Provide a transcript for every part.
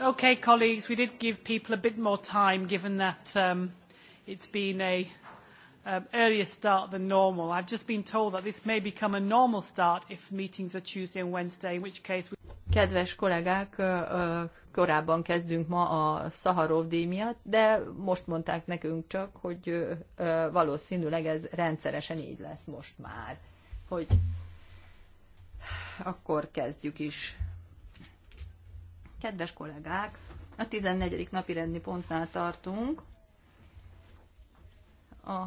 Okay, colleagues, we did give people a bit more time given that um, it's been a um, earlier start than normal. I've just been told that this may become a normal start if meetings are Tuesday and Wednesday, in which case... We... Kedves kollégák, korábban kezdünk ma a Szaharov díj miatt, de most mondták nekünk csak, hogy valószínűleg ez rendszeresen így lesz most már, hogy akkor kezdjük is. Kedves kollégák, a 14. napi rendi pontnál tartunk. A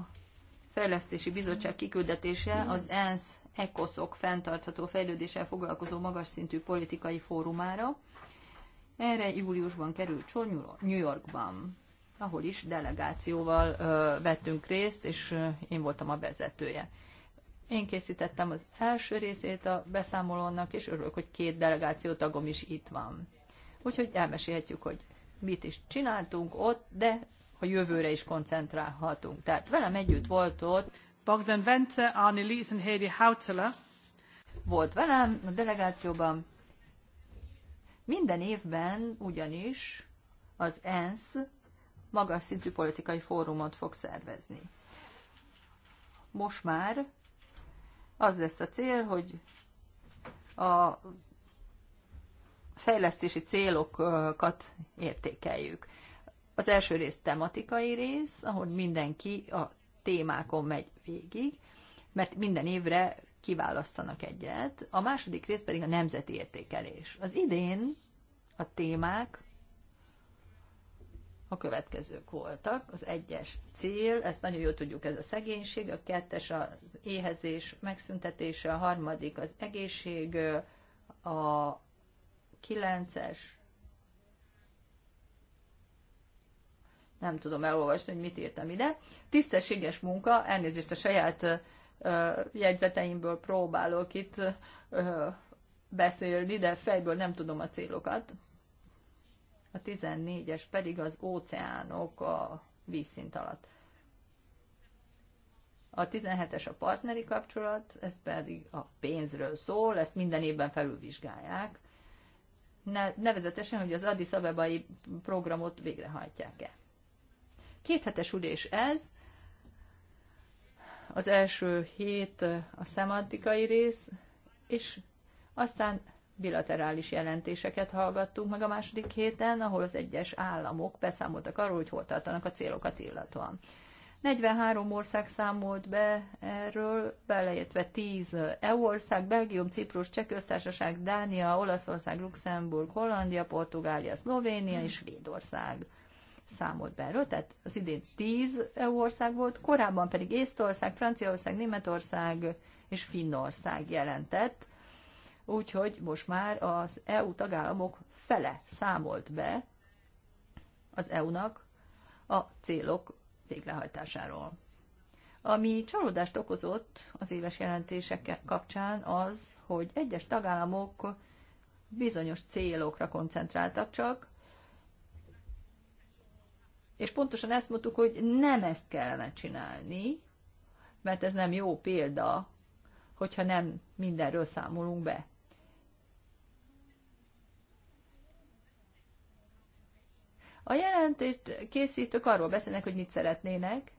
Fejlesztési Bizottság kiküldetése az ENSZ ECOSZOK fenntartható fejlődéssel foglalkozó magas szintű politikai fórumára. Erre júliusban került sor New Yorkban, ahol is delegációval ö, vettünk részt, és ö, én voltam a vezetője. Én készítettem az első részét a beszámolónak, és örülök, hogy két delegáció tagom is itt van. Úgyhogy elmesélhetjük, hogy mit is csináltunk ott, de a jövőre is koncentrálhatunk. Tehát velem együtt volt ott Bogdan Vence, Arne Lies and Heidi Hautala. Volt velem a delegációban. Minden évben ugyanis az ENSZ magas szintű politikai fórumot fog szervezni. Most már az lesz a cél, hogy a fejlesztési célokat értékeljük. Az első rész tematikai rész, ahol mindenki a témákon megy végig, mert minden évre kiválasztanak egyet. A második rész pedig a nemzeti értékelés. Az idén a témák a következők voltak. Az egyes cél, ezt nagyon jól tudjuk, ez a szegénység, a kettes az éhezés megszüntetése, a harmadik az egészség, a 9-es. Nem tudom elolvasni, hogy mit írtam ide. Tisztességes munka, elnézést a saját jegyzeteimből próbálok itt beszélni, de fejből nem tudom a célokat. A 14-es pedig az óceánok a vízszint alatt. A 17-es a partneri kapcsolat, ez pedig a pénzről szól, ezt minden évben felülvizsgálják nevezetesen, hogy az Addis Abebai programot végrehajtják-e. Kéthetes ülés ez, az első hét a szemantikai rész, és aztán bilaterális jelentéseket hallgattunk meg a második héten, ahol az egyes államok beszámoltak arról, hogy hol tartanak a célokat illetően. 43 ország számolt be erről, beleértve 10 EU ország, Belgium, Ciprus, Csehköztársaság, Dánia, Olaszország, Luxemburg, Hollandia, Portugália, Szlovénia és Svédország számolt be erről, tehát az idén 10 EU ország volt, korábban pedig Észtország, Franciaország, Németország és Finnország jelentett, úgyhogy most már az EU tagállamok fele számolt be az EU-nak a célok végrehajtásáról. Ami csalódást okozott az éves jelentések kapcsán az, hogy egyes tagállamok bizonyos célokra koncentráltak csak, és pontosan ezt mondtuk, hogy nem ezt kellene csinálni, mert ez nem jó példa, hogyha nem mindenről számolunk be. A jelentést készítők arról beszélnek, hogy mit szeretnének,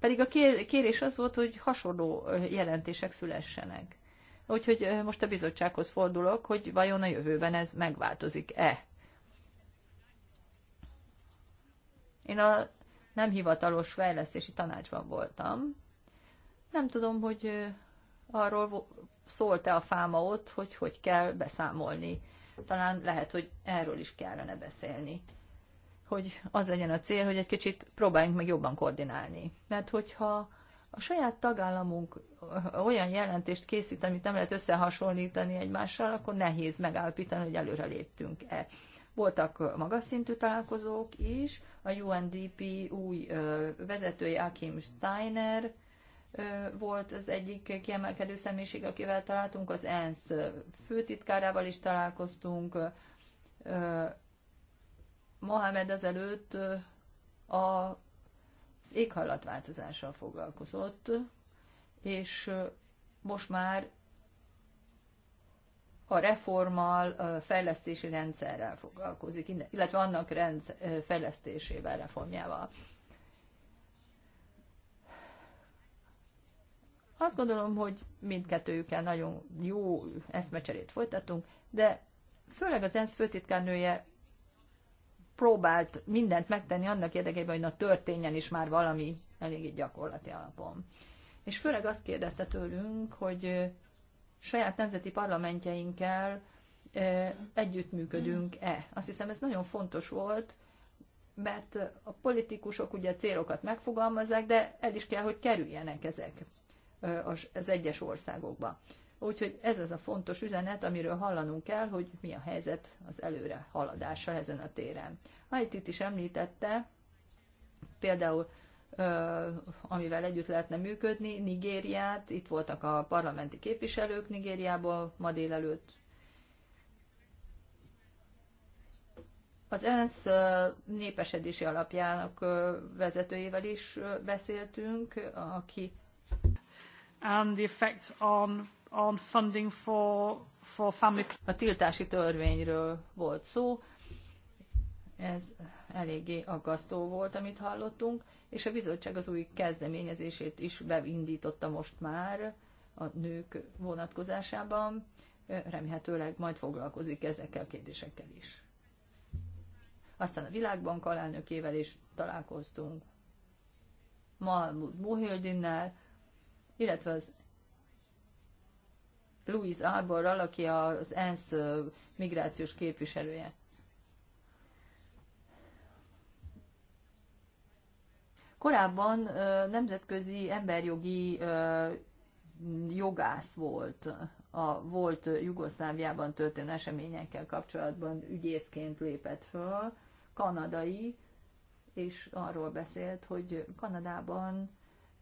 pedig a kérés az volt, hogy hasonló jelentések szülessenek. Úgyhogy most a bizottsághoz fordulok, hogy vajon a jövőben ez megváltozik-e. Én a nem hivatalos fejlesztési tanácsban voltam. Nem tudom, hogy arról szólt-e a fáma ott, hogy hogy kell beszámolni. Talán lehet, hogy erről is kellene beszélni hogy az legyen a cél, hogy egy kicsit próbáljunk meg jobban koordinálni. Mert hogyha a saját tagállamunk olyan jelentést készít, amit nem lehet összehasonlítani egymással, akkor nehéz megállapítani, hogy előre léptünk-e. Voltak magas szintű találkozók is, a UNDP új vezetője Akim Steiner volt az egyik kiemelkedő személyiség, akivel találtunk, az ENSZ főtitkárával is találkoztunk, Mohamed azelőtt az éghajlatváltozással foglalkozott, és most már a reformmal, a fejlesztési rendszerrel foglalkozik, illetve annak rendsz, fejlesztésével, reformjával. Azt gondolom, hogy mindkettőjükkel nagyon jó eszmecserét folytatunk, de főleg az ENSZ főtitkárnője próbált mindent megtenni annak érdekében, hogy na történjen is már valami egy gyakorlati alapon. És főleg azt kérdezte tőlünk, hogy saját nemzeti parlamentjeinkkel együttműködünk-e. Azt hiszem ez nagyon fontos volt, mert a politikusok ugye célokat megfogalmazzák, de el is kell, hogy kerüljenek ezek az egyes országokba. Úgyhogy ez az a fontos üzenet, amiről hallanunk kell, hogy mi a helyzet az előre haladással ezen a téren. itt is említette, például amivel együtt lehetne működni, Nigériát, itt voltak a parlamenti képviselők Nigériából ma délelőtt. Az ENSZ népesedési alapjának vezetőjével is beszéltünk, aki and the effect on on funding for, for family... A tiltási törvényről volt szó, ez eléggé aggasztó volt, amit hallottunk, és a bizottság az új kezdeményezését is beindította most már a nők vonatkozásában. Remélhetőleg majd foglalkozik ezekkel a kérdésekkel is. Aztán a Világbank alelnökével is találkoztunk, Malmut Muhildinnel, illetve az Louis Arborral, aki az ENSZ migrációs képviselője. Korábban nemzetközi emberjogi jogász volt a volt Jugoszláviában történő eseményekkel kapcsolatban ügyészként lépett föl, kanadai, és arról beszélt, hogy Kanadában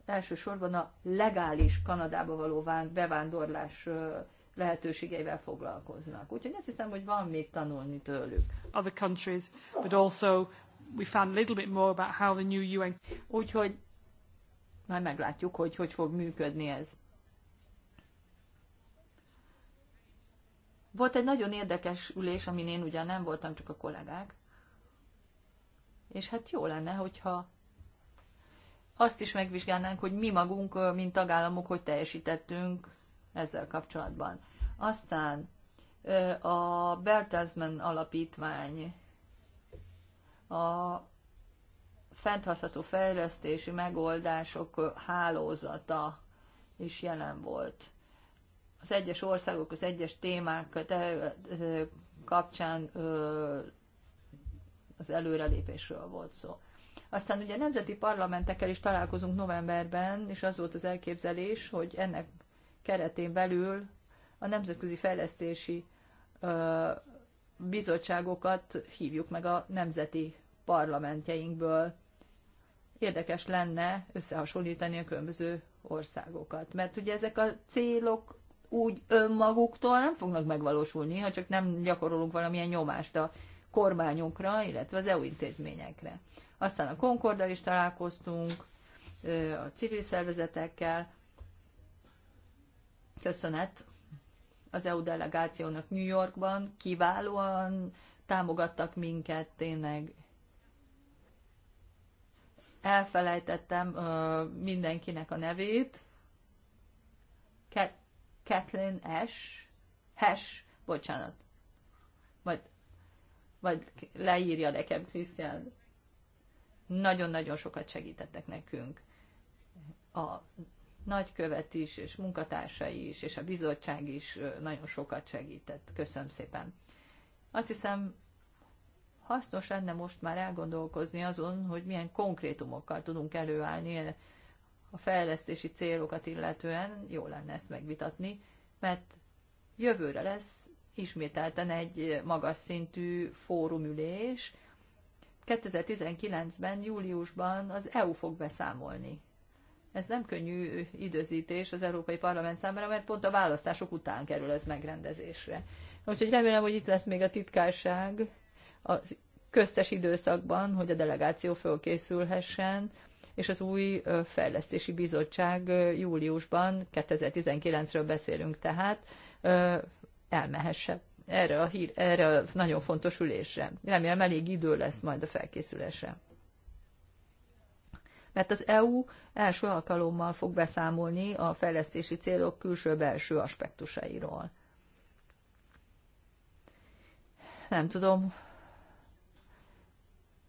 elsősorban a legális Kanadába való bevándorlás lehetőségeivel foglalkoznak. Úgyhogy azt hiszem, hogy van még tanulni tőlük. Other countries, but also we found a little bit more about how the new UN... Úgyhogy már meglátjuk, hogy hogy fog működni ez. Volt egy nagyon érdekes ülés, amin én ugyan nem voltam, csak a kollégák. És hát jó lenne, hogyha azt is megvizsgálnánk, hogy mi magunk, mint tagállamok, hogy teljesítettünk ezzel kapcsolatban. Aztán a Bertelsmann alapítvány a fenntartható fejlesztési megoldások hálózata is jelen volt. Az egyes országok, az egyes témák kapcsán az előrelépésről volt szó. Aztán ugye nemzeti parlamentekkel is találkozunk novemberben, és az volt az elképzelés, hogy ennek keretén belül a nemzetközi fejlesztési ö, bizottságokat hívjuk meg a nemzeti parlamentjeinkből. Érdekes lenne összehasonlítani a különböző országokat, mert ugye ezek a célok úgy önmaguktól nem fognak megvalósulni, ha csak nem gyakorolunk valamilyen nyomást a kormányunkra, illetve az EU intézményekre. Aztán a Concorddal is találkoztunk, a civil szervezetekkel. Köszönet az EU delegációnak New Yorkban, kiválóan támogattak minket, tényleg elfelejtettem uh, mindenkinek a nevét. Kathleen Ash, Hash, bocsánat. Vagy leírja nekem, Krisztián. Nagyon-nagyon sokat segítettek nekünk. A nagykövet is, és munkatársai is, és a bizottság is nagyon sokat segített. Köszönöm szépen. Azt hiszem, hasznos lenne most már elgondolkozni azon, hogy milyen konkrétumokkal tudunk előállni a fejlesztési célokat illetően. Jó lenne ezt megvitatni, mert jövőre lesz ismételten egy magas szintű fórumülés. 2019-ben, júliusban az EU fog beszámolni. Ez nem könnyű időzítés az Európai Parlament számára, mert pont a választások után kerül ez megrendezésre. Úgyhogy remélem, hogy itt lesz még a titkárság a köztes időszakban, hogy a delegáció fölkészülhessen, és az új fejlesztési bizottság júliusban, 2019-ről beszélünk tehát, elmehessen erre a, hír, erre a nagyon fontos ülésre. Remélem elég idő lesz majd a felkészülésre. Mert az EU első alkalommal fog beszámolni a fejlesztési célok külső-belső aspektusairól. Nem tudom,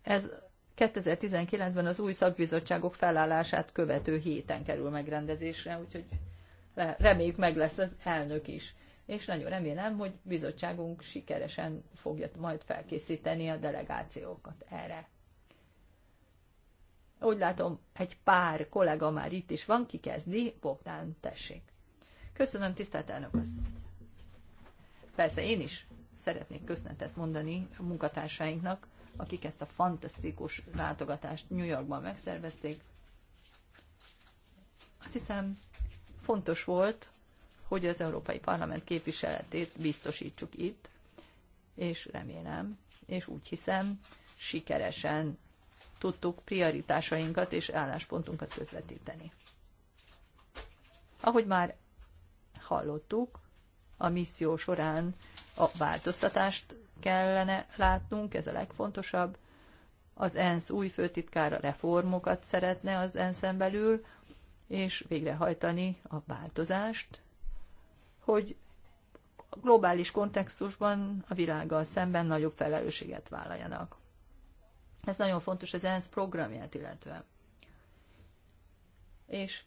ez 2019-ben az új szakbizottságok felállását követő héten kerül megrendezésre, úgyhogy reméljük meg lesz az elnök is és nagyon remélem, hogy bizottságunk sikeresen fogja majd felkészíteni a delegációkat erre. Úgy látom, egy pár kollega már itt is van, kikezdi, Bogdán, tessék. Köszönöm, tisztelt elnök Persze én is szeretnék köszönetet mondani a munkatársainknak, akik ezt a fantasztikus látogatást New Yorkban megszervezték. Azt hiszem, fontos volt, hogy az Európai Parlament képviseletét biztosítsuk itt, és remélem, és úgy hiszem, sikeresen tudtuk prioritásainkat és álláspontunkat közvetíteni. Ahogy már hallottuk, a misszió során a változtatást kellene látnunk, ez a legfontosabb. Az ENSZ új főtitkára reformokat szeretne az ENSZ-en belül, és végrehajtani a változást, hogy globális kontextusban a világgal szemben nagyobb felelősséget vállaljanak. Ez nagyon fontos az ENSZ programját illetően. És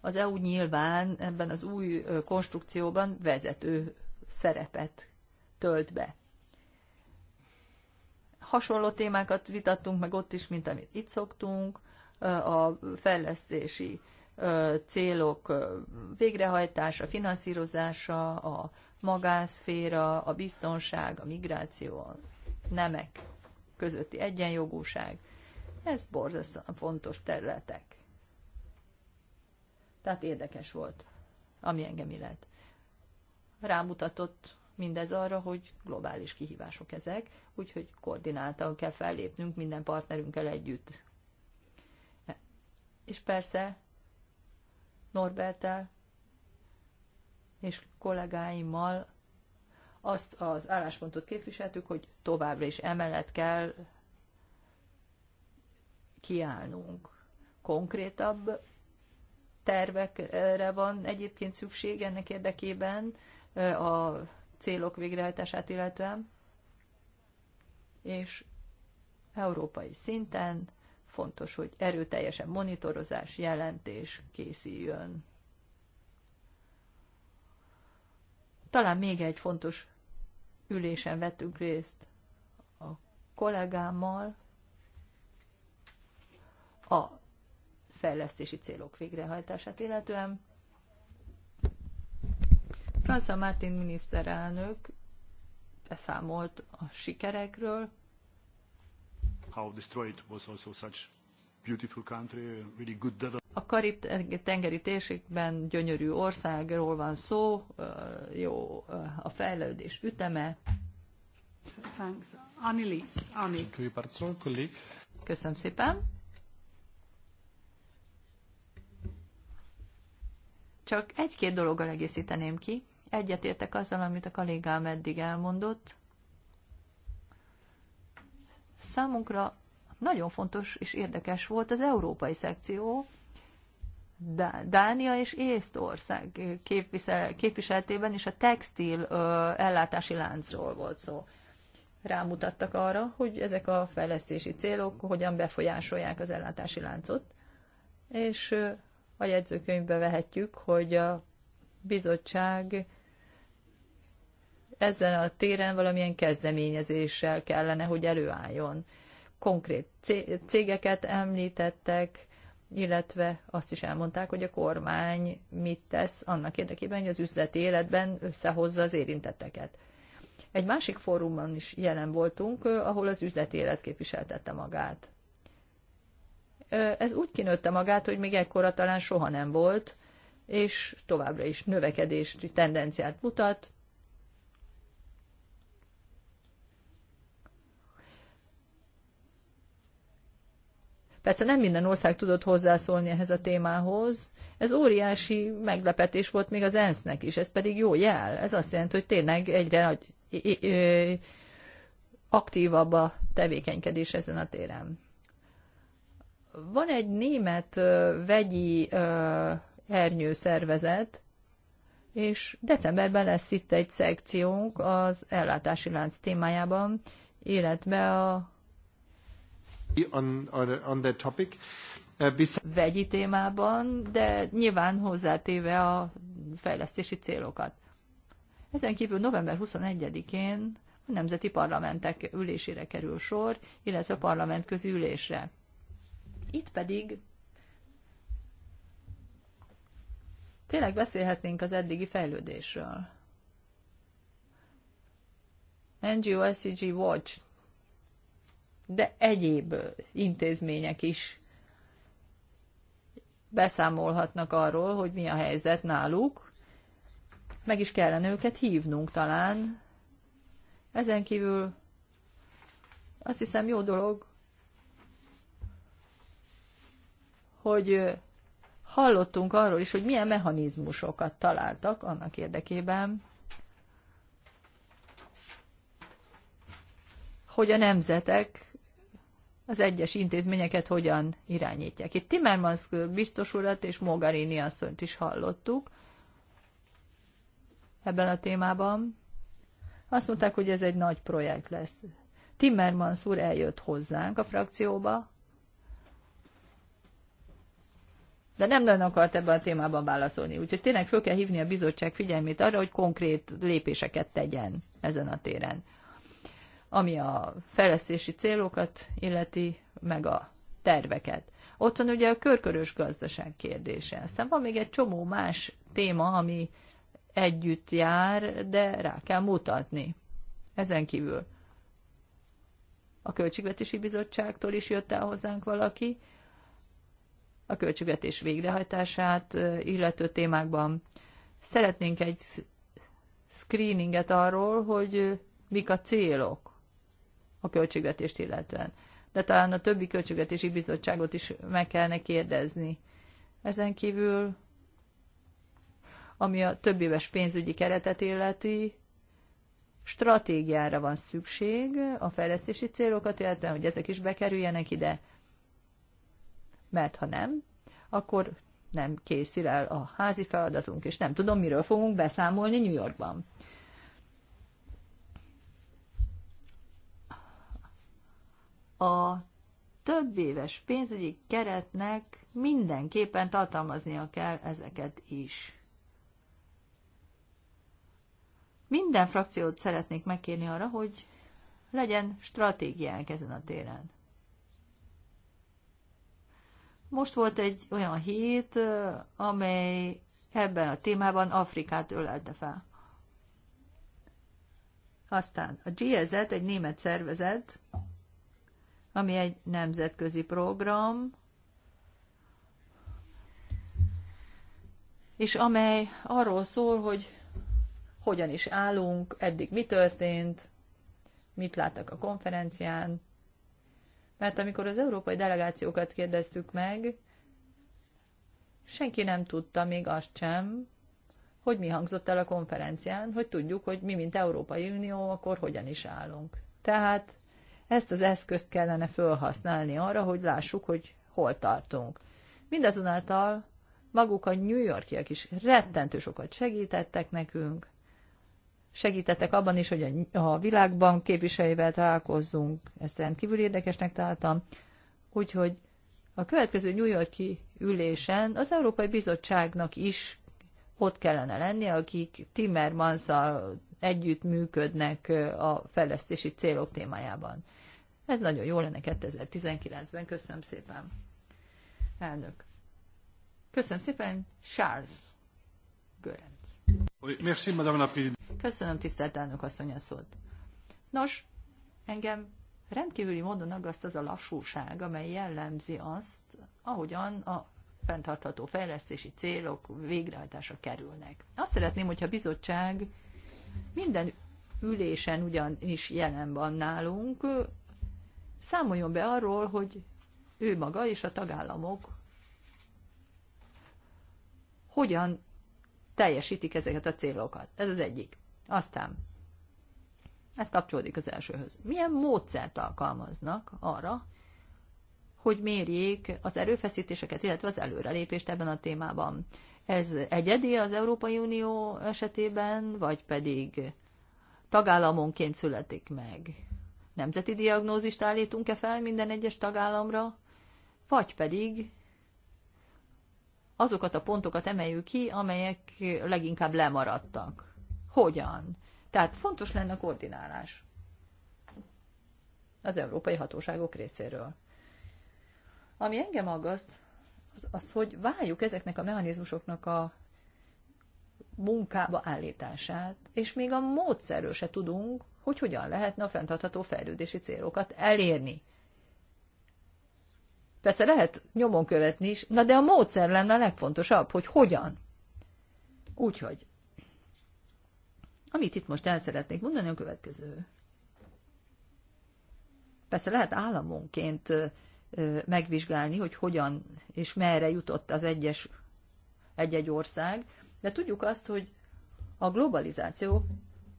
az EU nyilván ebben az új konstrukcióban vezető szerepet tölt be. Hasonló témákat vitattunk meg ott is, mint amit itt szoktunk, a fejlesztési célok végrehajtása, finanszírozása, a magánszféra, a biztonság, a migráció, a nemek közötti egyenjogúság. Ez borzasztóan fontos területek. Tehát érdekes volt, ami engem illet. Rámutatott mindez arra, hogy globális kihívások ezek, úgyhogy koordináltan kell fellépnünk minden partnerünkkel együtt. És persze Norbertel és kollégáimmal azt az álláspontot képviseltük, hogy továbbra is emellett kell kiállnunk. Konkrétabb tervekre van egyébként szükség ennek érdekében a célok végrehajtását illetően, és európai szinten fontos, hogy erőteljesen monitorozás, jelentés készüljön. Talán még egy fontos ülésen vettünk részt a kollégámmal a fejlesztési célok végrehajtását illetően. Francia Martin miniszterelnök beszámolt a sikerekről, how destroyed was also such beautiful country, really good development. A Karib-tengeri térségben gyönyörű országról van szó, jó a fejlődés üteme. Thanks. Annelies, Annie. Köszönöm szépen. Csak egy-két dologgal egészíteném ki. Egyetértek azzal, amit a kollégám eddig elmondott. Számunkra nagyon fontos és érdekes volt az európai szekció, Dánia és Észtország képvisel, képviseltében is a textil ö, ellátási láncról volt szó. Rámutattak arra, hogy ezek a fejlesztési célok hogyan befolyásolják az ellátási láncot, és a jegyzőkönyvbe vehetjük, hogy a bizottság ezen a téren valamilyen kezdeményezéssel kellene, hogy előálljon. Konkrét cégeket említettek, illetve azt is elmondták, hogy a kormány mit tesz annak érdekében, hogy az üzleti életben összehozza az érintetteket. Egy másik fórumban is jelen voltunk, ahol az üzleti élet képviseltette magát. Ez úgy kinőtte magát, hogy még ekkora talán soha nem volt, és továbbra is növekedési tendenciát mutat, Persze nem minden ország tudott hozzászólni ehhez a témához. Ez óriási meglepetés volt még az ENSZ-nek is, ez pedig jó jel. Ez azt jelenti, hogy tényleg egyre nagy, aktívabb a tevékenykedés ezen a téren. Van egy német vegyi ernyőszervezet, és decemberben lesz itt egy szekciónk az ellátási lánc témájában, illetve a On, on, that topic. Uh, Vegyi témában, de nyilván hozzátéve a fejlesztési célokat. Ezen kívül november 21-én a nemzeti parlamentek ülésére kerül sor, illetve a parlament ülésre. Itt pedig tényleg beszélhetnénk az eddigi fejlődésről. NGO SCG Watch de egyéb intézmények is beszámolhatnak arról, hogy mi a helyzet náluk. Meg is kellene őket hívnunk talán. Ezen kívül azt hiszem jó dolog, hogy hallottunk arról is, hogy milyen mechanizmusokat találtak annak érdekében, hogy a nemzetek az egyes intézményeket hogyan irányítják. Itt Timmermans biztos urat és Mogarini asszonyt is hallottuk ebben a témában. Azt mondták, hogy ez egy nagy projekt lesz. Timmermans úr eljött hozzánk a frakcióba, de nem nagyon akart ebben a témában válaszolni. Úgyhogy tényleg föl kell hívni a bizottság figyelmét arra, hogy konkrét lépéseket tegyen ezen a téren ami a fejlesztési célokat illeti, meg a terveket. Ott van ugye a körkörös gazdaság kérdése. Aztán van még egy csomó más téma, ami együtt jár, de rá kell mutatni. Ezen kívül a Költségvetési Bizottságtól is jött el hozzánk valaki, a költségvetés végrehajtását illető témákban. Szeretnénk egy screeninget arról, hogy mik a célok a költségvetést illetően. De talán a többi költségvetési bizottságot is meg kellene kérdezni. Ezen kívül, ami a több éves pénzügyi keretet illeti, stratégiára van szükség a fejlesztési célokat, illetve hogy ezek is bekerüljenek ide, mert ha nem, akkor nem készül el a házi feladatunk, és nem tudom, miről fogunk beszámolni New Yorkban. a több éves pénzügyi keretnek mindenképpen tartalmaznia kell ezeket is. Minden frakciót szeretnék megkérni arra, hogy legyen stratégiánk ezen a téren. Most volt egy olyan hét, amely ebben a témában Afrikát ölelte fel. Aztán a GZ, egy német szervezet, ami egy nemzetközi program, és amely arról szól, hogy hogyan is állunk, eddig mi történt, mit láttak a konferencián. Mert amikor az európai delegációkat kérdeztük meg, senki nem tudta még azt sem, hogy mi hangzott el a konferencián, hogy tudjuk, hogy mi, mint Európai Unió, akkor hogyan is állunk. Tehát ezt az eszközt kellene felhasználni arra, hogy lássuk, hogy hol tartunk. Mindazonáltal maguk a New Yorkiak is rettentő sokat segítettek nekünk, segítettek abban is, hogy a világban képviselővel találkozzunk, ezt rendkívül érdekesnek találtam, úgyhogy a következő New Yorki ülésen az Európai Bizottságnak is ott kellene lennie, akik Timmermanszal együtt működnek a fejlesztési célok témájában. Ez nagyon jó lenne 2019-ben. Köszönöm szépen. Elnök. Köszönöm szépen, Charles Görenc. Köszönöm, tisztelt elnök asszony a szót. Nos, engem rendkívüli módon aggaszt az a lassúság, amely jellemzi azt, ahogyan a fenntartható fejlesztési célok végrehajtása kerülnek. Azt szeretném, hogyha a bizottság minden ülésen ugyanis jelen van nálunk, számoljon be arról, hogy ő maga és a tagállamok hogyan teljesítik ezeket a célokat. Ez az egyik. Aztán, ez kapcsolódik az elsőhöz. Milyen módszert alkalmaznak arra, hogy mérjék az erőfeszítéseket, illetve az előrelépést ebben a témában. Ez egyedi az Európai Unió esetében, vagy pedig tagállamonként születik meg? nemzeti diagnózist állítunk-e fel minden egyes tagállamra, vagy pedig azokat a pontokat emeljük ki, amelyek leginkább lemaradtak. Hogyan? Tehát fontos lenne a koordinálás az európai hatóságok részéről. Ami engem aggaszt, az, az, hogy várjuk ezeknek a mechanizmusoknak a munkába állítását, és még a módszerről se tudunk, hogy hogyan lehetne a fenntartható fejlődési célokat elérni. Persze lehet nyomon követni is, na de a módszer lenne a legfontosabb, hogy hogyan. Úgyhogy, amit itt most el szeretnék mondani, a következő. Persze lehet államonként megvizsgálni, hogy hogyan és merre jutott az egyes, egy-egy ország, de tudjuk azt, hogy a globalizáció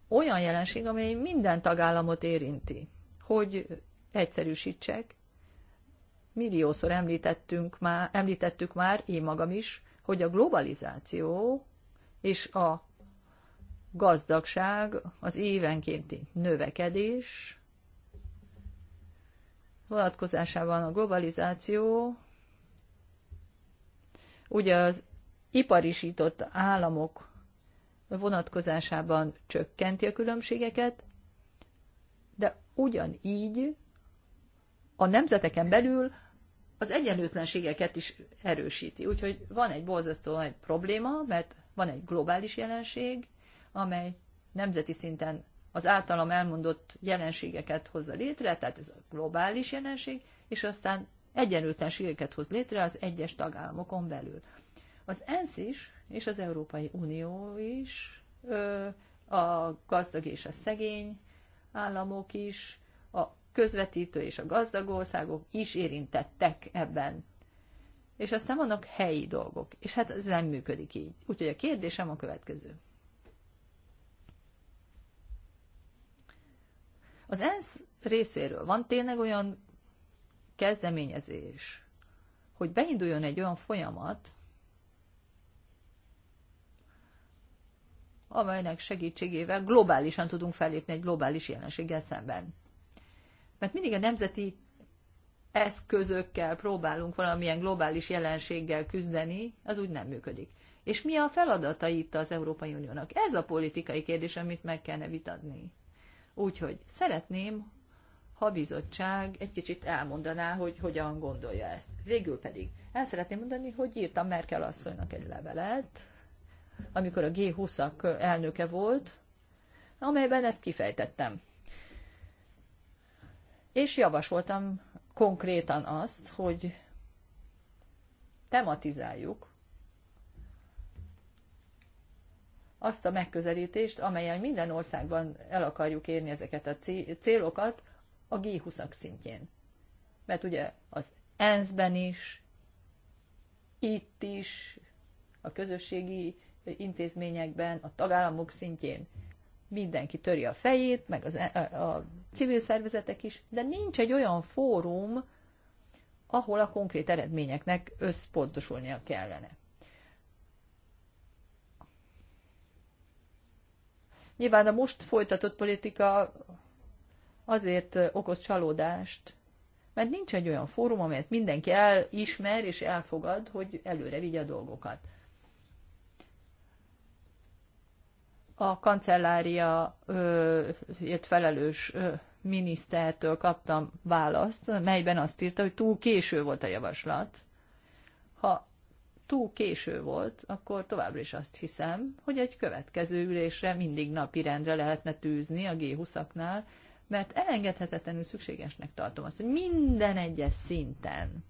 olyan jelenség, amely minden tagállamot érinti. Hogy egyszerűsítsek, milliószor említettünk már, említettük már, én magam is, hogy a globalizáció és a gazdagság, az évenkénti növekedés vonatkozásában a globalizáció, ugye az iparisított államok vonatkozásában csökkenti a különbségeket, de ugyanígy a nemzeteken belül az egyenlőtlenségeket is erősíti. Úgyhogy van egy borzasztó nagy probléma, mert van egy globális jelenség, amely nemzeti szinten az általam elmondott jelenségeket hozza létre, tehát ez a globális jelenség, és aztán egyenlőtlenségeket hoz létre az egyes tagállamokon belül. Az ENSZ is, és az Európai Unió is, a gazdag és a szegény államok is, a közvetítő és a gazdag országok is érintettek ebben. És aztán vannak helyi dolgok, és hát ez nem működik így. Úgyhogy a kérdésem a következő. Az ENSZ részéről van tényleg olyan kezdeményezés, hogy beinduljon egy olyan folyamat, amelynek segítségével globálisan tudunk fellépni egy globális jelenséggel szemben. Mert mindig a nemzeti eszközökkel próbálunk valamilyen globális jelenséggel küzdeni, az úgy nem működik. És mi a feladata itt az Európai Uniónak? Ez a politikai kérdés, amit meg kellene vitatni. Úgyhogy szeretném, ha a bizottság egy kicsit elmondaná, hogy hogyan gondolja ezt. Végül pedig el szeretném mondani, hogy írtam Merkel asszonynak egy levelet, amikor a G20-ak elnöke volt, amelyben ezt kifejtettem. És javasoltam konkrétan azt, hogy tematizáljuk azt a megközelítést, amelyen minden országban el akarjuk érni ezeket a célokat a G20-ak szintjén. Mert ugye az ENSZ-ben is, itt is, a közösségi intézményekben, a tagállamok szintjén mindenki töri a fejét, meg az, e- a, a civil szervezetek is, de nincs egy olyan fórum, ahol a konkrét eredményeknek összpontosulnia kellene. Nyilván a most folytatott politika azért okoz csalódást, mert nincs egy olyan fórum, amelyet mindenki elismer és elfogad, hogy előre vigye a dolgokat. a kancelláriaért felelős ö, minisztertől kaptam választ, melyben azt írta, hogy túl késő volt a javaslat. Ha túl késő volt, akkor továbbra is azt hiszem, hogy egy következő ülésre mindig napi rendre lehetne tűzni a G20-aknál, mert elengedhetetlenül szükségesnek tartom azt, hogy minden egyes szinten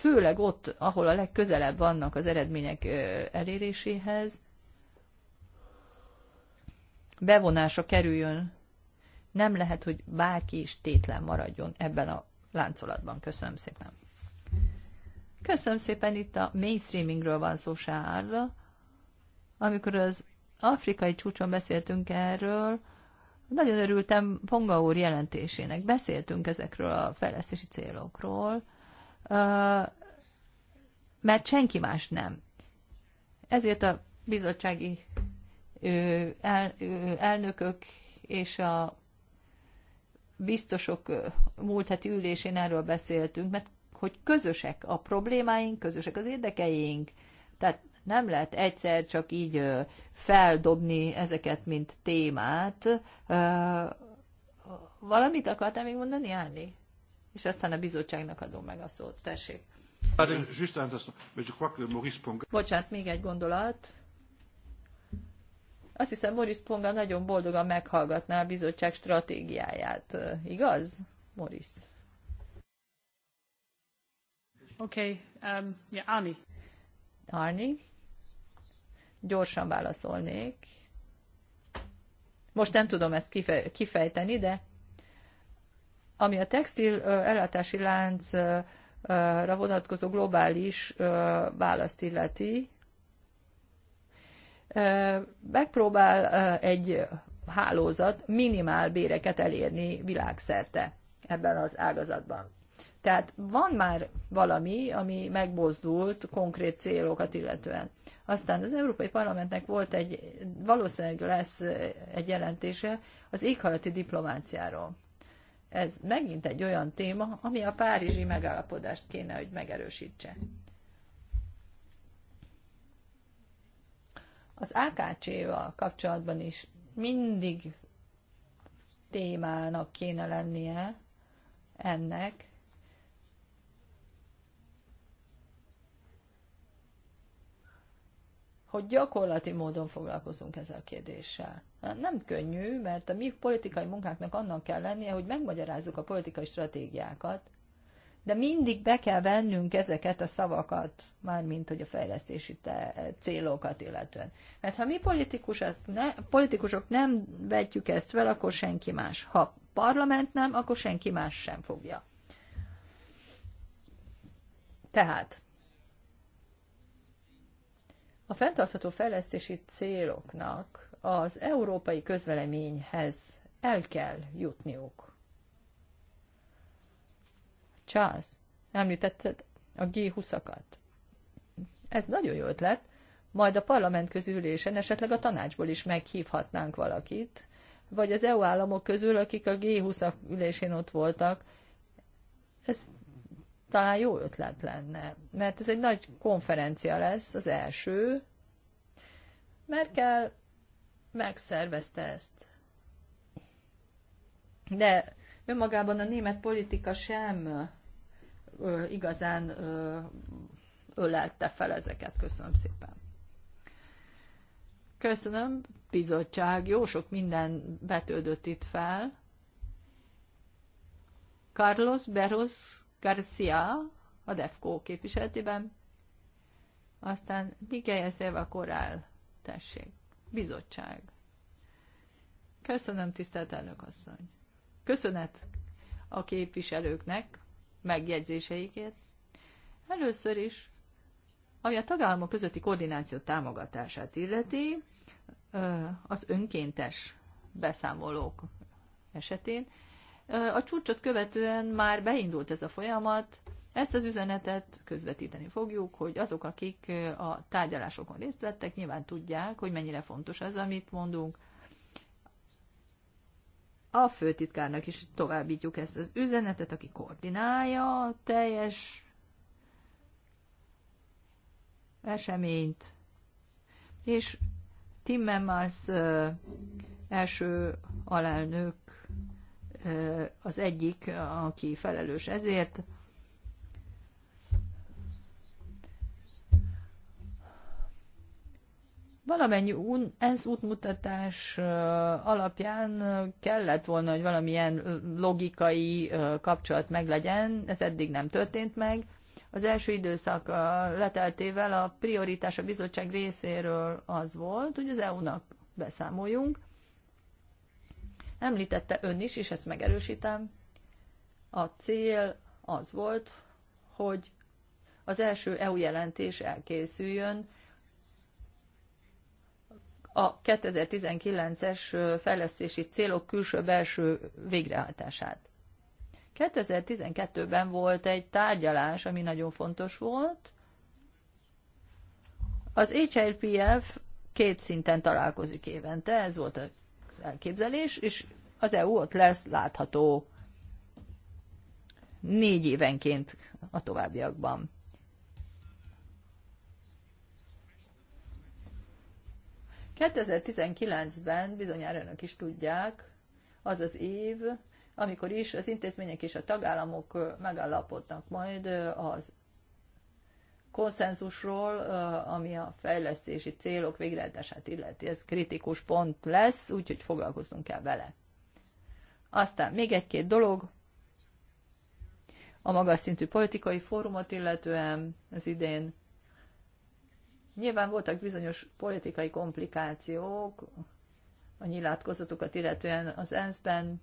főleg ott, ahol a legközelebb vannak az eredmények eléréséhez, bevonása kerüljön. Nem lehet, hogy bárki is tétlen maradjon ebben a láncolatban. Köszönöm szépen. Köszönöm szépen, itt a mainstreamingről van szó Sárla. Amikor az afrikai csúcson beszéltünk erről, nagyon örültem Ponga úr jelentésének. Beszéltünk ezekről a fejlesztési célokról, mert senki más nem. Ezért a bizottsági el, elnökök és a biztosok múlt heti ülésén erről beszéltünk, mert hogy közösek a problémáink, közösek az érdekeink. Tehát nem lehet egyszer csak így feldobni ezeket, mint témát. Valamit akartál még mondani, Árni? és aztán a bizottságnak adom meg a szót. Tessék. Bocsánat, még egy gondolat. Azt hiszem, Moris Ponga nagyon boldogan meghallgatná a bizottság stratégiáját. Igaz, Moris? Oké, okay, um, yeah, Arni. Arni? Gyorsan válaszolnék. Most nem tudom ezt kifejteni, de ami a textil ellátási láncra vonatkozó globális választ illeti, megpróbál egy hálózat minimál béreket elérni világszerte ebben az ágazatban. Tehát van már valami, ami megbozdult konkrét célokat illetően. Aztán az Európai Parlamentnek volt egy, valószínűleg lesz egy jelentése az éghajlati diplomáciáról ez megint egy olyan téma, ami a párizsi megállapodást kéne, hogy megerősítse. Az AKC-val kapcsolatban is mindig témának kéne lennie ennek, hogy gyakorlati módon foglalkozunk ezzel a kérdéssel. Nem könnyű, mert a mi politikai munkáknak annak kell lennie, hogy megmagyarázzuk a politikai stratégiákat, de mindig be kell vennünk ezeket a szavakat, mármint hogy a fejlesztési te- célokat illetően. Mert ha mi ne, politikusok nem vetjük ezt fel, akkor senki más. Ha parlament nem, akkor senki más sem fogja. Tehát a fenntartható fejlesztési céloknak az európai közveleményhez el kell jutniuk. Charles, említetted a G20-akat. Ez nagyon jó ötlet, majd a parlament közülésen esetleg a tanácsból is meghívhatnánk valakit, vagy az EU államok közül, akik a G20 ülésén ott voltak, ez talán jó ötlet lenne, mert ez egy nagy konferencia lesz, az első. Merkel megszervezte ezt. De önmagában a német politika sem ö, igazán ö, ölelte fel ezeket. Köszönöm szépen. Köszönöm, bizottság. Jó sok minden betődött itt fel. Carlos Beros Garcia a DEFCO képviseletében, aztán Miguel Ezeva Korál, tessék bizottság. Köszönöm, tisztelt elnök asszony. Köszönet a képviselőknek megjegyzéseikért. Először is, ami a tagállamok közötti koordináció támogatását illeti, az önkéntes beszámolók esetén. A csúcsot követően már beindult ez a folyamat, ezt az üzenetet közvetíteni fogjuk, hogy azok, akik a tárgyalásokon részt vettek, nyilván tudják, hogy mennyire fontos az, amit mondunk. A főtitkárnak is továbbítjuk ezt az üzenetet, aki koordinálja a teljes eseményt, és Timmermans első alelnök az egyik, aki felelős ezért, valamennyi ENSZ útmutatás alapján kellett volna, hogy valamilyen logikai kapcsolat meglegyen, ez eddig nem történt meg. Az első időszak leteltével a prioritás a bizottság részéről az volt, hogy az EU-nak beszámoljunk. Említette ön is, és ezt megerősítem. A cél az volt, hogy az első EU jelentés elkészüljön, a 2019-es fejlesztési célok külső-belső végrehajtását. 2012-ben volt egy tárgyalás, ami nagyon fontos volt. Az HRPF két szinten találkozik évente, ez volt az elképzelés, és az EU ott lesz látható négy évenként a továbbiakban. 2019-ben bizonyára önök is tudják, az az év, amikor is az intézmények és a tagállamok megállapodnak majd az konszenzusról, ami a fejlesztési célok végrehajtását illeti. Ez kritikus pont lesz, úgyhogy foglalkoznunk kell vele. Aztán még egy-két dolog, a magas szintű politikai fórumot illetően az idén Nyilván voltak bizonyos politikai komplikációk a nyilatkozatokat illetően az ENSZ-ben,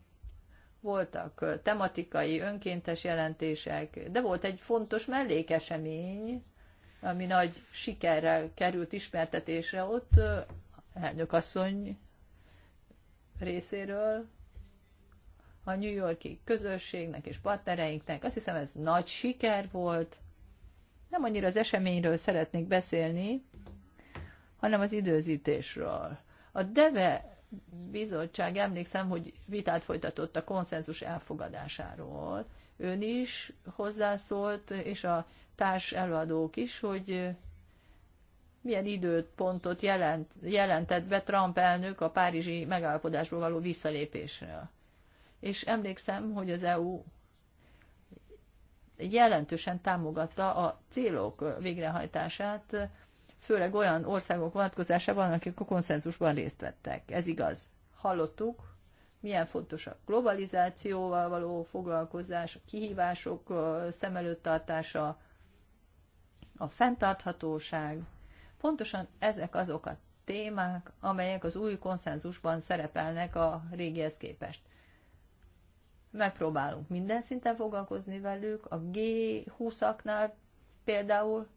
voltak tematikai, önkéntes jelentések, de volt egy fontos mellékesemény, ami nagy sikerrel került ismertetésre ott elnökasszony részéről a New Yorki közösségnek és partnereinknek. Azt hiszem ez nagy siker volt, nem annyira az eseményről szeretnék beszélni, hanem az időzítésről. A DEVE bizottság, emlékszem, hogy vitát folytatott a konszenzus elfogadásáról. Ön is hozzászólt, és a társ előadók is, hogy milyen időpontot jelent, jelentett be Trump elnök a párizsi megállapodásból való visszalépésre. És emlékszem, hogy az EU jelentősen támogatta a célok végrehajtását, főleg olyan országok vonatkozásában, akik a konszenzusban részt vettek. Ez igaz. Hallottuk, milyen fontos a globalizációval való foglalkozás, a kihívások szem előtt tartása, a fenntarthatóság. Pontosan ezek azok a témák, amelyek az új konszenzusban szerepelnek a régihez képest megpróbálunk minden szinten foglalkozni velük, a G20-aknál például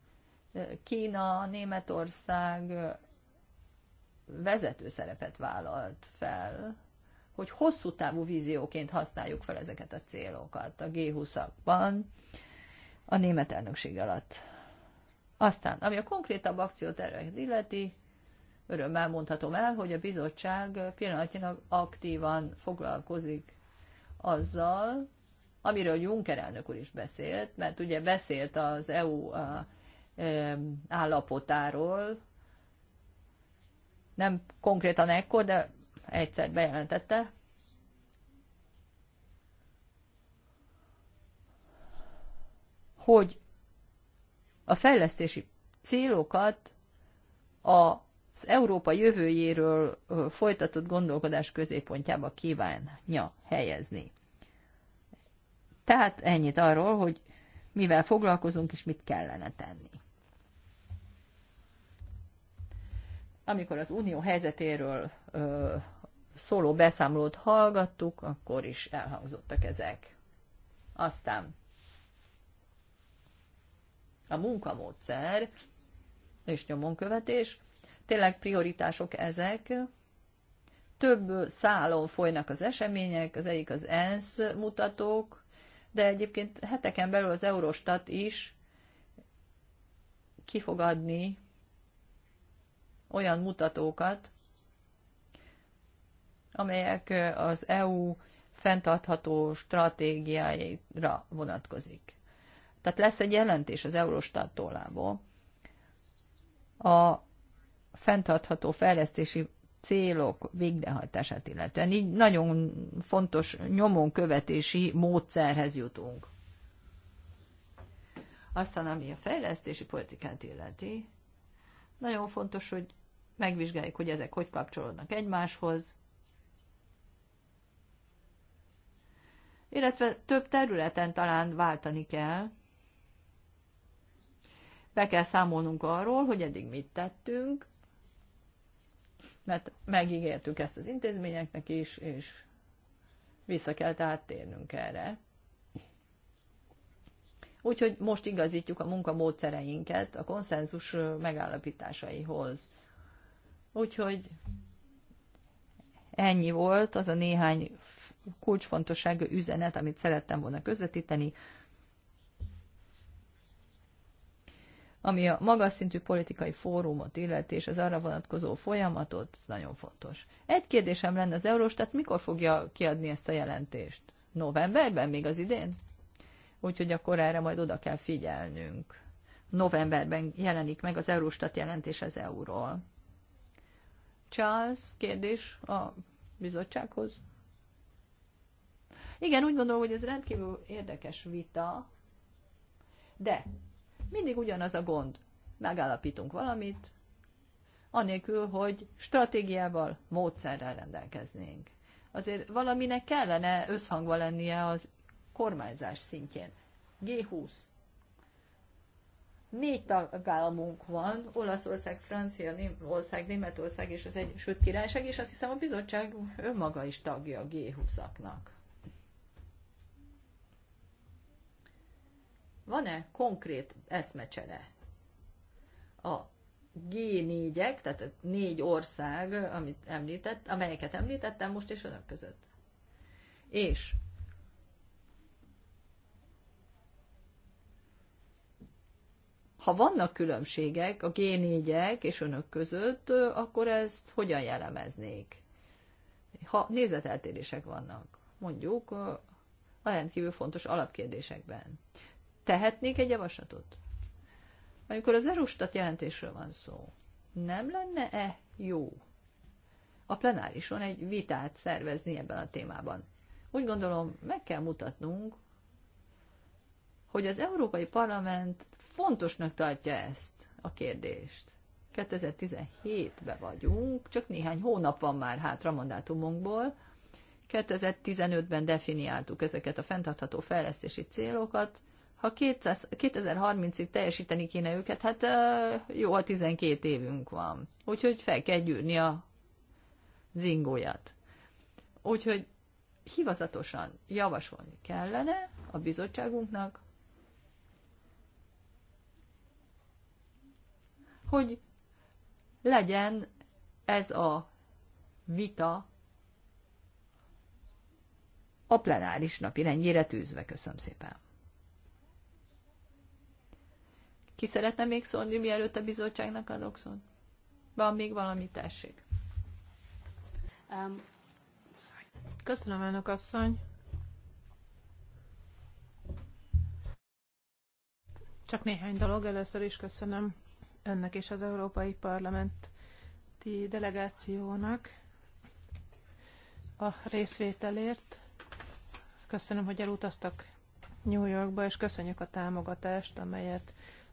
Kína, Németország vezető szerepet vállalt fel, hogy hosszú távú vízióként használjuk fel ezeket a célokat a G20-akban a német elnökség alatt. Aztán, ami a konkrétabb akcióterveket illeti, örömmel mondhatom el, hogy a bizottság pillanatnyilag aktívan foglalkozik azzal, amiről Juncker elnök úr is beszélt, mert ugye beszélt az EU állapotáról, nem konkrétan ekkor, de egyszer bejelentette. hogy a fejlesztési célokat a Európa jövőjéről folytatott gondolkodás középpontjába kívánja helyezni. Tehát ennyit arról, hogy mivel foglalkozunk és mit kellene tenni. Amikor az unió helyzetéről ö, szóló beszámolót hallgattuk, akkor is elhangzottak ezek. Aztán a munkamódszer és nyomonkövetés Tényleg prioritások ezek. Több szálon folynak az események, az egyik az ENSZ mutatók, de egyébként heteken belül az Eurostat is kifogadni olyan mutatókat, amelyek az EU fenntartható stratégiáira vonatkozik. Tehát lesz egy jelentés az Eurostat tollából a fenntartható fejlesztési célok végrehajtását illetően. Így nagyon fontos nyomon követési módszerhez jutunk. Aztán, ami a fejlesztési politikát illeti, nagyon fontos, hogy megvizsgáljuk, hogy ezek hogy kapcsolódnak egymáshoz, illetve több területen talán váltani kell. Be kell számolnunk arról, hogy eddig mit tettünk, mert megígértük ezt az intézményeknek is, és vissza kell tehát térnünk erre. Úgyhogy most igazítjuk a munkamódszereinket a konszenzus megállapításaihoz. Úgyhogy ennyi volt az a néhány kulcsfontosságú üzenet, amit szerettem volna közvetíteni. ami a magas szintű politikai fórumot illeti, és az arra vonatkozó folyamatot, ez nagyon fontos. Egy kérdésem lenne az Eurostat, mikor fogja kiadni ezt a jelentést? Novemberben, még az idén? Úgyhogy akkor erre majd oda kell figyelnünk. Novemberben jelenik meg az Eurostat jelentés az euróról. Charles, kérdés a bizottsághoz? Igen, úgy gondolom, hogy ez rendkívül érdekes vita, de mindig ugyanaz a gond. Megállapítunk valamit, anélkül, hogy stratégiával, módszerrel rendelkeznénk. Azért valaminek kellene összhangva lennie az kormányzás szintjén. G20. Négy tagállamunk van, Olaszország, francia Franciaország, Németország és az Egyesült Királyság, és azt hiszem a bizottság önmaga is tagja a G20-aknak. van-e konkrét eszmecsere a G4-ek, tehát négy ország, amit említett, amelyeket említettem most és önök között. És ha vannak különbségek a G4-ek és önök között, akkor ezt hogyan jellemeznék? Ha nézeteltérések vannak, mondjuk a rendkívül fontos alapkérdésekben tehetnék egy javaslatot? Amikor az erustat jelentésről van szó, nem lenne-e jó a plenárison egy vitát szervezni ebben a témában? Úgy gondolom, meg kell mutatnunk, hogy az Európai Parlament fontosnak tartja ezt a kérdést. 2017-ben vagyunk, csak néhány hónap van már hátra mandátumunkból. 2015-ben definiáltuk ezeket a fenntartható fejlesztési célokat, ha 2030-ig teljesíteni kéne őket, hát jó, a 12 évünk van. Úgyhogy fel kell gyűrni a zingóját. Úgyhogy hivazatosan javasolni kellene a bizottságunknak, hogy legyen ez a vita a plenáris napirendjére tűzve. Köszönöm szépen! Ki szeretne még szólni, mielőtt a bizottságnak adok szót? Van még valami, tessék. Um, Köszönöm, elnök asszony. Csak néhány dolog. Először is köszönöm önnek és az Európai Parlamenti delegációnak a részvételért. Köszönöm, hogy elutaztak New Yorkba, és köszönjük a támogatást, amelyet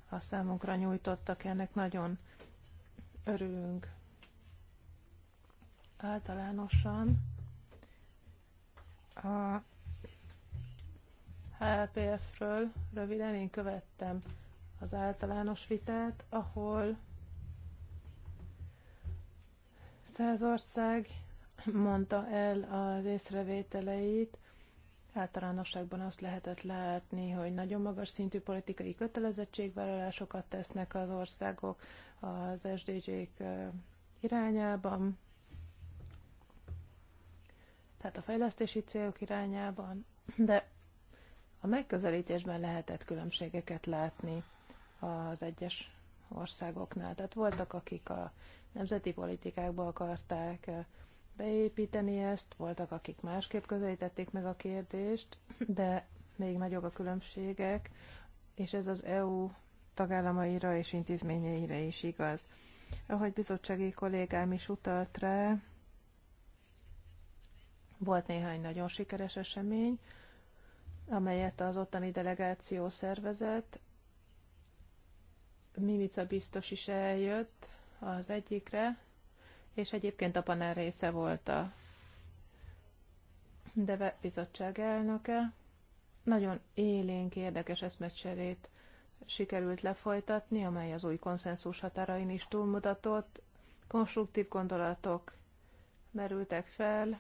a számunkra nyújtottak, ennek nagyon örülünk. Általánosan a HLPF-ről röviden én követtem az általános vitát, ahol Százország mondta el az észrevételeit Általánosságban azt lehetett látni, hogy nagyon magas szintű politikai kötelezettségvállalásokat tesznek az országok az SDG-k irányában, tehát a fejlesztési célok irányában, de a megközelítésben lehetett különbségeket látni az egyes országoknál. Tehát voltak, akik a nemzeti politikákba akarták beépíteni ezt, voltak, akik másképp közelítették meg a kérdést, de még nagyobb a különbségek, és ez az EU tagállamaira és intézményeire is igaz. Ahogy bizottsági kollégám is utalt rá, volt néhány nagyon sikeres esemény, amelyet az ottani delegáció szervezett. Mimica biztos is eljött az egyikre, és egyébként a panel része volt a Deve bizottság elnöke. Nagyon élénk, érdekes eszmecserét sikerült lefolytatni, amely az új konszenzus határain is túlmutatott. Konstruktív gondolatok merültek fel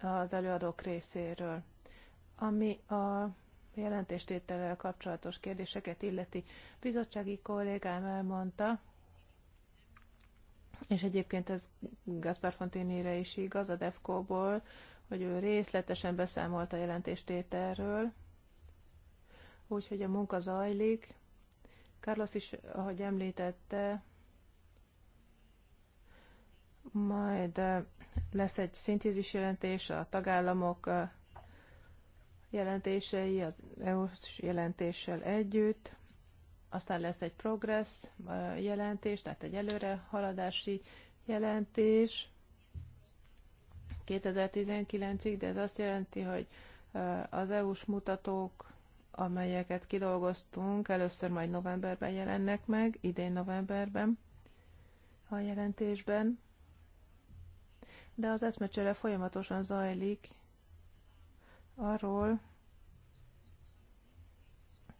az előadók részéről. Ami a jelentéstétellel kapcsolatos kérdéseket illeti, bizottsági kollégám elmondta, és egyébként ez Gaspar Fonténére is igaz, a DEFCO-ból, hogy ő részletesen beszámolt a jelentéstételről, úgyhogy a munka zajlik. Carlos is, ahogy említette, majd eh, lesz egy szintézis jelentés, a tagállamok eh, jelentései az EU-s jelentéssel együtt, aztán lesz egy progress jelentés, tehát egy előrehaladási jelentés 2019-ig, de ez azt jelenti, hogy az EU-s mutatók, amelyeket kidolgoztunk, először majd novemberben jelennek meg, idén novemberben a jelentésben, de az eszmecsere folyamatosan zajlik arról,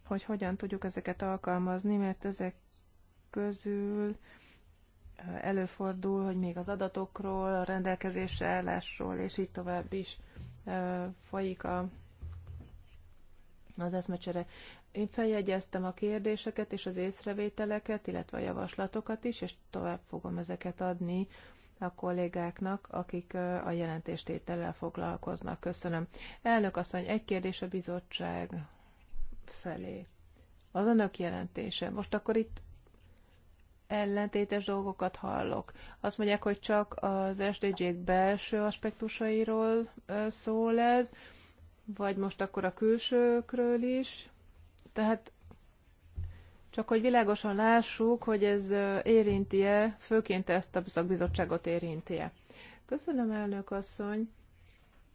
hogy hogyan tudjuk ezeket alkalmazni, mert ezek közül előfordul, hogy még az adatokról, a rendelkezésre állásról, és így tovább is folyik a, az eszmecsere. Én feljegyeztem a kérdéseket és az észrevételeket, illetve a javaslatokat is, és tovább fogom ezeket adni a kollégáknak, akik a jelentéstétellel foglalkoznak. Köszönöm. Elnök asszony, egy kérdés a bizottság felé. Az önök jelentése. Most akkor itt ellentétes dolgokat hallok. Azt mondják, hogy csak az sdg belső aspektusairól szól ez, vagy most akkor a külsőkről is. Tehát csak hogy világosan lássuk, hogy ez érinti-e, főként ezt a szakbizottságot érinti-e. Köszönöm, elnök asszony.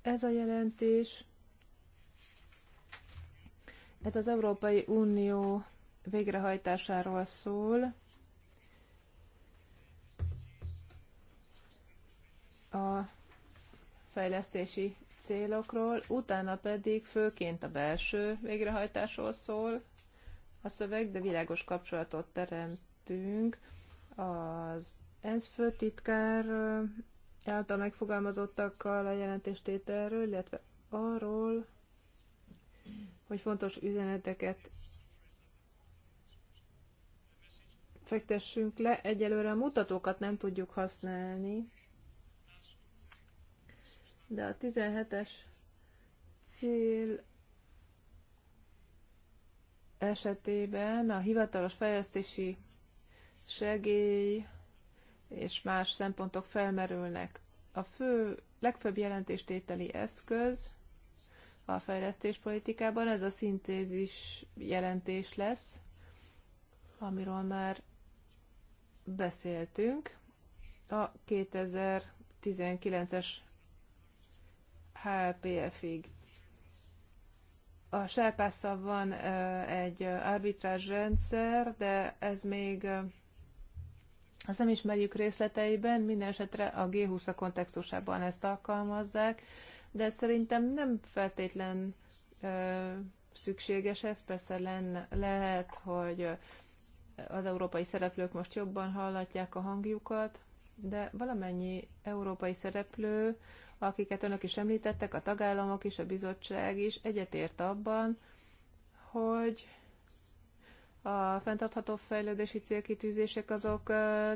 Ez a jelentés ez az Európai Unió végrehajtásáról szól. A fejlesztési célokról, utána pedig főként a belső végrehajtásról szól a szöveg, de világos kapcsolatot teremtünk az ENSZ főtitkár által megfogalmazottakkal a jelentéstételről, illetve arról, hogy fontos üzeneteket fektessünk le. Egyelőre a mutatókat nem tudjuk használni, de a 17-es cél esetében a hivatalos fejlesztési segély és más szempontok felmerülnek. A fő, legfőbb jelentéstételi eszköz a fejlesztéspolitikában. Ez a szintézis jelentés lesz, amiről már beszéltünk. A 2019-es HLPF-ig. A Sárpásszal van egy arbitrás rendszer, de ez még azt nem ismerjük részleteiben, minden esetre a G20 kontextusában ezt alkalmazzák de szerintem nem feltétlen ö, szükséges ez. Persze lenne, lehet, hogy az európai szereplők most jobban hallatják a hangjukat, de valamennyi európai szereplő, akiket önök is említettek, a tagállamok is, a bizottság is egyetért abban, hogy a fenntartható fejlődési célkitűzések azok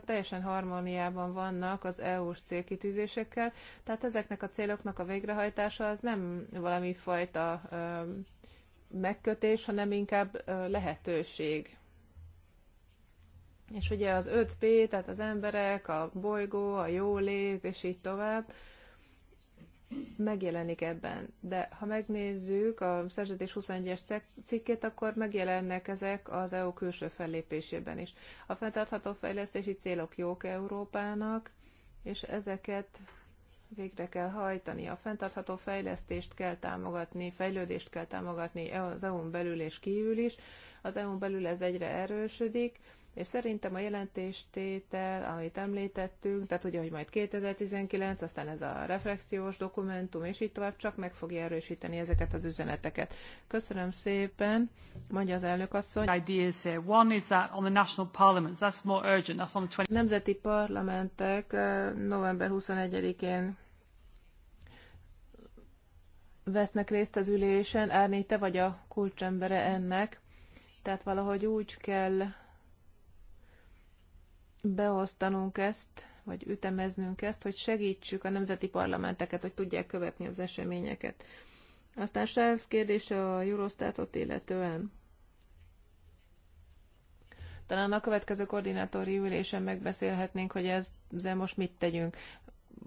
teljesen harmóniában vannak az EU-s célkitűzésekkel, tehát ezeknek a céloknak a végrehajtása az nem valami fajta megkötés, hanem inkább lehetőség. És ugye az 5P, tehát az emberek, a bolygó, a jólét, és így tovább, megjelenik ebben. De ha megnézzük a szerződés 21-es cikkét, akkor megjelennek ezek az EU külső fellépésében is. A fenntartható fejlesztési célok jók Európának, és ezeket végre kell hajtani. A fenntartható fejlesztést kell támogatni, fejlődést kell támogatni az EU-n belül és kívül is. Az EU-n belül ez egyre erősödik, és szerintem a jelentéstétel, amit említettünk, tehát ugye, hogy majd 2019, aztán ez a reflexiós dokumentum, és így tovább, csak meg fogja erősíteni ezeket az üzeneteket. Köszönöm szépen, mondja az elnök asszony. One is that on the national parliaments, that's more urgent, that's on 20... Nemzeti parlamentek eh, november 21-én vesznek részt az ülésen, Árné, te vagy a kulcsembere ennek, tehát valahogy úgy kell beosztanunk ezt, vagy ütemeznünk ezt, hogy segítsük a nemzeti parlamenteket, hogy tudják követni az eseményeket. Aztán Sáv kérdése a Eurostatot illetően. Talán a következő koordinátori ülésen megbeszélhetnénk, hogy ezzel most mit tegyünk.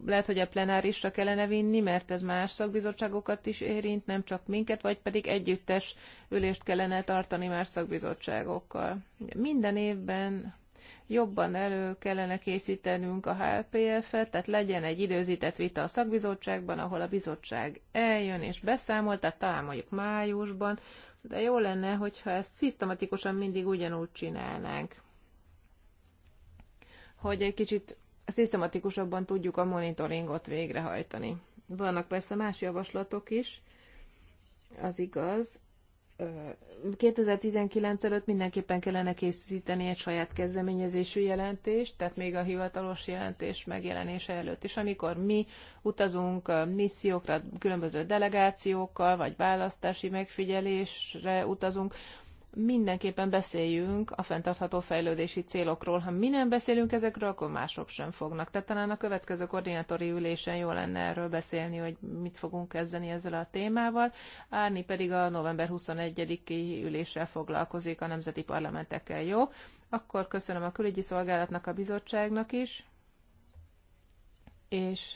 Lehet, hogy a plenárisra kellene vinni, mert ez más szakbizottságokat is érint, nem csak minket, vagy pedig együttes ülést kellene tartani más szakbizottságokkal. Minden évben Jobban elő kellene készítenünk a HLPF-et, tehát legyen egy időzített vita a szakbizottságban, ahol a bizottság eljön és beszámol, tehát talán mondjuk májusban, de jó lenne, hogyha ezt szisztematikusan mindig ugyanúgy csinálnánk, hogy egy kicsit szisztematikusabban tudjuk a monitoringot végrehajtani. Vannak persze más javaslatok is, az igaz, 2019 előtt mindenképpen kellene készíteni egy saját kezdeményezésű jelentést, tehát még a hivatalos jelentés megjelenése előtt is, amikor mi utazunk missziókra, különböző delegációkkal, vagy választási megfigyelésre utazunk, mindenképpen beszéljünk a fenntartható fejlődési célokról. Ha mi nem beszélünk ezekről, akkor mások sem fognak. Tehát talán a következő koordinátori ülésen jó lenne erről beszélni, hogy mit fogunk kezdeni ezzel a témával. Árni pedig a november 21-i ülésre foglalkozik a nemzeti parlamentekkel, jó? Akkor köszönöm a külügyi szolgálatnak, a bizottságnak is, és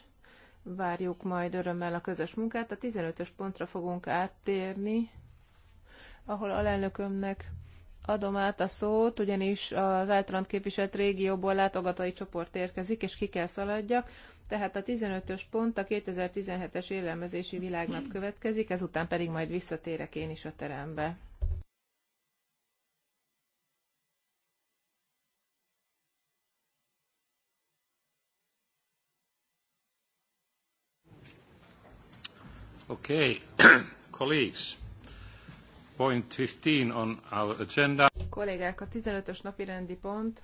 várjuk majd örömmel a közös munkát. A 15-ös pontra fogunk áttérni ahol alelnökömnek adom át a szót, ugyanis az általam képviselt régióból látogatói csoport érkezik, és ki kell szaladjak. Tehát a 15-ös pont a 2017-es élelmezési világnap következik, ezután pedig majd visszatérek én is a terembe. Okay, colleagues point 15 on our agenda. Kollégák, a 15-ös napi rendi pont.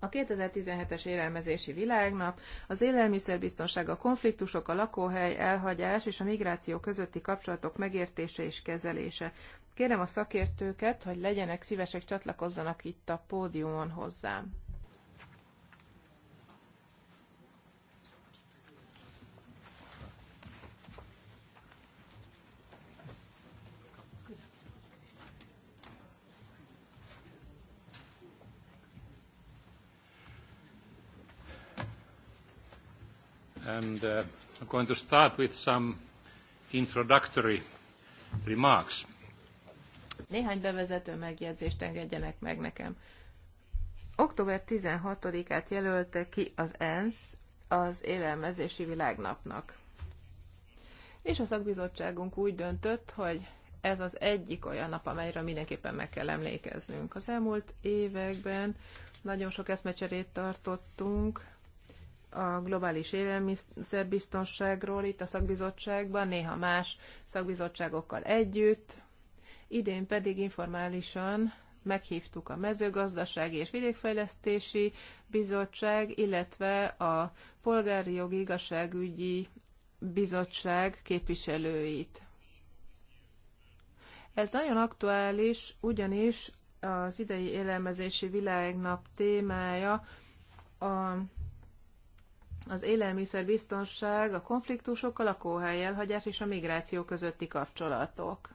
A 2017-es élelmezési világnap az élelmiszerbiztonság, a konfliktusok, a lakóhely, elhagyás és a migráció közötti kapcsolatok megértése és kezelése. Kérem a szakértőket, hogy legyenek szívesek csatlakozzanak itt a pódiumon hozzám. and uh, I'm going to start with some introductory remarks. Néhány bevezető megjegyzést engedjenek meg nekem. Október 16-át jelölte ki az ENSZ az élelmezési világnapnak. És a szakbizottságunk úgy döntött, hogy ez az egyik olyan nap, amelyre mindenképpen meg kell emlékeznünk. Az elmúlt években nagyon sok eszmecserét tartottunk a globális élelmiszerbiztonságról itt a szakbizottságban, néha más szakbizottságokkal együtt. Idén pedig informálisan meghívtuk a mezőgazdasági és vidékfejlesztési bizottság, illetve a polgári jogi igazságügyi bizottság képviselőit. Ez nagyon aktuális, ugyanis az idei élelmezési világnap témája a az élelmiszerbiztonság a konfliktusok, a lakóhely elhagyás és a migráció közötti kapcsolatok.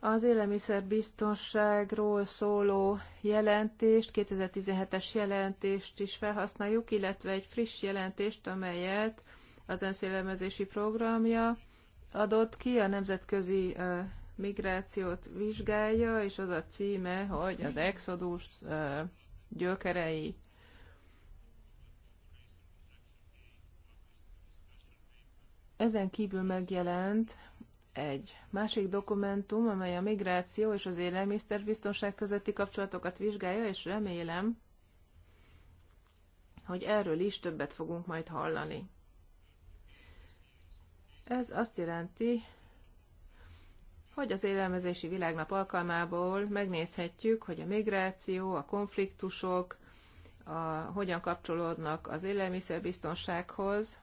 Az élelmiszerbiztonságról szóló jelentést, 2017-es jelentést is felhasználjuk, illetve egy friss jelentést, amelyet az ENSZ élelmezési programja adott ki, a nemzetközi migrációt vizsgálja, és az a címe, hogy az exodus gyökerei Ezen kívül megjelent egy másik dokumentum, amely a migráció és az élelmiszerbiztonság közötti kapcsolatokat vizsgálja, és remélem, hogy erről is többet fogunk majd hallani. Ez azt jelenti, hogy az élelmezési világnap alkalmából megnézhetjük, hogy a migráció, a konfliktusok, a, hogyan kapcsolódnak az élelmiszerbiztonsághoz,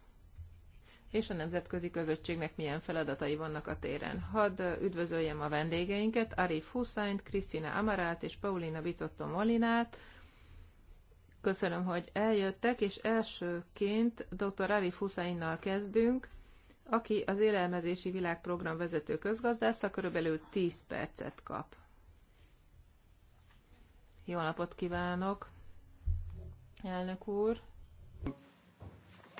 és a nemzetközi közösségnek milyen feladatai vannak a téren. Hadd üdvözöljem a vendégeinket, Arif Hussaint, Krisztina Amarát és Paulina Bicotto Molinát. Köszönöm, hogy eljöttek, és elsőként dr. Arif Hussainnal kezdünk, aki az Élelmezési Világprogram vezető közgazdásza körülbelül 10 percet kap. Jó napot kívánok, elnök úr!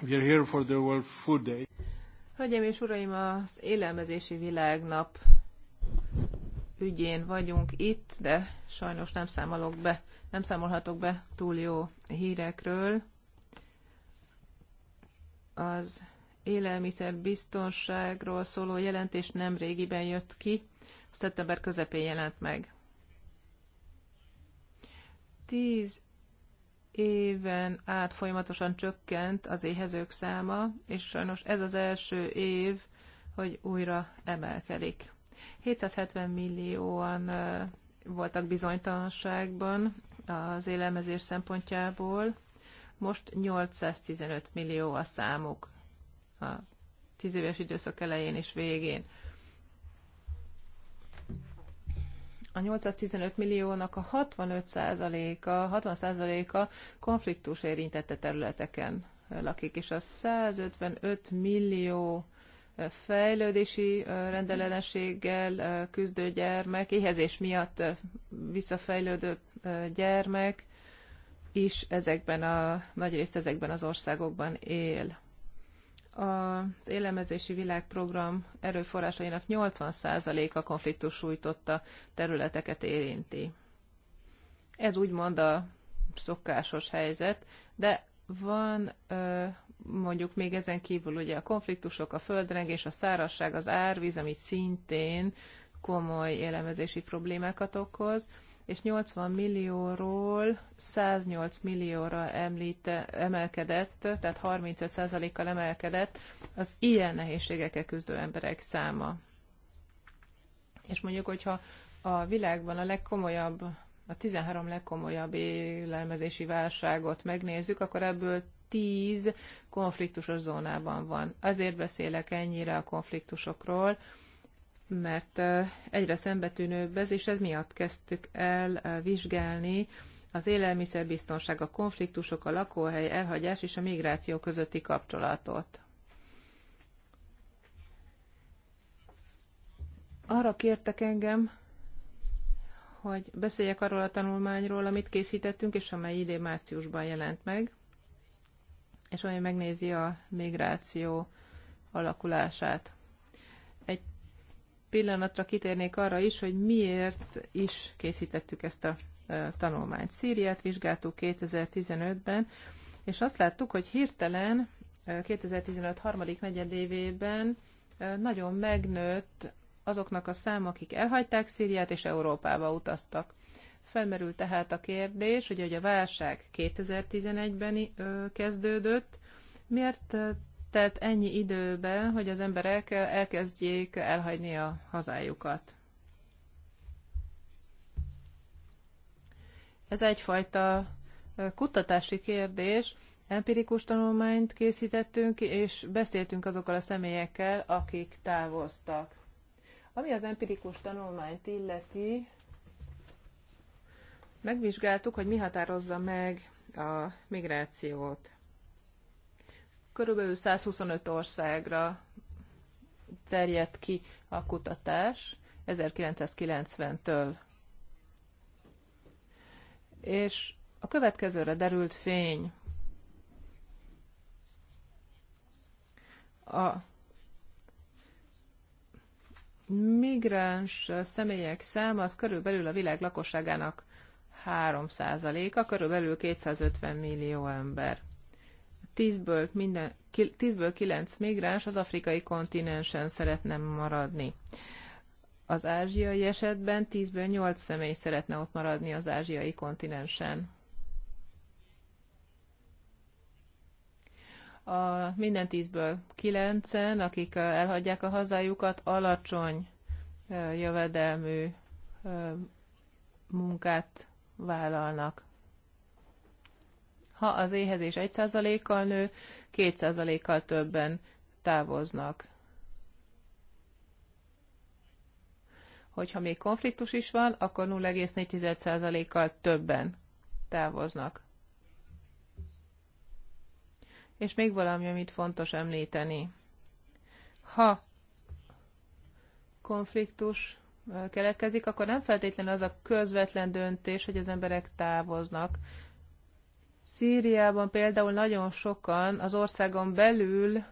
We are here for the World Food Day. Hölgyeim és Uraim, az Élelmezési Világnap ügyén vagyunk itt, de sajnos nem számolok be, nem számolhatok be túl jó hírekről. Az élelmiszer biztonságról szóló jelentés nem régiben jött ki, szeptember közepén jelent meg. Tíz éven át folyamatosan csökkent az éhezők száma, és sajnos ez az első év, hogy újra emelkedik. 770 millióan voltak bizonytalanságban az élelmezés szempontjából, most 815 millió a számuk a 10 éves időszak elején és végén. a 815 milliónak a 65%-a, 60%-a konfliktus érintette területeken lakik, és a 155 millió fejlődési rendellenességgel küzdő gyermek, éhezés miatt visszafejlődő gyermek is ezekben a, részt ezekben az országokban él az élelmezési világprogram erőforrásainak 80%-a konfliktus sújtotta területeket érinti. Ez úgymond a szokásos helyzet, de van mondjuk még ezen kívül ugye a konfliktusok, a földrengés, a szárazság, az árvíz, ami szintén komoly élelmezési problémákat okoz és 80 millióról 108 millióra említe, emelkedett, tehát 35%-kal emelkedett az ilyen nehézségekkel küzdő emberek száma. És mondjuk, hogyha a világban a legkomolyabb, a 13 legkomolyabb élelmezési válságot megnézzük, akkor ebből 10 konfliktusos zónában van. Azért beszélek ennyire a konfliktusokról, mert egyre szembetűnőbb ez, és ez miatt kezdtük el vizsgálni az élelmiszerbiztonság, a konfliktusok, a lakóhely elhagyás és a migráció közötti kapcsolatot. Arra kértek engem, hogy beszéljek arról a tanulmányról, amit készítettünk, és amely idén márciusban jelent meg, és amely megnézi a migráció alakulását pillanatra kitérnék arra is, hogy miért is készítettük ezt a e, tanulmányt. Szíriát vizsgáltuk 2015-ben, és azt láttuk, hogy hirtelen 2015 e, harmadik negyedévében e, nagyon megnőtt azoknak a szám, akik elhagyták Szíriát és Európába utaztak. Felmerült tehát a kérdés, hogy, hogy a válság 2011-ben kezdődött, miért telt ennyi időben, hogy az emberek elkezdjék elhagyni a hazájukat. Ez egyfajta kutatási kérdés. Empirikus tanulmányt készítettünk, és beszéltünk azokkal a személyekkel, akik távoztak. Ami az empirikus tanulmányt illeti, megvizsgáltuk, hogy mi határozza meg a migrációt körülbelül 125 országra terjedt ki a kutatás 1990-től. És a következőre derült fény. A migráns személyek száma az körülbelül a világ lakosságának 3%-a, körülbelül 250 millió ember tízből, minden, tízből kilenc migráns az afrikai kontinensen szeretne maradni. Az ázsiai esetben tízből nyolc személy szeretne ott maradni az ázsiai kontinensen. A minden tízből kilencen, akik elhagyják a hazájukat, alacsony jövedelmű munkát vállalnak ha az éhezés 1%-kal nő, 2%-kal többen távoznak. Hogyha még konfliktus is van, akkor 0,4%-kal többen távoznak. És még valami, amit fontos említeni. Ha konfliktus keletkezik, akkor nem feltétlenül az a közvetlen döntés, hogy az emberek távoznak, Szíriában például nagyon sokan az országon belül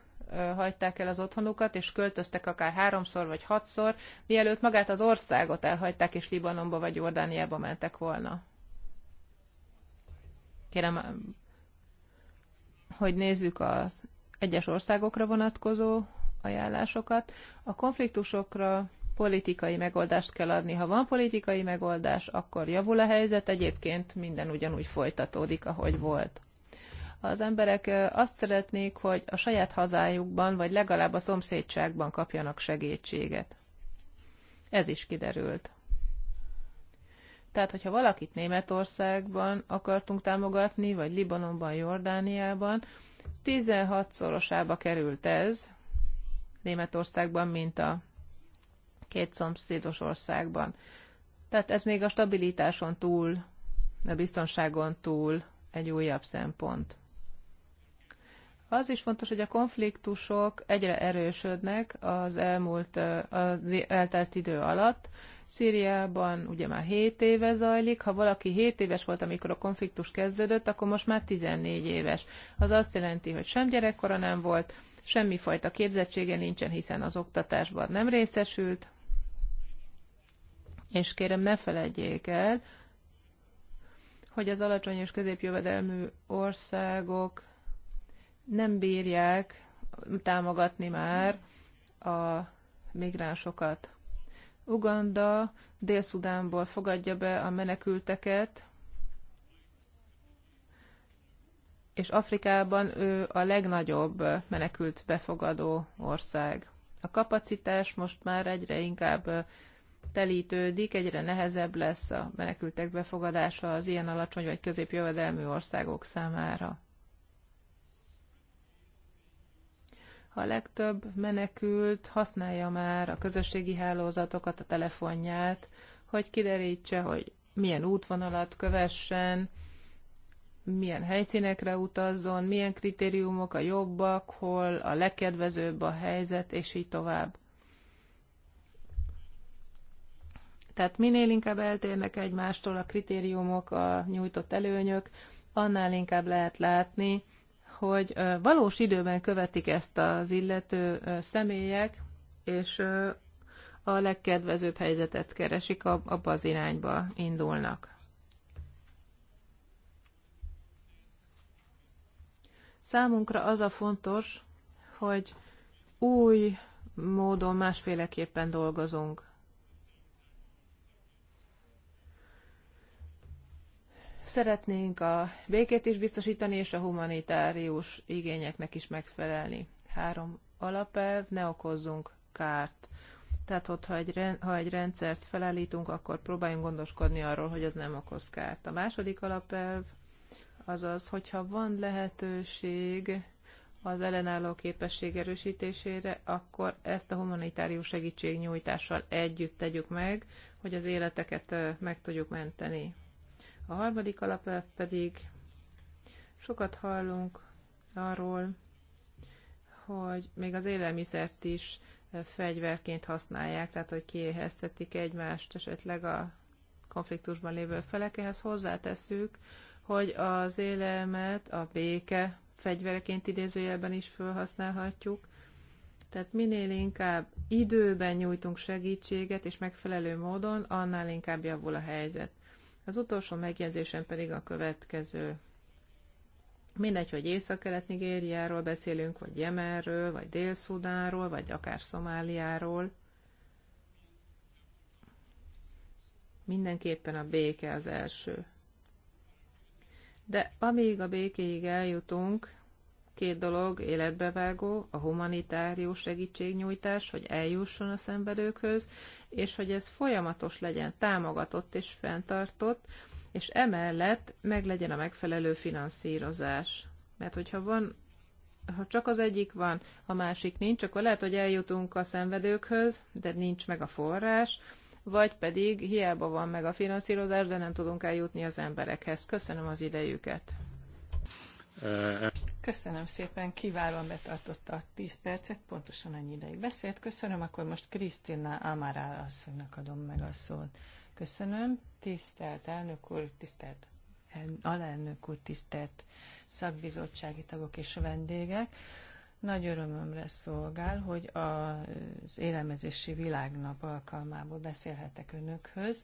hagyták el az otthonukat, és költöztek akár háromszor vagy hatszor, mielőtt magát az országot elhagyták, és Libanonba vagy Jordániába mentek volna. Kérem, hogy nézzük az egyes országokra vonatkozó ajánlásokat. A konfliktusokra politikai megoldást kell adni. Ha van politikai megoldás, akkor javul a helyzet, egyébként minden ugyanúgy folytatódik, ahogy volt. Az emberek azt szeretnék, hogy a saját hazájukban, vagy legalább a szomszédságban kapjanak segítséget. Ez is kiderült. Tehát, hogyha valakit Németországban akartunk támogatni, vagy Libanonban, Jordániában, 16-szorosába került ez Németországban, mint a két szomszédos országban. Tehát ez még a stabilitáson túl, a biztonságon túl egy újabb szempont. Az is fontos, hogy a konfliktusok egyre erősödnek az elmúlt, az eltelt idő alatt. Szíriában ugye már 7 éve zajlik, ha valaki 7 éves volt, amikor a konfliktus kezdődött, akkor most már 14 éves. Az azt jelenti, hogy sem gyerekkora nem volt, semmifajta képzettsége nincsen, hiszen az oktatásban nem részesült, és kérem, ne felejtjék el, hogy az alacsony és középjövedelmű országok nem bírják támogatni már a migránsokat. Uganda Dél-Szudánból fogadja be a menekülteket, és Afrikában ő a legnagyobb menekült befogadó ország. A kapacitás most már egyre inkább telítődik, egyre nehezebb lesz a menekültek befogadása az ilyen alacsony vagy középjövedelmű országok számára. A legtöbb menekült használja már a közösségi hálózatokat, a telefonját, hogy kiderítse, hogy milyen útvonalat kövessen, milyen helyszínekre utazzon, milyen kritériumok a jobbak, hol a legkedvezőbb a helyzet, és így tovább. Tehát minél inkább eltérnek egymástól a kritériumok, a nyújtott előnyök, annál inkább lehet látni, hogy valós időben követik ezt az illető személyek, és a legkedvezőbb helyzetet keresik, abba az irányba indulnak. Számunkra az a fontos, hogy új módon másféleképpen dolgozunk. Szeretnénk a békét is biztosítani, és a humanitárius igényeknek is megfelelni. Három alapelv, ne okozzunk kárt. Tehát ott, ha egy, ha egy rendszert felállítunk, akkor próbáljunk gondoskodni arról, hogy az nem okoz kárt. A második alapelv az az, hogyha van lehetőség az ellenálló képesség erősítésére, akkor ezt a humanitárius segítségnyújtással együtt tegyük meg, hogy az életeket meg tudjuk menteni. A harmadik alapelv pedig sokat hallunk arról, hogy még az élelmiszert is fegyverként használják, tehát hogy kiéheztetik egymást esetleg a konfliktusban lévő felek. Ehhez hozzáteszük, hogy az élelmet a béke fegyvereként idézőjelben is felhasználhatjuk. Tehát minél inkább időben nyújtunk segítséget, és megfelelő módon, annál inkább javul a helyzet. Az utolsó megjegyzésem pedig a következő. Mindegy, hogy Észak-Kelet-Nigériáról beszélünk, vagy Jemenről, vagy Dél-Szudánról, vagy akár Szomáliáról. Mindenképpen a béke az első. De amíg a békéig eljutunk, Két dolog életbevágó, a humanitárius segítségnyújtás, hogy eljusson a szenvedőkhöz, és hogy ez folyamatos legyen, támogatott és fenntartott, és emellett meg legyen a megfelelő finanszírozás. Mert hogyha van ha csak az egyik van, a másik nincs, akkor lehet, hogy eljutunk a szenvedőkhöz, de nincs meg a forrás, vagy pedig hiába van meg a finanszírozás, de nem tudunk eljutni az emberekhez. Köszönöm az idejüket. Köszönöm szépen, kiválóan betartotta a 10 percet, pontosan ennyi ideig beszélt. Köszönöm, akkor most Krisztina Amarál asszonynak adom meg a szót. Köszönöm, tisztelt elnök úr, tisztelt alelnök úr, tisztelt szakbizottsági tagok és vendégek. Nagy örömömre szolgál, hogy az élelmezési világnap alkalmából beszélhetek önökhöz.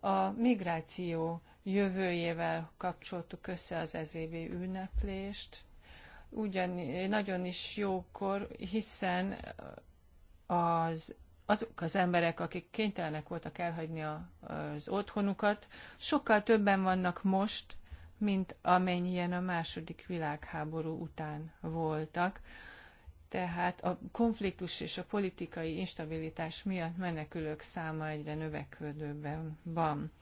A migráció jövőjével kapcsoltuk össze az ezévi ünneplést. Ugyan nagyon is jókor, hiszen az, azok az emberek, akik kénytelenek voltak elhagyni a, az otthonukat, sokkal többen vannak most, mint amennyien a második világháború után voltak. Tehát a konfliktus és a politikai instabilitás miatt menekülők száma egyre növekvődőben van.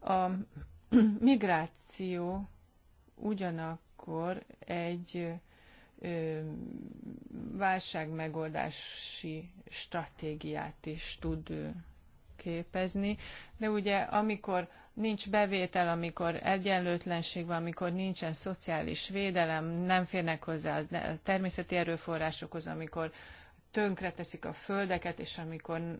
A migráció ugyanakkor egy válságmegoldási stratégiát is tud képezni, de ugye amikor nincs bevétel, amikor egyenlőtlenség van, amikor nincsen szociális védelem, nem férnek hozzá az természeti erőforrásokhoz, amikor tönkreteszik a földeket, és amikor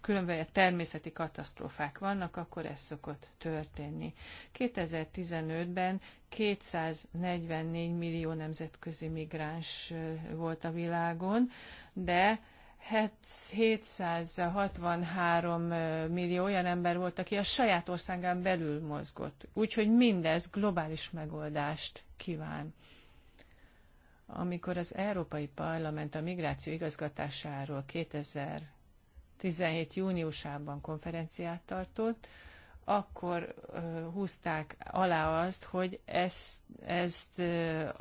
különböző természeti katasztrófák vannak, akkor ez szokott történni. 2015-ben 244 millió nemzetközi migráns volt a világon, de 763 millió olyan ember volt, aki a saját országán belül mozgott. Úgyhogy mindez globális megoldást kíván. Amikor az Európai Parlament a migráció igazgatásáról 2017. júniusában konferenciát tartott, akkor húzták alá azt, hogy ezt, ezt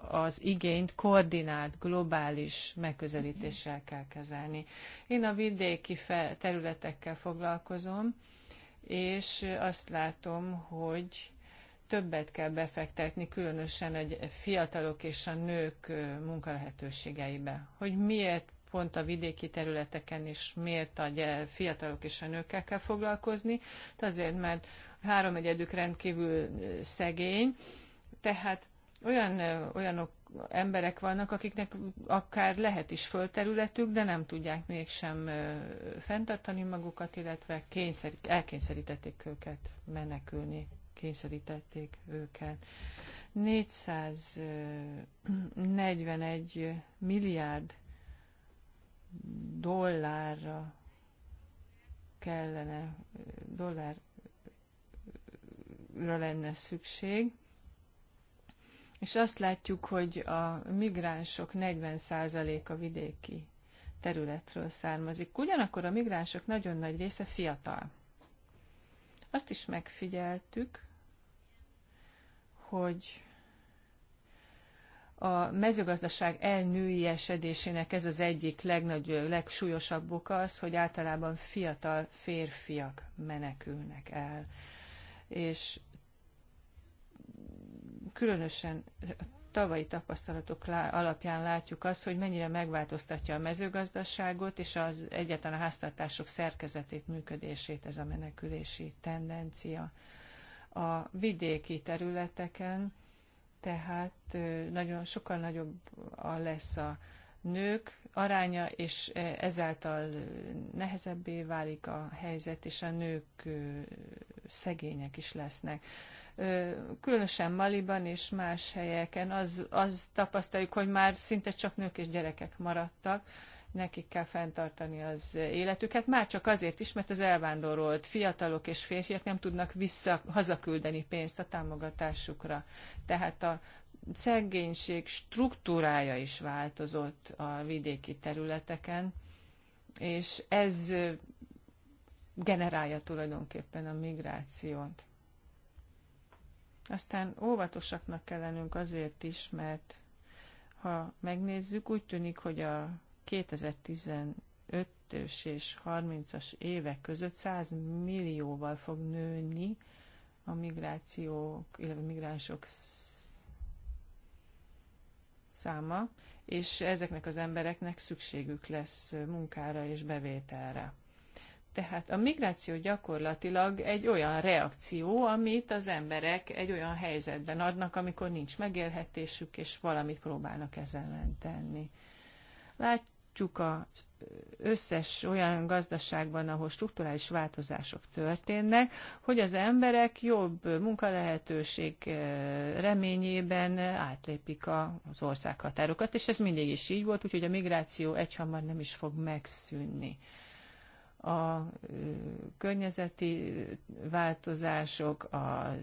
az igényt koordinált, globális megközelítéssel kell kezelni. Én a vidéki területekkel foglalkozom, és azt látom, hogy többet kell befektetni, különösen a fiatalok és a nők munkalehetőségeibe. Hogy miért pont a vidéki területeken is miért a fiatalok és a nőkkel kell foglalkozni. De hát azért, mert három egyedük rendkívül szegény, tehát olyan, olyanok emberek vannak, akiknek akár lehet is földterületük, de nem tudják mégsem fenntartani magukat, illetve kényszer, elkényszerítették őket menekülni kényszerítették őket. 441 milliárd dollárra kellene, dollárra lenne szükség. És azt látjuk, hogy a migránsok 40%-a vidéki területről származik. Ugyanakkor a migránsok nagyon nagy része fiatal. Azt is megfigyeltük, hogy a mezőgazdaság elnőiesedésének ez az egyik legnagyobb, legsúlyosabb oka az, hogy általában fiatal férfiak menekülnek el. És különösen a tavalyi tapasztalatok alapján látjuk azt, hogy mennyire megváltoztatja a mezőgazdaságot és az egyetlen a háztartások szerkezetét, működését ez a menekülési tendencia a vidéki területeken, tehát nagyon sokkal nagyobb a lesz a nők aránya, és ezáltal nehezebbé válik a helyzet, és a nők szegények is lesznek. Különösen Maliban és más helyeken az, az tapasztaljuk, hogy már szinte csak nők és gyerekek maradtak, nekik kell fenntartani az életüket, már csak azért is, mert az elvándorolt fiatalok és férfiak nem tudnak vissza, hazaküldeni pénzt a támogatásukra. Tehát a szegénység struktúrája is változott a vidéki területeken, és ez generálja tulajdonképpen a migrációt. Aztán óvatosaknak kell lennünk azért is, mert ha megnézzük, úgy tűnik, hogy a 2015-ös és 30-as évek között 100 millióval fog nőni a migrációk, illetve migránsok száma, és ezeknek az embereknek szükségük lesz munkára és bevételre. Tehát a migráció gyakorlatilag egy olyan reakció, amit az emberek egy olyan helyzetben adnak, amikor nincs megélhetésük, és valamit próbálnak ezzel tenni. Lát, látjuk az összes olyan gazdaságban, ahol strukturális változások történnek, hogy az emberek jobb munkalehetőség eh, reményében átlépik az országhatárokat, és ez mindig is így volt, úgyhogy a migráció egyhamar nem is fog megszűnni a környezeti változások, a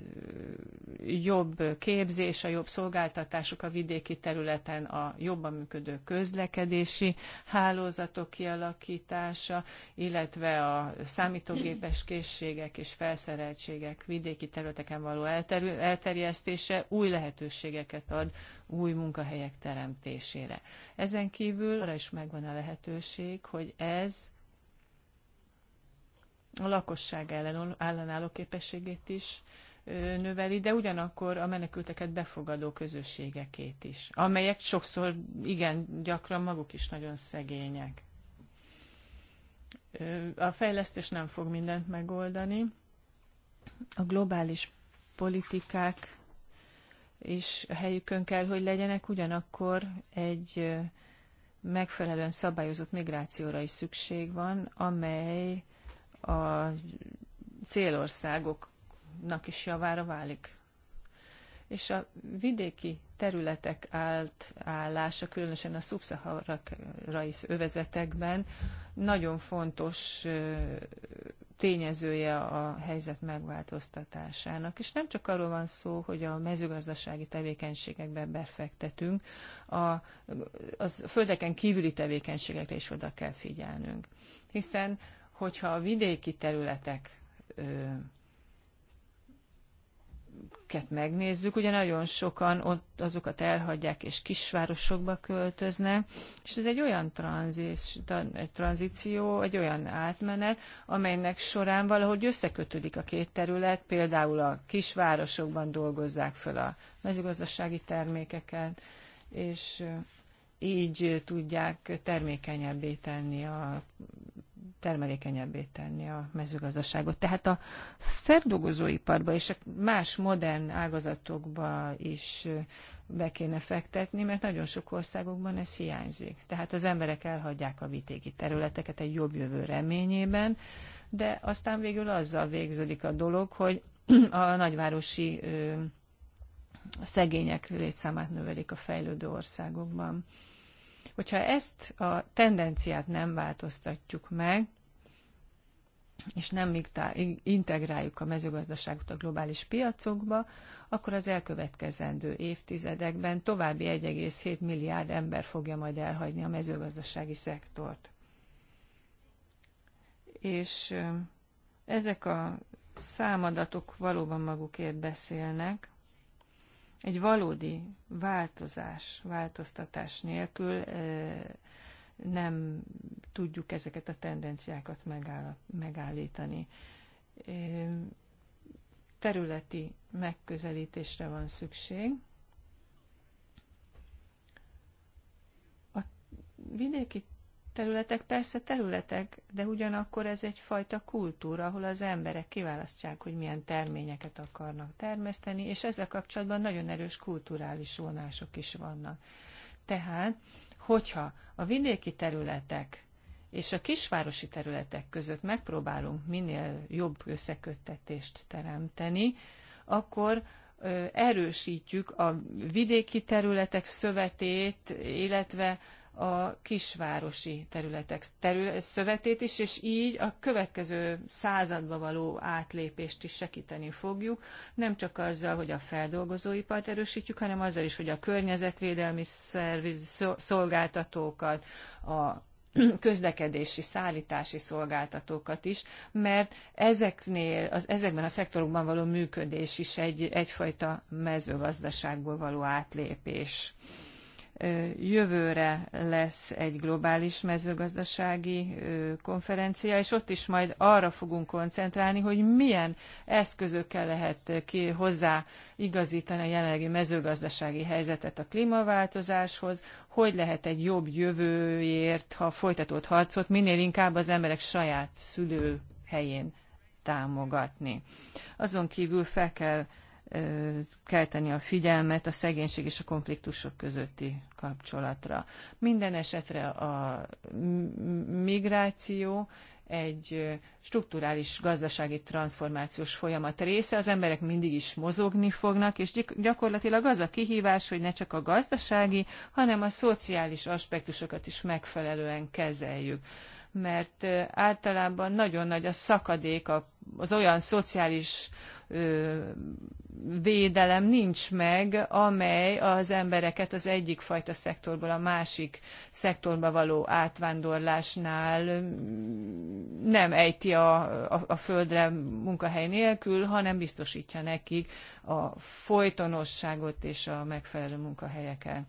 jobb képzés, a jobb szolgáltatások a vidéki területen, a jobban működő közlekedési hálózatok kialakítása, illetve a számítógépes készségek és felszereltségek vidéki területeken való elterjesztése új lehetőségeket ad új munkahelyek teremtésére. Ezen kívül arra is megvan a lehetőség, hogy ez a lakosság ellen, ellenálló képességét is növeli, de ugyanakkor a menekülteket befogadó közösségekét is, amelyek sokszor igen gyakran maguk is nagyon szegények. A fejlesztés nem fog mindent megoldani. A globális politikák is a helyükön kell, hogy legyenek, ugyanakkor egy megfelelően szabályozott migrációra is szükség van, amely a célországoknak is javára válik. És a vidéki területek állása, különösen a szubszaharai övezetekben nagyon fontos tényezője a helyzet megváltoztatásának. És nem csak arról van szó, hogy a mezőgazdasági tevékenységekben befektetünk, a, az földeken kívüli tevékenységekre is oda kell figyelnünk. Hiszen hogyha a vidéki területek ö, megnézzük, ugye nagyon sokan ott azokat elhagyják és kisvárosokba költöznek, és ez egy olyan tranzis, egy tranzíció, egy olyan átmenet, amelynek során valahogy összekötődik a két terület, például a kisvárosokban dolgozzák fel a mezőgazdasági termékeket, és így tudják termékenyebbé tenni a termelékenyebbé tenni a mezőgazdaságot. Tehát a feldolgozóiparba és a más modern ágazatokba is be kéne fektetni, mert nagyon sok országokban ez hiányzik. Tehát az emberek elhagyják a vitéki területeket egy jobb jövő reményében, de aztán végül azzal végződik a dolog, hogy a nagyvárosi a szegények létszámát növelik a fejlődő országokban. Hogyha ezt a tendenciát nem változtatjuk meg, és nem integráljuk a mezőgazdaságot a globális piacokba, akkor az elkövetkezendő évtizedekben további 1,7 milliárd ember fogja majd elhagyni a mezőgazdasági szektort. És ezek a számadatok valóban magukért beszélnek. Egy valódi változás, változtatás nélkül nem tudjuk ezeket a tendenciákat megállítani. Területi megközelítésre van szükség. A vidéki területek persze területek, de ugyanakkor ez egyfajta kultúra, ahol az emberek kiválasztják, hogy milyen terményeket akarnak termeszteni, és ezzel kapcsolatban nagyon erős kulturális vonások is vannak. Tehát, hogyha a vidéki területek és a kisvárosi területek között megpróbálunk minél jobb összeköttetést teremteni, akkor erősítjük a vidéki területek szövetét, illetve a kisvárosi területek terület, szövetét is, és így a következő századba való átlépést is segíteni fogjuk, nem csak azzal, hogy a feldolgozóipart erősítjük, hanem azzal is, hogy a környezetvédelmi szerviz, szolgáltatókat, a közlekedési, szállítási szolgáltatókat is, mert ezeknél, az, ezekben a szektorokban való működés is egy, egyfajta mezőgazdaságból való átlépés jövőre lesz egy globális mezőgazdasági konferencia, és ott is majd arra fogunk koncentrálni, hogy milyen eszközökkel lehet ki hozzá igazítani a jelenlegi mezőgazdasági helyzetet a klímaváltozáshoz, hogy lehet egy jobb jövőért, ha folytatott harcot minél inkább az emberek saját szülőhelyén támogatni. Azon kívül fel kell kelteni a figyelmet a szegénység és a konfliktusok közötti kapcsolatra. Minden esetre a migráció egy strukturális gazdasági transformációs folyamat része. Az emberek mindig is mozogni fognak, és gyakorlatilag az a kihívás, hogy ne csak a gazdasági, hanem a szociális aspektusokat is megfelelően kezeljük mert általában nagyon nagy a szakadék az olyan szociális védelem nincs meg, amely az embereket az egyik fajta szektorból a másik szektorba való átvándorlásnál nem ejti a, a, a földre munkahely nélkül, hanem biztosítja nekik a folytonosságot és a megfelelő munkahelyeket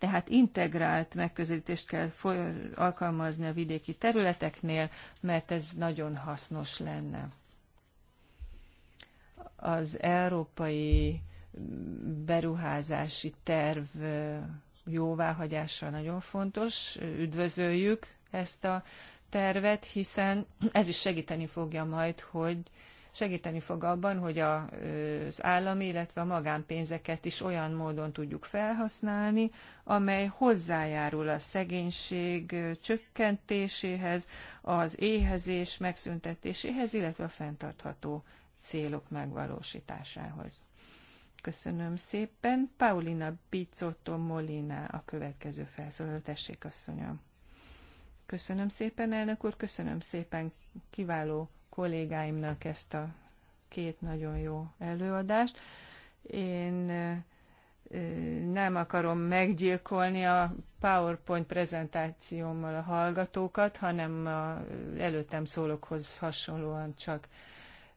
tehát integrált megközelítést kell alkalmazni a vidéki területeknél, mert ez nagyon hasznos lenne. Az európai beruházási terv jóváhagyása nagyon fontos, üdvözöljük ezt a tervet, hiszen ez is segíteni fogja majd, hogy segíteni fog abban, hogy az állami, illetve a magánpénzeket is olyan módon tudjuk felhasználni, amely hozzájárul a szegénység csökkentéséhez, az éhezés megszüntetéséhez, illetve a fenntartható célok megvalósításához. Köszönöm szépen. Paulina Bicotto Molina a következő felszólaló. Tessék, asszonyom. Köszönöm szépen, elnök úr, köszönöm szépen kiváló kollégáimnak ezt a két nagyon jó előadást. Én nem akarom meggyilkolni a PowerPoint prezentációmmal a hallgatókat, hanem a előttem szólókhoz hasonlóan csak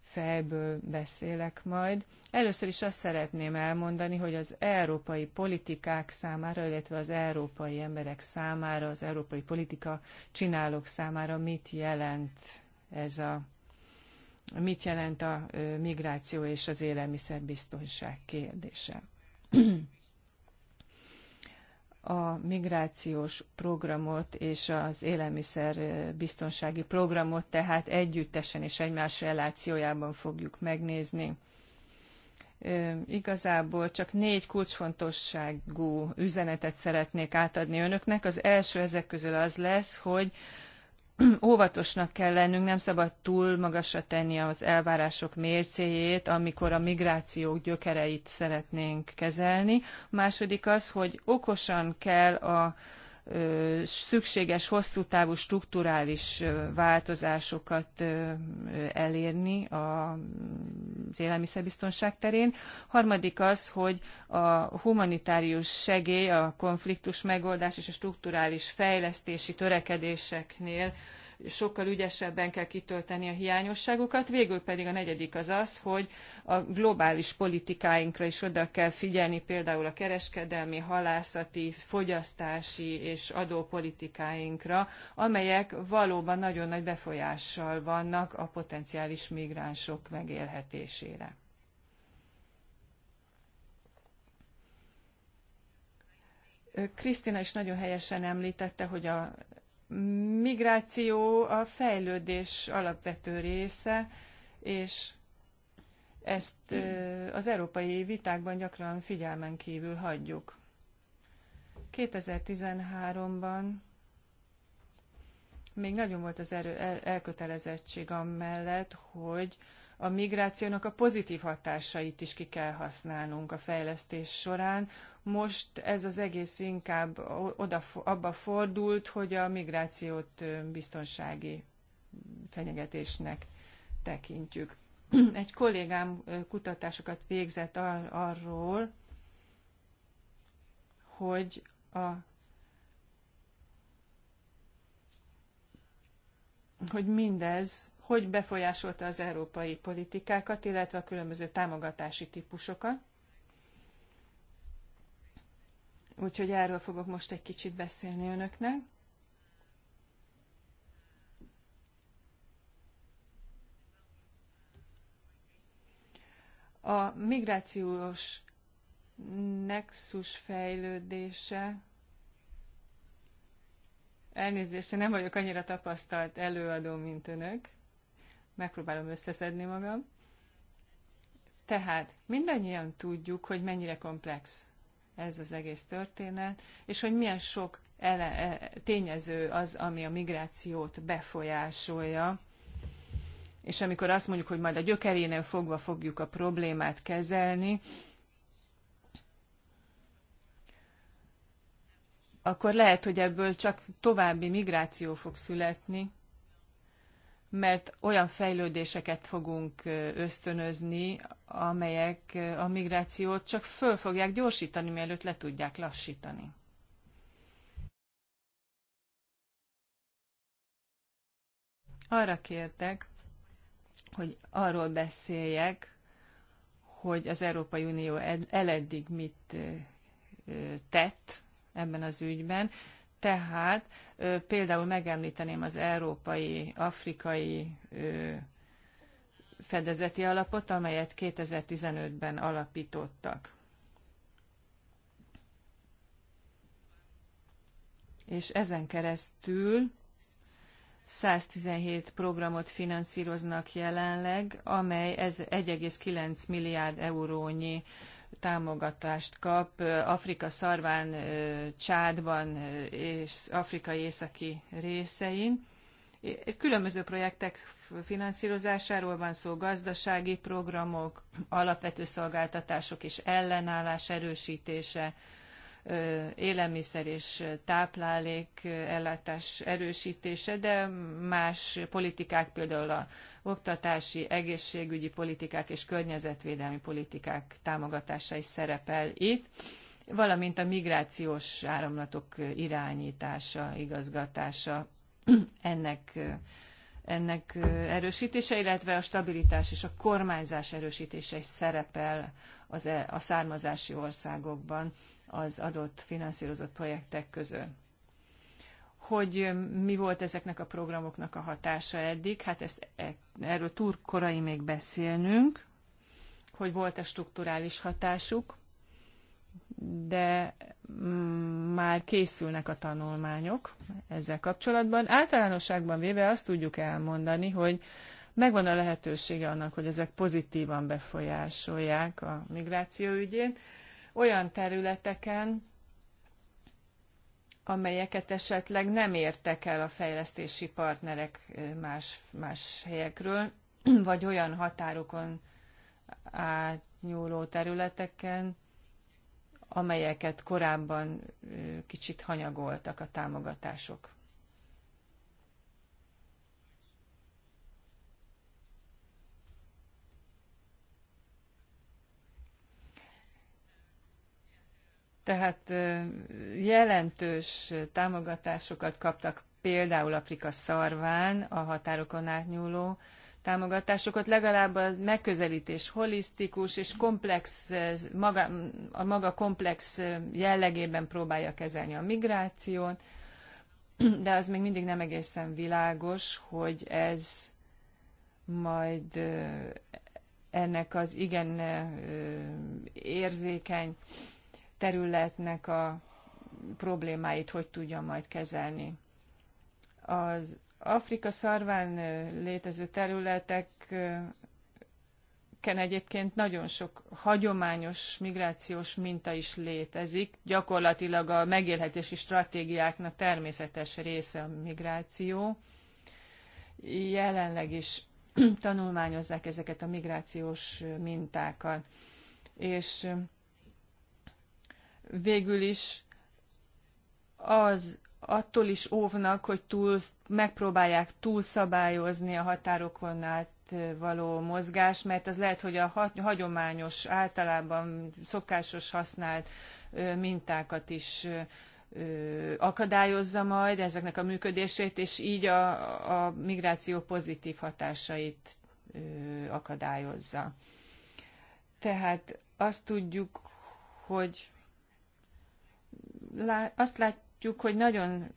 fejből beszélek majd. Először is azt szeretném elmondani, hogy az európai politikák számára, illetve az európai emberek számára, az európai politika csinálók számára mit jelent ez a mit jelent a migráció és az élelmiszerbiztonság kérdése. A migrációs programot és az élelmiszerbiztonsági programot tehát együttesen és egymás relációjában fogjuk megnézni igazából csak négy kulcsfontosságú üzenetet szeretnék átadni önöknek. Az első ezek közül az lesz, hogy óvatosnak kell lennünk, nem szabad túl magasra tenni az elvárások mércéjét, amikor a migráció gyökereit szeretnénk kezelni. A második az, hogy okosan kell a szükséges hosszú távú strukturális változásokat elérni az élelmiszerbiztonság terén. Harmadik az, hogy a humanitárius segély, a konfliktus megoldás és a strukturális fejlesztési törekedéseknél sokkal ügyesebben kell kitölteni a hiányosságokat. Végül pedig a negyedik az az, hogy a globális politikáinkra is oda kell figyelni, például a kereskedelmi, halászati, fogyasztási és adópolitikáinkra, amelyek valóban nagyon nagy befolyással vannak a potenciális migránsok megélhetésére. Krisztina is nagyon helyesen említette, hogy a migráció a fejlődés alapvető része, és ezt az európai vitákban gyakran figyelmen kívül hagyjuk. 2013-ban még nagyon volt az erő, el, elkötelezettség amellett, hogy a migrációnak a pozitív hatásait is ki kell használnunk a fejlesztés során, most ez az egész inkább oda, abba fordult, hogy a migrációt biztonsági fenyegetésnek tekintjük. Egy kollégám kutatásokat végzett ar- arról, hogy a hogy mindez hogy befolyásolta az európai politikákat, illetve a különböző támogatási típusokat. Úgyhogy erről fogok most egy kicsit beszélni önöknek. A migrációs nexus fejlődése Elnézést, nem vagyok annyira tapasztalt előadó, mint önök. Megpróbálom összeszedni magam. Tehát mindannyian tudjuk, hogy mennyire komplex ez az egész történet, és hogy milyen sok ele, e, tényező az, ami a migrációt befolyásolja. És amikor azt mondjuk, hogy majd a gyökerénél fogva fogjuk a problémát kezelni, akkor lehet, hogy ebből csak további migráció fog születni, mert olyan fejlődéseket fogunk ösztönözni, amelyek a migrációt csak föl fogják gyorsítani, mielőtt le tudják lassítani. Arra kértek, hogy arról beszéljek, hogy az Európai Unió eleddig mit tett ebben az ügyben. Tehát például megemlíteném az európai, afrikai fedezeti alapot, amelyet 2015-ben alapítottak. És ezen keresztül 117 programot finanszíroznak jelenleg, amely 1,9 milliárd eurónyi támogatást kap Afrika szarván, Csádban és afrikai északi részein. Különböző projektek finanszírozásáról van szó, gazdasági programok, alapvető szolgáltatások és ellenállás erősítése, élelmiszer és táplálék ellátás erősítése, de más politikák, például a oktatási, egészségügyi politikák és környezetvédelmi politikák támogatása is szerepel itt valamint a migrációs áramlatok irányítása, igazgatása ennek, ennek erősítése, illetve a stabilitás és a kormányzás erősítése is szerepel az, e, a származási országokban az adott finanszírozott projektek közön. Hogy mi volt ezeknek a programoknak a hatása eddig, hát ezt, e, erről túl korai még beszélnünk, hogy volt a strukturális hatásuk, de mm, már készülnek a tanulmányok ezzel kapcsolatban. Általánosságban véve azt tudjuk elmondani, hogy megvan a lehetősége annak, hogy ezek pozitívan befolyásolják a migráció ügyét, olyan területeken, amelyeket esetleg nem értek el a fejlesztési partnerek más, más helyekről, vagy olyan határokon átnyúló területeken, amelyeket korábban kicsit hanyagoltak a támogatások Tehát jelentős támogatásokat kaptak például Afrika szarván a határokon átnyúló támogatásokat, legalább a megközelítés holisztikus és komplex, maga, a maga komplex jellegében próbálja kezelni a migrációt, de az még mindig nem egészen világos, hogy ez majd ennek az igen érzékeny területnek a problémáit hogy tudja majd kezelni. Az Afrika szarván létező területeken egyébként nagyon sok hagyományos migrációs minta is létezik. Gyakorlatilag a megélhetési stratégiáknak természetes része a migráció. Jelenleg is tanulmányozzák ezeket a migrációs mintákat. És végül is az attól is óvnak, hogy túl, megpróbálják túlszabályozni a határokon át való mozgás, mert az lehet, hogy a hagyományos, általában szokásos használt mintákat is akadályozza majd ezeknek a működését, és így a, a migráció pozitív hatásait akadályozza. Tehát azt tudjuk, hogy azt látjuk, hogy nagyon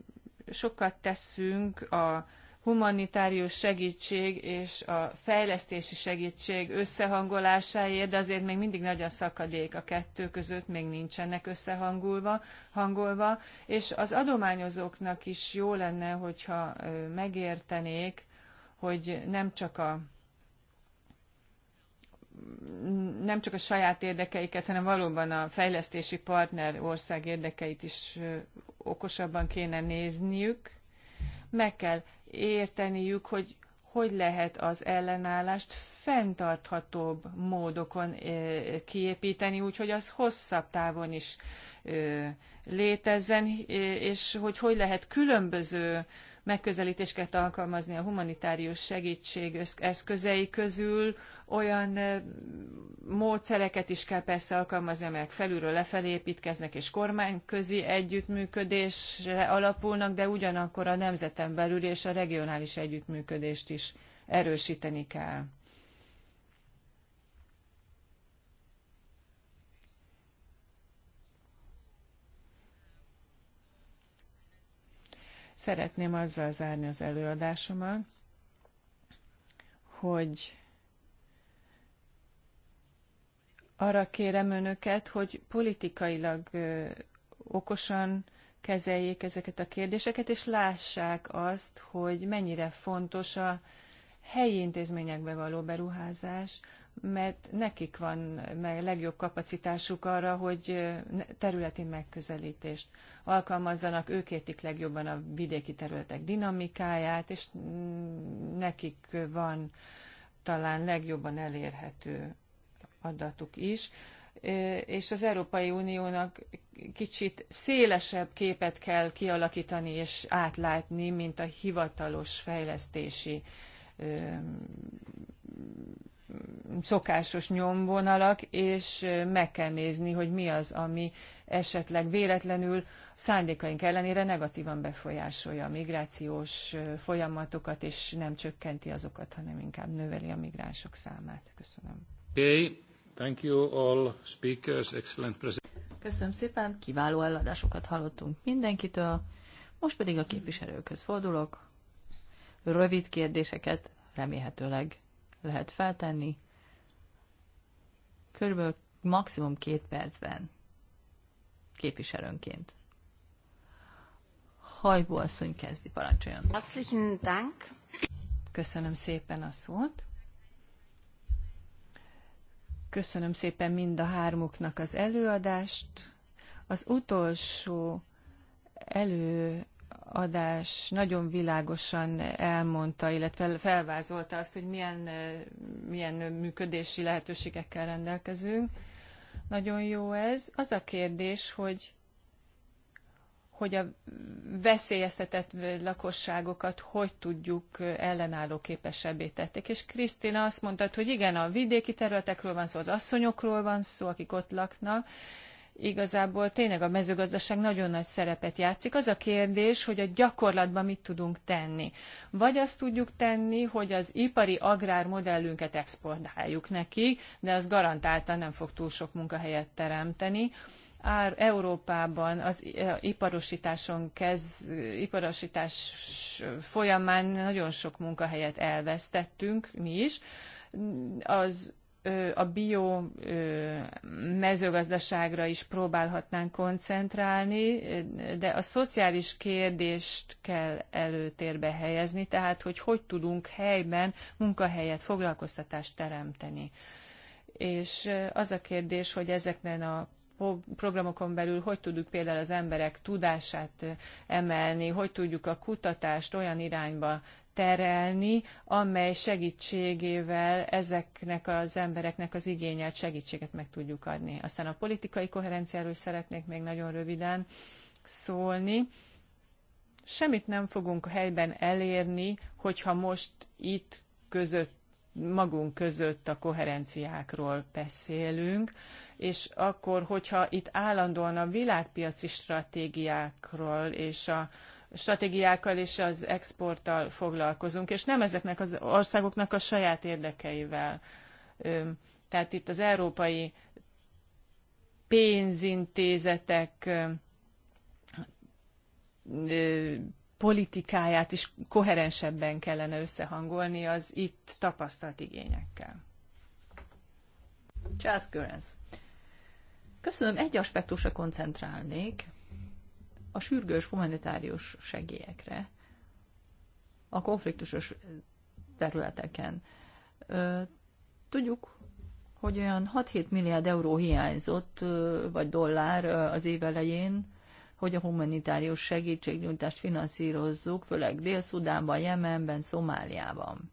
sokat teszünk a humanitárius segítség és a fejlesztési segítség összehangolásáért, de azért még mindig nagy a szakadék a kettő között, még nincsenek összehangolva, hangolva, és az adományozóknak is jó lenne, hogyha megértenék, hogy nem csak a nem csak a saját érdekeiket, hanem valóban a fejlesztési partner ország érdekeit is okosabban kéne nézniük. Meg kell érteniük, hogy hogy lehet az ellenállást fenntarthatóbb módokon kiépíteni, úgyhogy az hosszabb távon is létezzen, és hogy hogy lehet különböző megközelítéseket alkalmazni a humanitárius segítség eszközei közül, olyan módszereket is kell persze alkalmazni, amelyek felülről lefelé építkeznek, és kormányközi együttműködésre alapulnak, de ugyanakkor a nemzeten belül és a regionális együttműködést is erősíteni kell. Szeretném azzal zárni az előadásomat, hogy arra kérem önöket, hogy politikailag okosan kezeljék ezeket a kérdéseket, és lássák azt, hogy mennyire fontos a helyi intézményekbe való beruházás, mert nekik van meg legjobb kapacitásuk arra, hogy területi megközelítést alkalmazzanak, ők értik legjobban a vidéki területek dinamikáját, és mm, nekik van talán legjobban elérhető adatuk is, és az Európai Uniónak kicsit szélesebb képet kell kialakítani és átlátni, mint a hivatalos fejlesztési szokásos nyomvonalak, és meg kell nézni, hogy mi az, ami esetleg véletlenül szándékaink ellenére negatívan befolyásolja a migrációs folyamatokat, és nem csökkenti azokat, hanem inkább növeli a migránsok számát. Köszönöm. Okay. Thank you all speakers, excellent Köszönöm szépen, kiváló eladásokat hallottunk mindenkitől. Most pedig a képviselőkhöz fordulok. Rövid kérdéseket remélhetőleg lehet feltenni. Körülbelül maximum két percben képviselőnként. Hajbó asszony kezdi, parancsoljon. Köszönöm szépen a szót. Köszönöm szépen mind a hármuknak az előadást. Az utolsó előadás nagyon világosan elmondta, illetve felvázolta azt, hogy milyen, milyen működési lehetőségekkel rendelkezünk. Nagyon jó ez. Az a kérdés, hogy hogy a veszélyeztetett lakosságokat hogy tudjuk ellenálló képesebbé tették. És Krisztina azt mondta, hogy igen, a vidéki területekről van szó, az asszonyokról van szó, akik ott laknak, igazából tényleg a mezőgazdaság nagyon nagy szerepet játszik. Az a kérdés, hogy a gyakorlatban mit tudunk tenni. Vagy azt tudjuk tenni, hogy az ipari agrármodellünket exportáljuk neki, de az garantáltan nem fog túl sok munkahelyet teremteni ár, Európában az eh, iparosításon kezd iparosítás folyamán nagyon sok munkahelyet elvesztettünk mi is. Az a bio mezőgazdaságra is próbálhatnánk koncentrálni, de a szociális kérdést kell előtérbe helyezni, tehát hogy hogy tudunk helyben munkahelyet, foglalkoztatást teremteni. És az a kérdés, hogy ezekben a programokon belül hogy tudjuk például az emberek tudását eh, emelni, hogy tudjuk a kutatást olyan irányba terelni, amely segítségével ezeknek az embereknek az igényelt segítséget meg tudjuk adni. Aztán a politikai koherenciáról szeretnék még nagyon röviden szólni. Semmit nem fogunk a helyben elérni, hogyha most itt között, magunk között a koherenciákról beszélünk és akkor, hogyha itt állandóan a világpiaci stratégiákról és a stratégiákkal és az exporttal foglalkozunk, és nem ezeknek az országoknak a saját érdekeivel. Tehát itt az európai pénzintézetek politikáját is koherensebben kellene összehangolni az itt tapasztalt igényekkel. Charles Görens. Köszönöm, egy aspektusra koncentrálnék, a sürgős humanitárius segélyekre, a konfliktusos területeken. Tudjuk, hogy olyan 6-7 milliárd euró hiányzott, vagy dollár az év elején, hogy a humanitárius segítségnyújtást finanszírozzuk, főleg Dél-Szudánban, Jemenben, Szomáliában.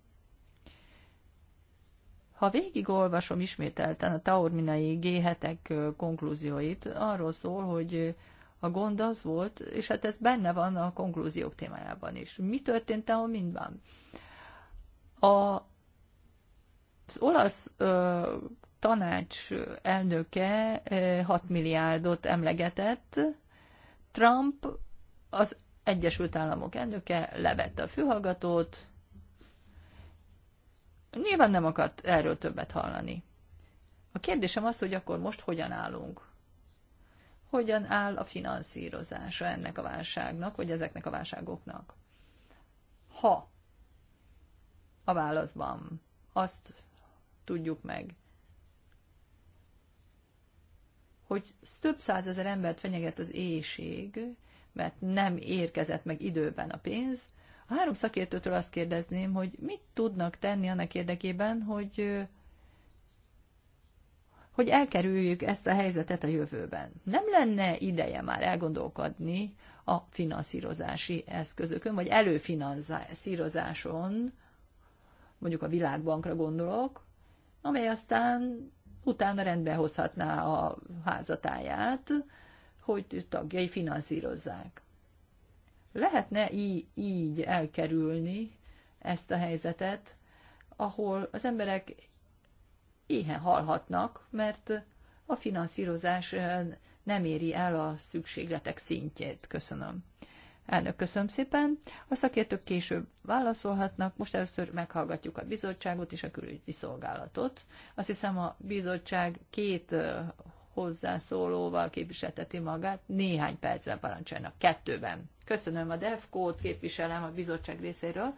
Ha végigolvasom ismételten a taorminai g 7 konklúzióit, arról szól, hogy a gond az volt, és hát ez benne van a konklúziók témájában is. Mi történt ahol mindban? A, az olasz ö, tanács elnöke ö, 6 milliárdot emlegetett, Trump az Egyesült Államok elnöke levette a fülhallgatót, Nyilván nem akart erről többet hallani. A kérdésem az, hogy akkor most hogyan állunk? Hogyan áll a finanszírozása ennek a válságnak, vagy ezeknek a válságoknak? Ha a válaszban azt tudjuk meg, hogy több százezer embert fenyeget az éjség, mert nem érkezett meg időben a pénz, a három szakértőtől azt kérdezném, hogy mit tudnak tenni annak érdekében, hogy hogy elkerüljük ezt a helyzetet a jövőben. Nem lenne ideje már elgondolkodni a finanszírozási eszközökön, vagy előfinanszírozáson, mondjuk a világbankra gondolok, amely aztán utána rendbe hozhatná a házatáját, hogy tagjai finanszírozzák. Lehetne így elkerülni ezt a helyzetet, ahol az emberek éhen halhatnak, mert a finanszírozás nem éri el a szükségletek szintjét. Köszönöm. Elnök, köszönöm szépen. A szakértők később válaszolhatnak. Most először meghallgatjuk a bizottságot és a külügyi szolgálatot. Azt hiszem a bizottság két hozzászólóval képviselteti magát. Néhány percben parancsoljanak. Kettőben. Köszönöm a DEFCO-t, képviselem a bizottság részéről.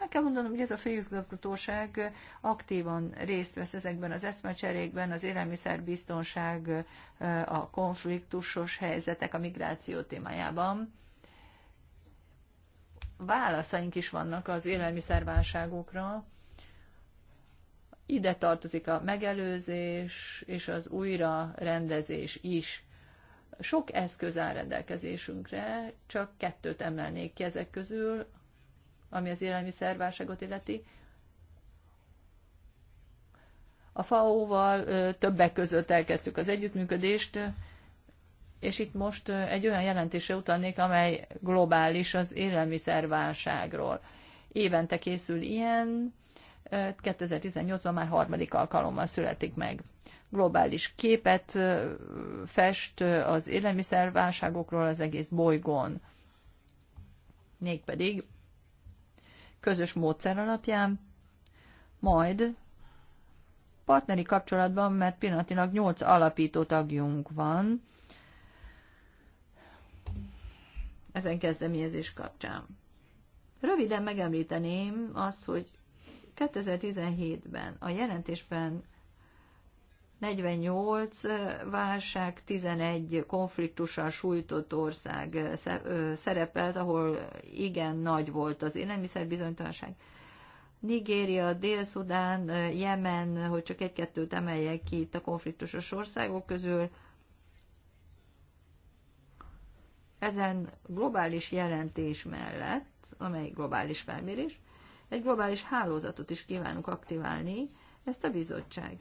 El kell mondanom, hogy ez a főigazgatóság aktívan részt vesz ezekben az eszmecserékben, az élelmiszerbiztonság, a konfliktusos helyzetek, a migráció témájában. Válaszaink is vannak az élelmiszerválságokra. Ide tartozik a megelőzés és az újra rendezés is. Sok eszköz áll rendelkezésünkre, csak kettőt emelnék ki ezek közül, ami az élelmiszerválságot illeti. A FAO-val többek között elkezdtük az együttműködést, és itt most egy olyan jelentésre utalnék, amely globális az élelmiszerválságról. Évente készül ilyen, 2018-ban már harmadik alkalommal születik meg globális képet fest az élelmiszerválságokról az egész bolygón. Mégpedig közös módszer alapján, majd partneri kapcsolatban, mert pillanatilag 8 alapító tagjunk van ezen kezdeményezés kapcsán. Röviden megemlíteném azt, hogy 2017-ben a jelentésben 48 válság, 11 konfliktussal sújtott ország szerepelt, ahol igen nagy volt az bizonytalanság. Nigéria, Dél-Szudán, Jemen, hogy csak egy-kettőt emeljek ki itt a konfliktusos országok közül, ezen globális jelentés mellett, amely globális felmérés, egy globális hálózatot is kívánunk aktiválni, ezt a bizottság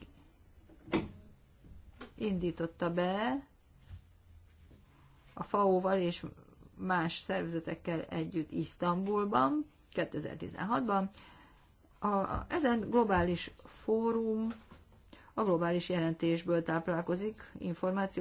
indította be a FAO-val és más szervezetekkel együtt Isztambulban 2016-ban. A, ezen globális fórum a globális jelentésből táplálkozik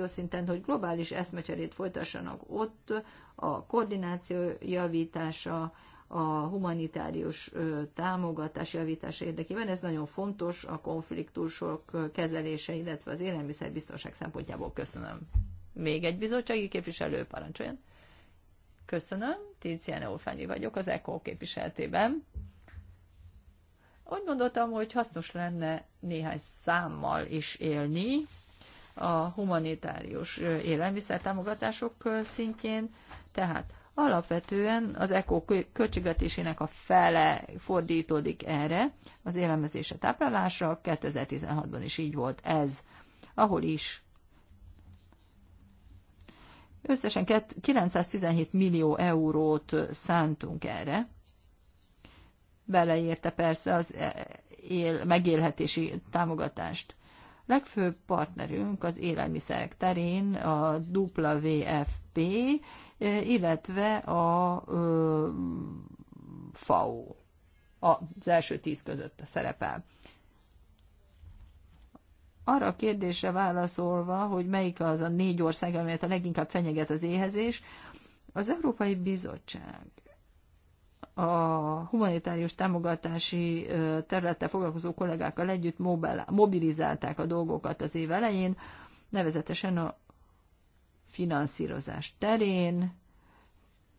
szinten, hogy globális eszmecserét folytassanak ott, a koordináció javítása, a humanitárius támogatás javítása érdekében. Ez nagyon fontos a konfliktusok kezelése, illetve az élelmiszerbiztonság szempontjából. Köszönöm. Még egy bizottsági képviselő parancsoljon. Köszönöm, Tiziana Olfányi vagyok az ECO képviseletében. Úgy gondoltam, hogy hasznos lenne néhány számmal is élni a humanitárius élelmiszer támogatások szintjén, tehát Alapvetően az ECO költségvetésének a fele fordítódik erre, az élelmezésre táplálásra, 2016-ban is így volt ez, ahol is Összesen 917 millió eurót szántunk erre. Beleérte persze az e- él, megélhetési támogatást legfőbb partnerünk az élelmiszerek terén a WFP, illetve a FAO az első tíz között szerepel. Arra a kérdésre válaszolva, hogy melyik az a négy ország, amelyet a leginkább fenyeget az éhezés, az Európai Bizottság a humanitárius támogatási területe foglalkozó kollégákkal együtt mobilizálták a dolgokat az év elején, nevezetesen a finanszírozás terén,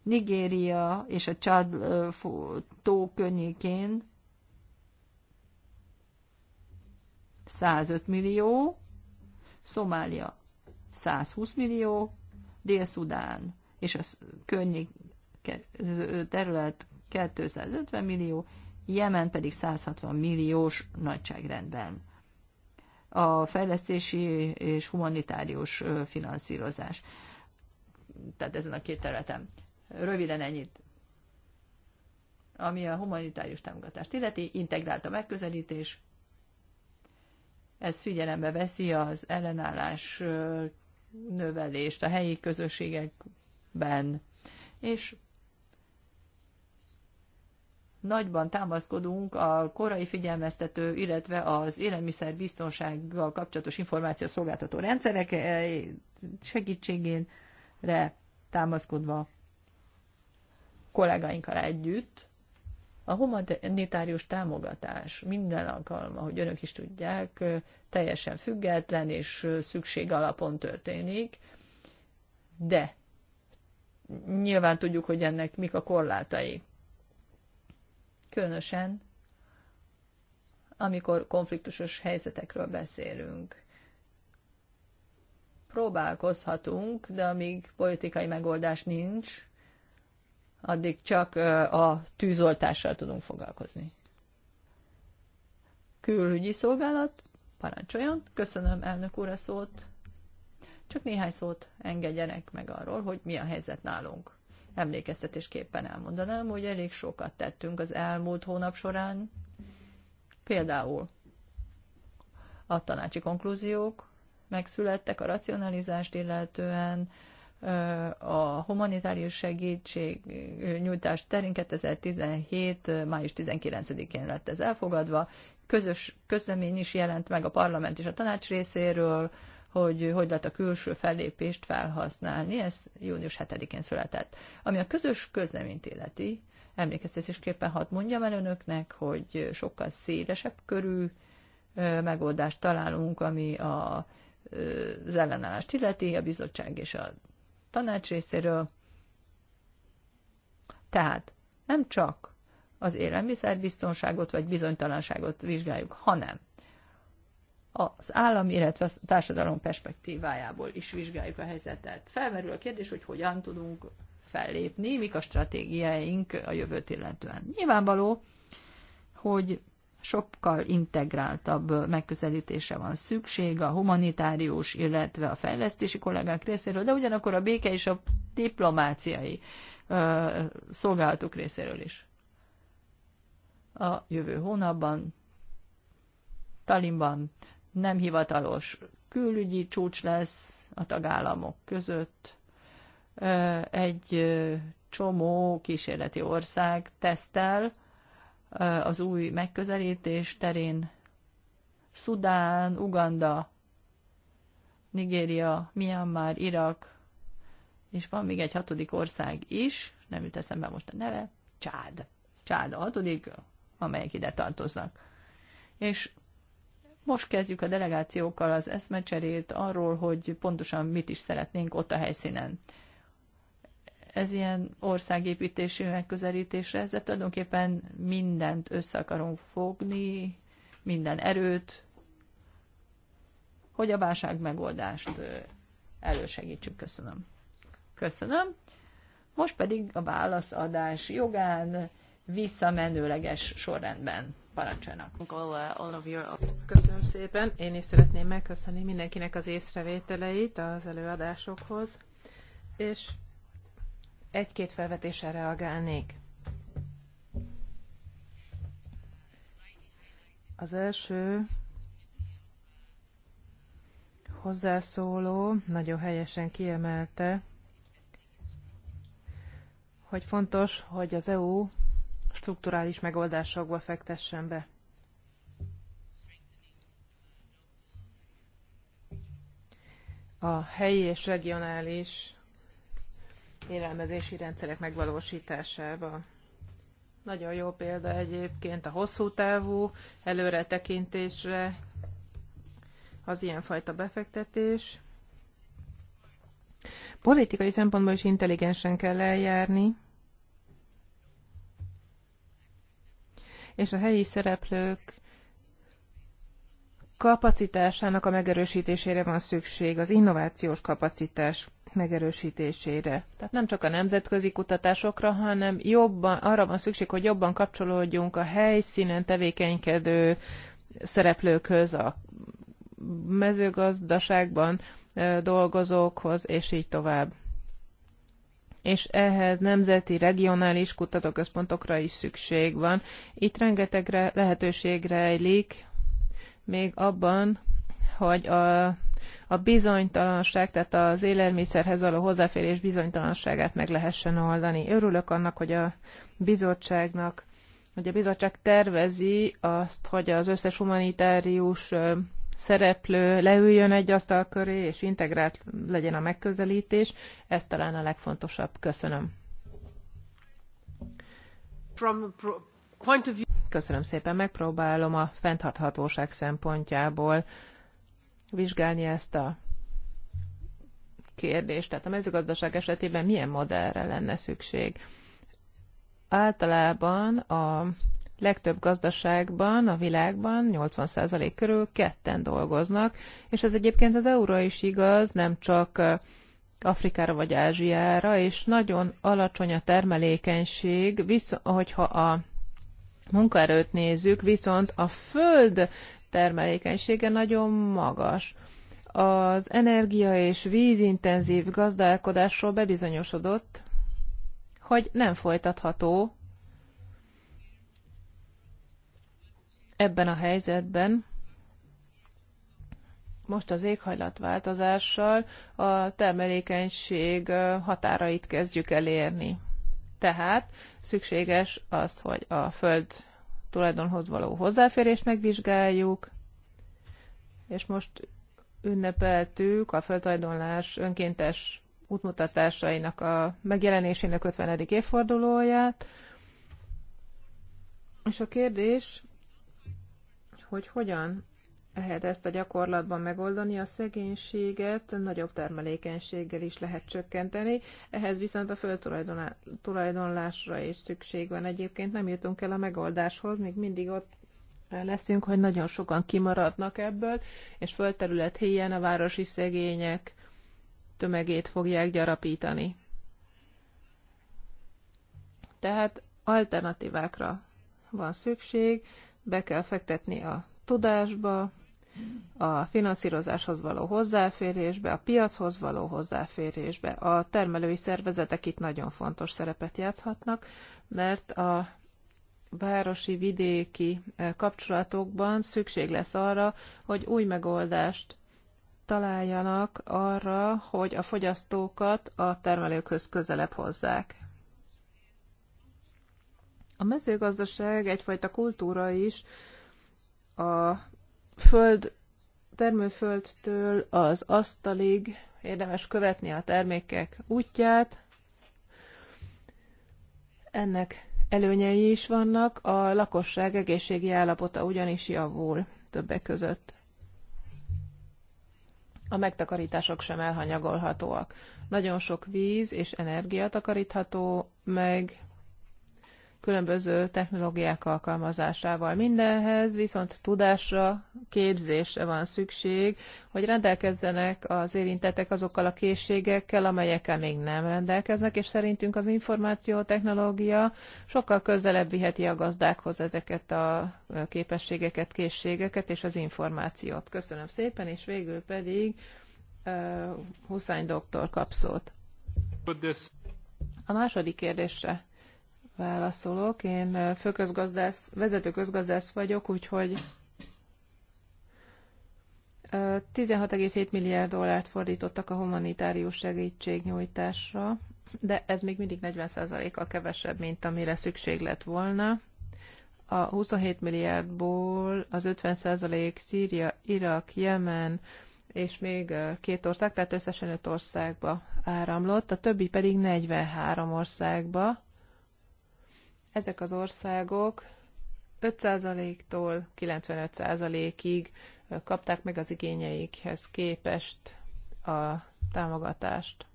Nigéria és a Csad tó környékén 105 millió, Szomália 120 millió, Dél-Szudán és a környék terület 250 millió, Jemen pedig 160 milliós nagyságrendben. A fejlesztési és humanitárius finanszírozás. Tehát ezen a két területen. Röviden ennyit. Ami a humanitárius támogatást illeti, integrált a megközelítés. Ez figyelembe veszi az ellenállás növelést a helyi közösségekben, és nagyban támaszkodunk a korai figyelmeztető, illetve az élelmiszerbiztonsággal kapcsolatos szolgáltató rendszerek eh, segítségénre támaszkodva kollégáinkkal együtt. A humanitárius támogatás minden alkalma, hogy önök is tudják, eh, teljesen független és eh, szükség alapon történik, de nyilván tudjuk, hogy ennek mik a korlátai Különösen, amikor konfliktusos helyzetekről beszélünk. Próbálkozhatunk, de amíg politikai megoldás nincs, addig csak a tűzoltással tudunk foglalkozni. Külügyi szolgálat, parancsoljon. Köszönöm, elnök úr, a szót. Csak néhány szót engedjenek meg arról, hogy mi a helyzet nálunk. Emlékeztetésképpen elmondanám, hogy elég sokat tettünk az elmúlt hónap során. Például a tanácsi konklúziók megszülettek a racionalizást illetően, a humanitárius segítség nyújtás terén 2017. május 19-én lett ez elfogadva. Közös közlemény is jelent meg a parlament és a tanács részéről hogy hogy lehet a külső fellépést felhasználni. Ez június 7-én született. Ami a közös közleményt illeti, emlékeztetésképpen hadd mondjam el önöknek, hogy sokkal szélesebb körű megoldást találunk, ami a, az ellenállást illeti, a bizottság és a tanács részéről. Tehát nem csak az élelmiszerbiztonságot vagy bizonytalanságot vizsgáljuk, hanem az állam, illetve a társadalom perspektívájából is vizsgáljuk a helyzetet. Felmerül a kérdés, hogy hogyan tudunk fellépni, mik a stratégiáink a jövőt illetően. Nyilvánvaló, hogy sokkal integráltabb megközelítése van szükség a humanitárius, illetve a fejlesztési kollégák részéről, de ugyanakkor a béke és a diplomáciai ö, szolgálatok részéről is. A jövő hónapban Talimban nem hivatalos külügyi csúcs lesz a tagállamok között. Egy csomó kísérleti ország tesztel az új megközelítés terén. Szudán, Uganda, Nigéria, Myanmar, Irak, és van még egy hatodik ország is, nem jut eszembe most a neve, Csád. Csád a hatodik, amelyek ide tartoznak. És most kezdjük a delegációkkal az eszmecserét arról, hogy pontosan mit is szeretnénk ott a helyszínen. Ez ilyen országépítési megközelítésre, ezzel tulajdonképpen mindent össze akarunk fogni, minden erőt, hogy a válság megoldást elősegítsük. Köszönöm. Köszönöm. Most pedig a válaszadás jogán visszamenőleges sorrendben. Parancsoljanak. Köszönöm szépen. Én is szeretném megköszönni mindenkinek az észrevételeit az előadásokhoz, és egy-két felvetésre reagálnék. Az első hozzászóló nagyon helyesen kiemelte, hogy fontos, hogy az EU strukturális megoldásokba fektessen be. A helyi és regionális élelmezési rendszerek megvalósításába. Nagyon jó példa egyébként a hosszú távú előretekintésre az ilyenfajta befektetés. Politikai szempontból is intelligensen kell eljárni, és a helyi szereplők kapacitásának a megerősítésére van szükség, az innovációs kapacitás megerősítésére. Tehát nem csak a nemzetközi kutatásokra, hanem jobban, arra van szükség, hogy jobban kapcsolódjunk a helyszínen tevékenykedő szereplőkhöz, a mezőgazdaságban dolgozókhoz, és így tovább és ehhez nemzeti, regionális kutatóközpontokra is szükség van. Itt rengeteg lehetőség rejlik, még abban, hogy a, a bizonytalanság, tehát az élelmiszerhez való hozzáférés bizonytalanságát meg lehessen oldani. Örülök annak, hogy a bizottságnak, hogy a bizottság tervezi azt, hogy az összes humanitárius szereplő leüljön egy asztal köré, és integrált legyen a megközelítés. Ez talán a legfontosabb. Köszönöm. Köszönöm szépen, megpróbálom a fenntarthatóság szempontjából vizsgálni ezt a kérdést. Tehát a mezőgazdaság esetében milyen modellre lenne szükség? Általában a legtöbb gazdaságban, a világban 80% körül ketten dolgoznak, és ez egyébként az euró is igaz, nem csak Afrikára vagy Ázsiára, és nagyon alacsony a termelékenység, Viszont, hogyha a munkaerőt nézzük, viszont a föld termelékenysége nagyon magas. Az energia és vízintenzív gazdálkodásról bebizonyosodott, hogy nem folytatható ebben a helyzetben most az éghajlatváltozással a termelékenység határait kezdjük elérni. Tehát szükséges az, hogy a föld tulajdonhoz való hozzáférést megvizsgáljuk, és most ünnepeltük a földtulajdonlás önkéntes útmutatásainak a megjelenésének 50. évfordulóját. És a kérdés hogy hogyan lehet ezt a gyakorlatban megoldani, a szegénységet nagyobb termelékenységgel is lehet csökkenteni, ehhez viszont a földtulajdonlásra is szükség van. Egyébként nem jutunk el a megoldáshoz, még mindig ott leszünk, hogy nagyon sokan kimaradnak ebből, és földterület helyen a városi szegények tömegét fogják gyarapítani. Tehát alternatívákra van szükség, be kell fektetni a tudásba, a finanszírozáshoz való hozzáférésbe, a piachoz való hozzáférésbe. A termelői szervezetek itt nagyon fontos szerepet játszhatnak, mert a városi, vidéki e, kapcsolatokban szükség lesz arra, hogy új megoldást találjanak arra, hogy a fogyasztókat a termelőkhöz közelebb hozzák. A mezőgazdaság egyfajta kultúra is a föld, termőföldtől az asztalig érdemes követni a termékek útját. Ennek előnyei is vannak, a lakosság egészségi állapota ugyanis javul többek között. A megtakarítások sem elhanyagolhatóak. Nagyon sok víz és energia takarítható meg, különböző technológiák alkalmazásával. Mindenhez viszont tudásra, képzésre van szükség, hogy rendelkezzenek az érintettek azokkal a készségekkel, amelyekkel még nem rendelkeznek, és szerintünk az technológia sokkal közelebb viheti a gazdákhoz ezeket a képességeket, készségeket és az információt. Köszönöm szépen, és végül pedig uh, Huszány doktor kap szót. A második kérdésre válaszolok. Én főközgazdász, vezető közgazdász vagyok, úgyhogy 16,7 milliárd dollárt fordítottak a humanitárius segítségnyújtásra, de ez még mindig 40 a kevesebb, mint amire szükség lett volna. A 27 milliárdból az 50% Szíria, Irak, Jemen és még két ország, tehát összesen öt országba áramlott, a többi pedig 43 országba ezek az országok 5%-tól 95%-ig kapták meg az igényeikhez képest a támogatást.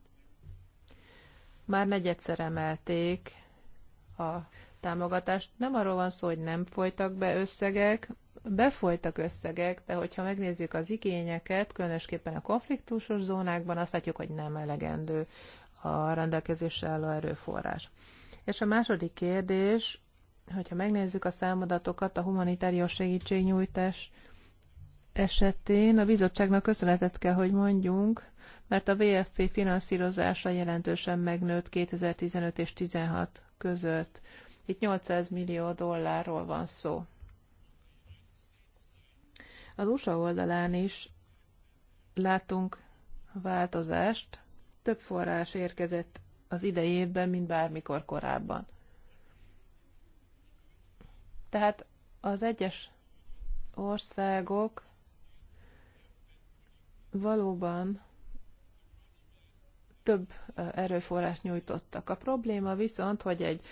Már negyedszer emelték a támogatást. Nem arról van szó, hogy nem folytak be összegek, befolytak összegek, de hogyha megnézzük az igényeket, különösképpen a konfliktusos zónákban, azt látjuk, hogy nem elegendő a rendelkezésre álló erőforrás. És a második kérdés, hogyha megnézzük a számadatokat a humanitárius segítségnyújtás esetén, a bizottságnak köszönetet kell, hogy mondjunk, mert a VFP finanszírozása jelentősen megnőtt 2015 és 16 között. Itt 800 millió dollárról van szó. Az USA oldalán is látunk változást, több forrás érkezett az idejében mint bármikor korábban. Tehát az egyes országok valóban több erőforrás nyújtottak. A probléma viszont, hogy egy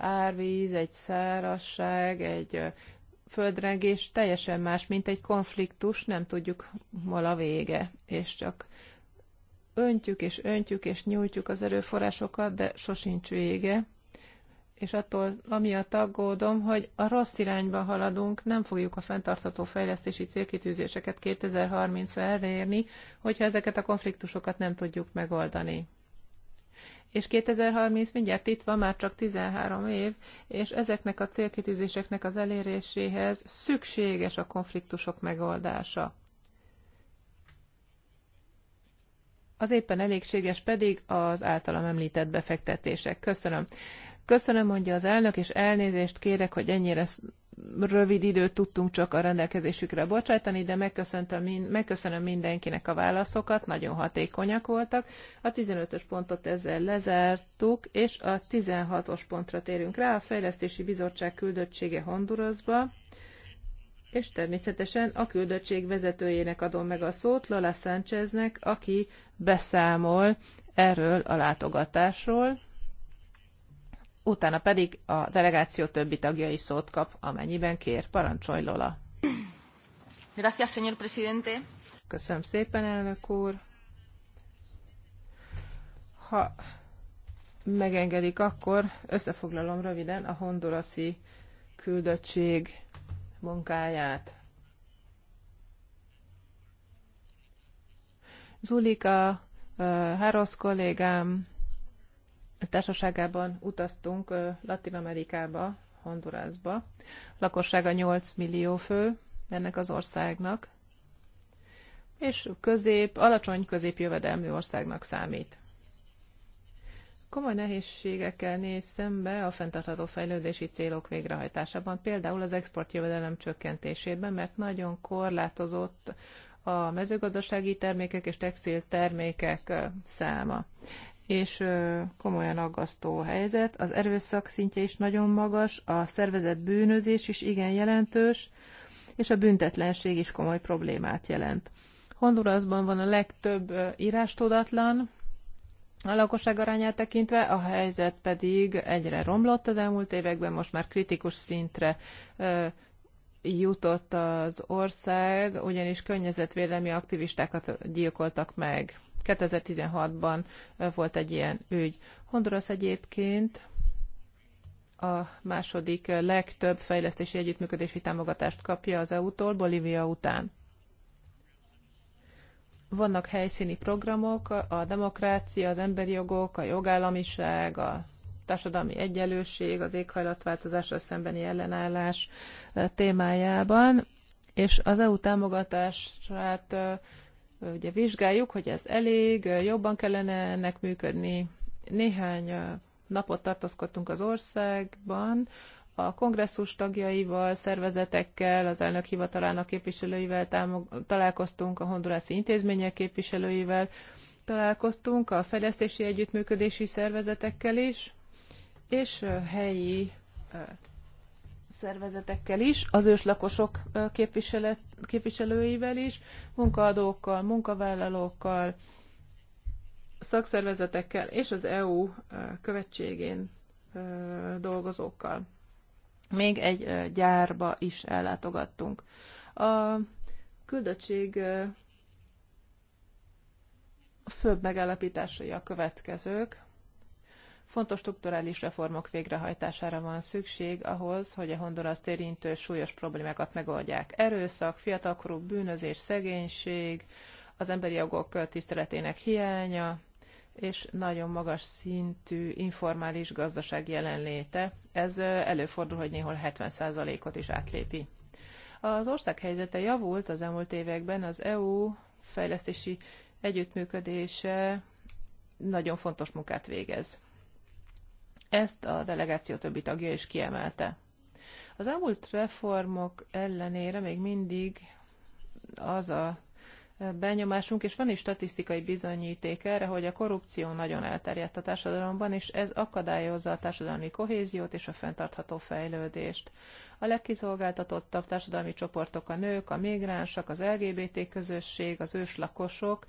árvíz, egy szárasság, egy földrengés teljesen más, mint egy konfliktus, nem tudjuk hol a vége, és csak öntjük és öntjük és nyújtjuk az erőforrásokat, de sosincs vége. És attól amiatt aggódom, hogy a rossz irányba haladunk, nem fogjuk a fenntartható fejlesztési célkitűzéseket 2030-ra elérni, hogyha ezeket a konfliktusokat nem tudjuk megoldani. És 2030 mindjárt itt van, már csak 13 év, és ezeknek a célkitűzéseknek az eléréséhez szükséges a konfliktusok megoldása az éppen elégséges pedig az általam említett befektetések. Köszönöm. Köszönöm, mondja az elnök, és elnézést kérek, hogy ennyire rövid időt tudtunk csak a rendelkezésükre bocsájtani, de megköszönöm mindenkinek a válaszokat, nagyon hatékonyak voltak. A 15-ös pontot ezzel lezártuk, és a 16-os pontra térünk rá, a Fejlesztési Bizottság küldöttsége Hondurasba és természetesen a küldöttség vezetőjének adom meg a szót, Lola Sáncheznek, aki beszámol erről a látogatásról, utána pedig a delegáció többi tagja is szót kap, amennyiben kér. Parancsolj, Lola! Gracias, señor presidente. Köszönöm szépen, elnök úr! Ha megengedik, akkor összefoglalom röviden a hondurasi küldöttség munkáját. Zulika, Harosz kollégám társaságában utaztunk Latin Amerikába, Hondurasba. Lakossága 8 millió fő ennek az országnak, és közép, alacsony középjövedelmű országnak számít komoly nehézségekkel néz szembe a fenntartható fejlődési célok végrehajtásában, például az exportjövedelem csökkentésében, mert nagyon korlátozott a mezőgazdasági termékek és textil termékek száma. És komolyan aggasztó helyzet, az erőszak szintje is nagyon magas, a szervezett bűnözés is igen jelentős, és a büntetlenség is komoly problémát jelent. Hondurasban van a legtöbb írástudatlan, a lakosság arányát tekintve, a helyzet pedig egyre romlott az elmúlt években, most már kritikus szintre ö, jutott az ország, ugyanis környezetvédelmi aktivistákat gyilkoltak meg. 2016-ban volt egy ilyen ügy. Honduras egyébként a második legtöbb fejlesztési együttműködési támogatást kapja az EU-tól Bolívia után. Vannak helyszíni programok, a demokrácia, az emberi jogok, a jogállamiság, a társadalmi egyenlőség, az éghajlatváltozással szembeni ellenállás témájában, és az EU támogatását ugye vizsgáljuk, hogy ez elég, jobban kellene ennek működni. Néhány napot tartózkodtunk az országban, a kongresszus tagjaival, szervezetekkel, az elnök hivatalának képviselőivel találkoztunk, a hondurászi intézmények képviselőivel találkoztunk, a fejlesztési együttműködési szervezetekkel is, és helyi szervezetekkel is, az őslakosok képviselőivel is, munkaadókkal, munkavállalókkal, szakszervezetekkel és az EU követségén dolgozókkal még egy gyárba is ellátogattunk. A küldöttség főbb megállapításai a következők. Fontos strukturális reformok végrehajtására van szükség ahhoz, hogy a Honduras érintő súlyos problémákat megoldják. Erőszak, fiatalkorú bűnözés, szegénység, az emberi jogok tiszteletének hiánya, és nagyon magas szintű informális gazdaság jelenléte. Ez előfordul, hogy néhol 70%-ot is átlépi. Az ország helyzete javult az elmúlt években, az EU fejlesztési együttműködése nagyon fontos munkát végez. Ezt a delegáció többi tagja is kiemelte. Az elmúlt reformok ellenére még mindig az a benyomásunk, és van is statisztikai bizonyíték erre, hogy a korrupció nagyon elterjedt a társadalomban, és ez akadályozza a társadalmi kohéziót és a fenntartható fejlődést. A legkiszolgáltatottabb társadalmi csoportok a nők, a migránsak, az LGBT közösség, az őslakosok,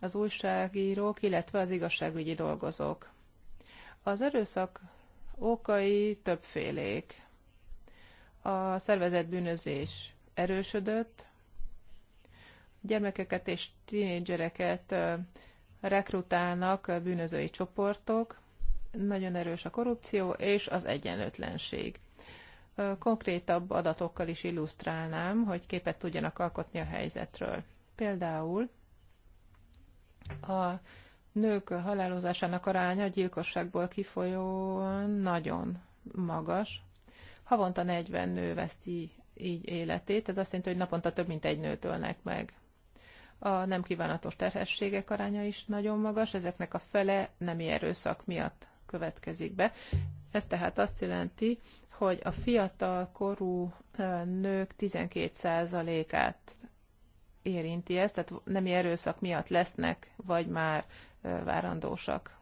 az újságírók, illetve az igazságügyi dolgozók. Az erőszak okai többfélék. A szervezett bűnözés erősödött, Gyermekeket és tínédzsereket rekrutálnak bűnözői csoportok, nagyon erős a korrupció és az egyenlőtlenség. Konkrétabb adatokkal is illusztrálnám, hogy képet tudjanak alkotni a helyzetről. Például a nők halálozásának aránya gyilkosságból kifolyóan nagyon magas. Havonta 40 nő veszti így életét, ez azt jelenti, hogy naponta több mint egy nőt ölnek meg a nem kívánatos terhességek aránya is nagyon magas, ezeknek a fele nemi erőszak miatt következik be. Ez tehát azt jelenti, hogy a fiatal korú nők 12%-át érinti ezt, tehát nemi erőszak miatt lesznek, vagy már várandósak.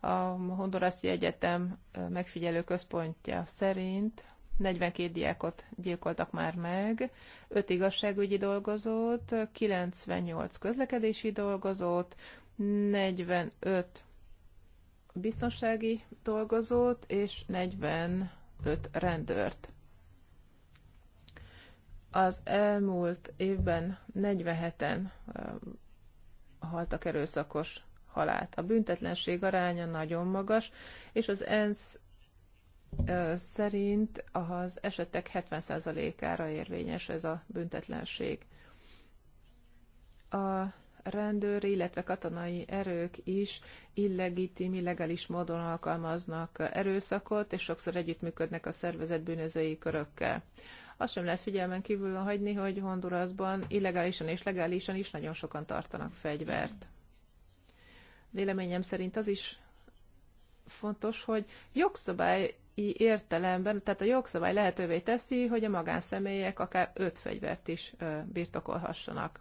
A Hondurasi Egyetem megfigyelő központja szerint 42 diákot gyilkoltak már meg, 5 igazságügyi dolgozót, 98 közlekedési dolgozót, 45 biztonsági dolgozót és 45 rendőrt. Az elmúlt évben 47-en haltak erőszakos halált. A büntetlenség aránya nagyon magas, és az ENSZ szerint az esetek 70%-ára érvényes ez a büntetlenség. A rendőri, illetve katonai erők is illegitim, illegális módon alkalmaznak erőszakot, és sokszor együttműködnek a szervezet bűnözői körökkel. Azt sem lehet figyelmen kívül hagyni, hogy Hondurasban illegálisan és legálisan is nagyon sokan tartanak fegyvert. Véleményem szerint az is fontos, hogy jogszabály értelemben, tehát a jogszabály lehetővé teszi, hogy a magánszemélyek akár öt fegyvert is birtokolhassanak.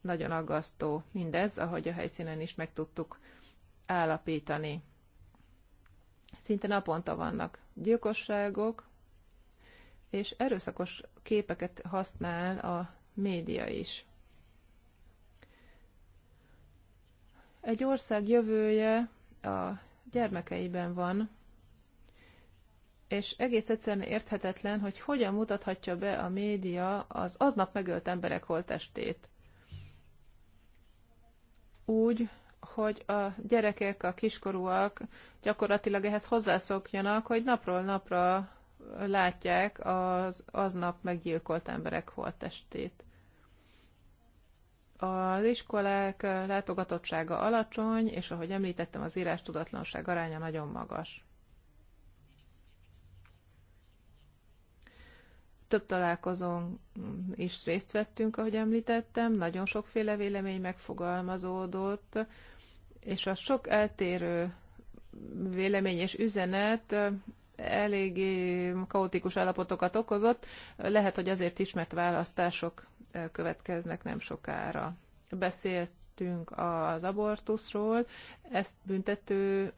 Nagyon aggasztó mindez, ahogy a helyszínen is meg tudtuk állapítani. Szinte naponta vannak gyilkosságok, és erőszakos képeket használ a média is. Egy ország jövője a gyermekeiben van, és egész egyszerűen érthetetlen, hogy hogyan mutathatja be a média az aznap megölt emberek holtestét. Úgy, hogy a gyerekek, a kiskorúak gyakorlatilag ehhez hozzászokjanak, hogy napról napra látják az aznap meggyilkolt emberek holttestét. Az iskolák látogatottsága alacsony, és ahogy említettem, az írás tudatlanság aránya nagyon magas. Több találkozón is részt vettünk, ahogy említettem, nagyon sokféle vélemény megfogalmazódott, és a sok eltérő vélemény és üzenet eléggé kaotikus állapotokat okozott. Lehet, hogy azért ismert választások következnek nem sokára. Beszéltünk az abortuszról, ezt büntető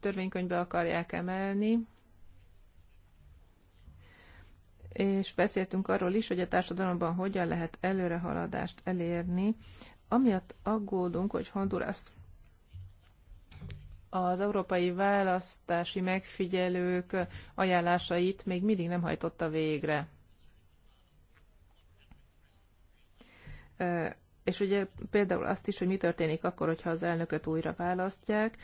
törvénykönyvbe akarják emelni, és beszéltünk arról is, hogy a társadalomban hogyan lehet előrehaladást elérni. Amiatt aggódunk, hogy Honduras az európai választási megfigyelők ajánlásait még mindig nem hajtotta végre. És ugye például azt is, hogy mi történik akkor, hogyha az elnököt újra választják,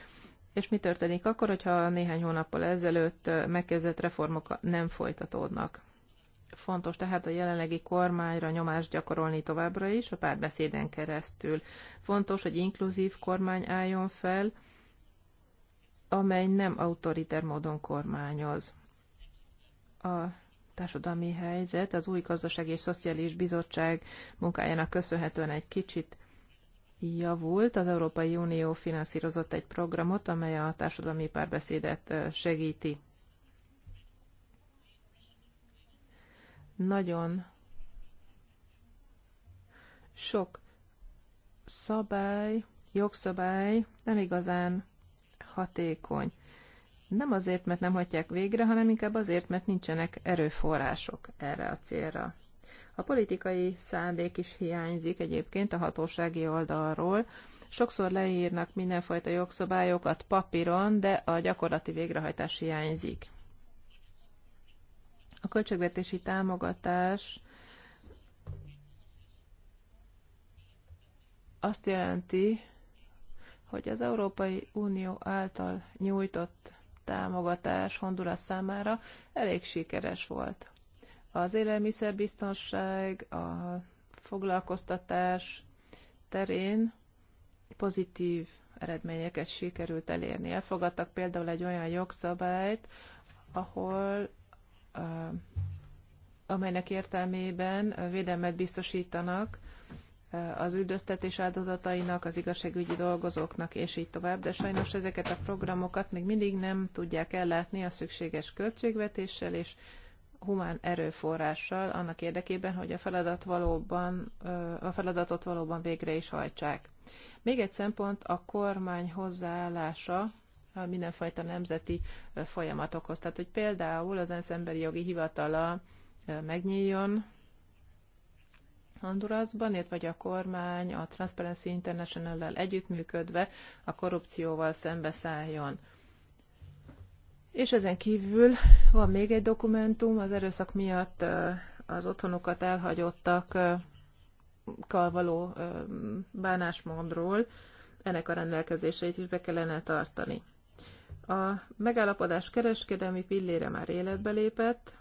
és mi történik akkor, hogyha néhány hónappal ezelőtt megkezdett reformok nem folytatódnak. Fontos tehát a jelenlegi kormányra nyomást gyakorolni továbbra is, a párbeszéden keresztül. Fontos, hogy inkluzív kormány álljon fel, amely nem autoriter módon kormányoz. A társadalmi helyzet az új gazdaság és szociális bizottság munkájának köszönhetően egy kicsit javult. Az Európai Unió finanszírozott egy programot, amely a társadalmi párbeszédet segíti. nagyon sok szabály, jogszabály nem igazán hatékony. Nem azért, mert nem hagyják végre, hanem inkább azért, mert nincsenek erőforrások erre a célra. A politikai szándék is hiányzik egyébként a hatósági oldalról. Sokszor leírnak mindenfajta jogszabályokat papíron, de a gyakorlati végrehajtás hiányzik. A költségvetési támogatás azt jelenti, hogy az Európai Unió által nyújtott támogatás Honduras számára elég sikeres volt. Az élelmiszerbiztonság, a foglalkoztatás terén pozitív eredményeket sikerült elérni. Elfogadtak például egy olyan jogszabályt, ahol amelynek értelmében védelmet biztosítanak az üldöztetés áldozatainak, az igazságügyi dolgozóknak, és így tovább, de sajnos ezeket a programokat még mindig nem tudják ellátni a szükséges költségvetéssel és humán erőforrással annak érdekében, hogy a, feladat valóban, a feladatot valóban végre is hajtsák. Még egy szempont a kormány hozzáállása a mindenfajta nemzeti folyamatokhoz. Tehát, hogy például az ENSZ emberi jogi hivatala megnyíljon Hondurasban, illetve vagy a kormány a Transparency International-lel együttműködve a korrupcióval szembeszálljon. És ezen kívül van még egy dokumentum, az erőszak miatt az otthonukat elhagyottakkal való bánásmódról, ennek a rendelkezéseit is be kellene tartani. A megállapodás kereskedelmi pillére már életbe lépett.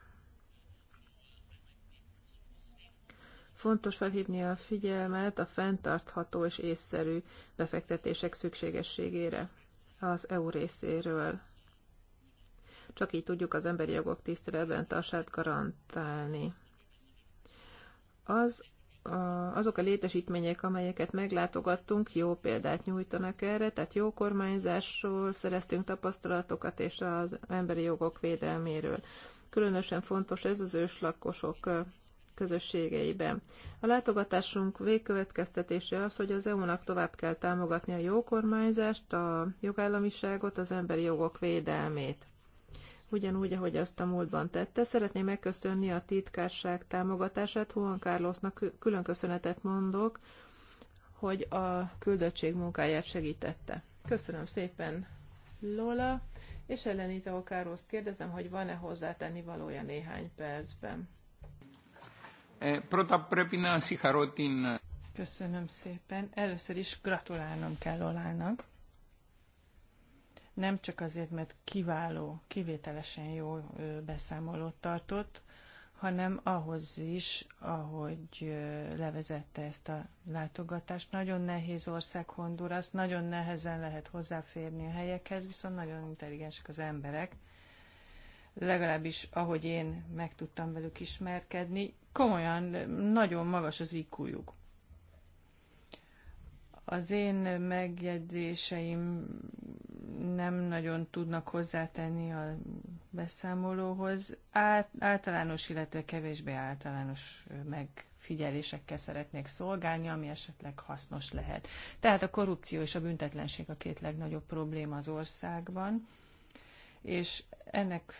Fontos felhívni a figyelmet a fenntartható és észszerű befektetések szükségességére az EU részéről. Csak így tudjuk az emberi jogok tiszteletben tartását garantálni. Az azok a létesítmények, amelyeket meglátogattunk, jó példát nyújtanak erre, tehát jó kormányzásról szereztünk tapasztalatokat és az emberi jogok védelméről. Különösen fontos ez az őslakosok közösségeiben. A látogatásunk végkövetkeztetése az, hogy az EU-nak tovább kell támogatni a jó kormányzást, a jogállamiságot, az emberi jogok védelmét ugyanúgy, ahogy azt a múltban tette. Szeretném megköszönni a titkárság támogatását, Juan Carlosnak külön köszönetet mondok, hogy a küldöttség munkáját segítette. Köszönöm szépen, Lola, és ellenítő Carlos kérdezem, hogy van-e hozzátenni valója néhány percben. Eh, eh. Köszönöm szépen. Először is gratulálnom kell Lolának nem csak azért, mert kiváló, kivételesen jó beszámolót tartott, hanem ahhoz is, ahogy levezette ezt a látogatást. Nagyon nehéz ország Honduras, nagyon nehezen lehet hozzáférni a helyekhez, viszont nagyon intelligensek az emberek. Legalábbis, ahogy én meg tudtam velük ismerkedni, komolyan nagyon magas az iq -juk. Az én megjegyzéseim nem nagyon tudnak hozzátenni a beszámolóhoz. Át, általános, illetve kevésbé általános megfigyelésekkel szeretnék szolgálni, ami esetleg hasznos lehet. Tehát a korrupció és a büntetlenség a két legnagyobb probléma az országban, és ennek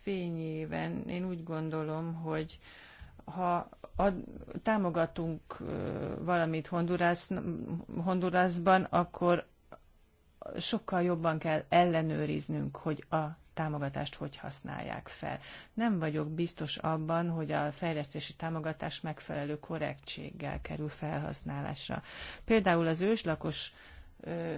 fényében én úgy gondolom, hogy ha ad, támogatunk valamit Hondurász, Hondurasban, akkor sokkal jobban kell ellenőriznünk, hogy a támogatást hogy használják fel. Nem vagyok biztos abban, hogy a fejlesztési támogatás megfelelő korrektséggel kerül felhasználásra. Például az őslakos ö,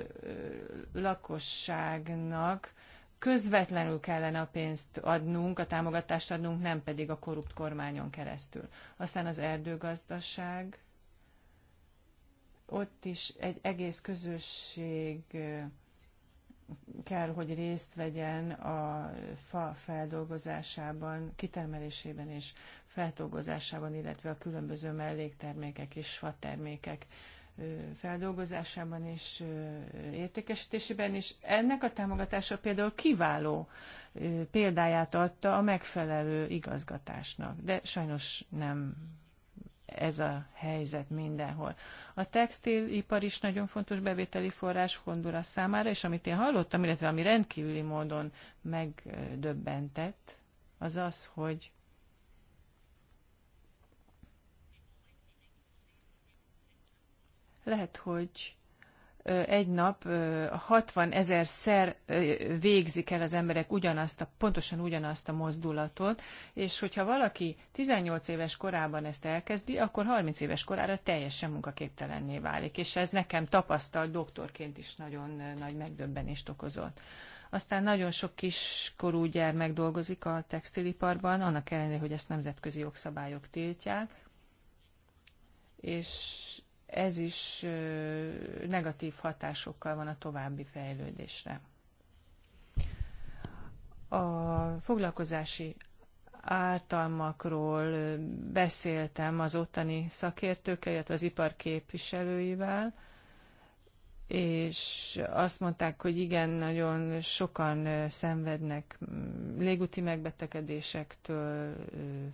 lakosságnak közvetlenül kellene a pénzt adnunk, a támogatást adnunk, nem pedig a korrupt kormányon keresztül. Aztán az erdőgazdaság, ott is egy egész közösség kell, hogy részt vegyen a fa feldolgozásában, kitermelésében és feldolgozásában, illetve a különböző melléktermékek és fa termékek feldolgozásában és értékesítésében, és ennek a támogatása például kiváló példáját adta a megfelelő igazgatásnak, de sajnos nem ez a helyzet mindenhol. A textilipar is nagyon fontos bevételi forrás Honduras számára, és amit én hallottam, illetve ami rendkívüli módon megdöbbentett, az az, hogy lehet, hogy egy nap 60 ezer szer végzik el az emberek ugyanazt a, pontosan ugyanazt a mozdulatot, és hogyha valaki 18 éves korában ezt elkezdi, akkor 30 éves korára teljesen munkaképtelenné válik, és ez nekem tapasztalt doktorként is nagyon nagy megdöbbenést okozott. Aztán nagyon sok kiskorú gyermek dolgozik a textiliparban, annak ellenére, hogy ezt nemzetközi jogszabályok tiltják, és ez is negatív hatásokkal van a további fejlődésre. A foglalkozási ártalmakról beszéltem az ottani szakértőkkel, illetve az ipar képviselőivel, és azt mondták, hogy igen, nagyon sokan szenvednek légúti megbetegedésektől,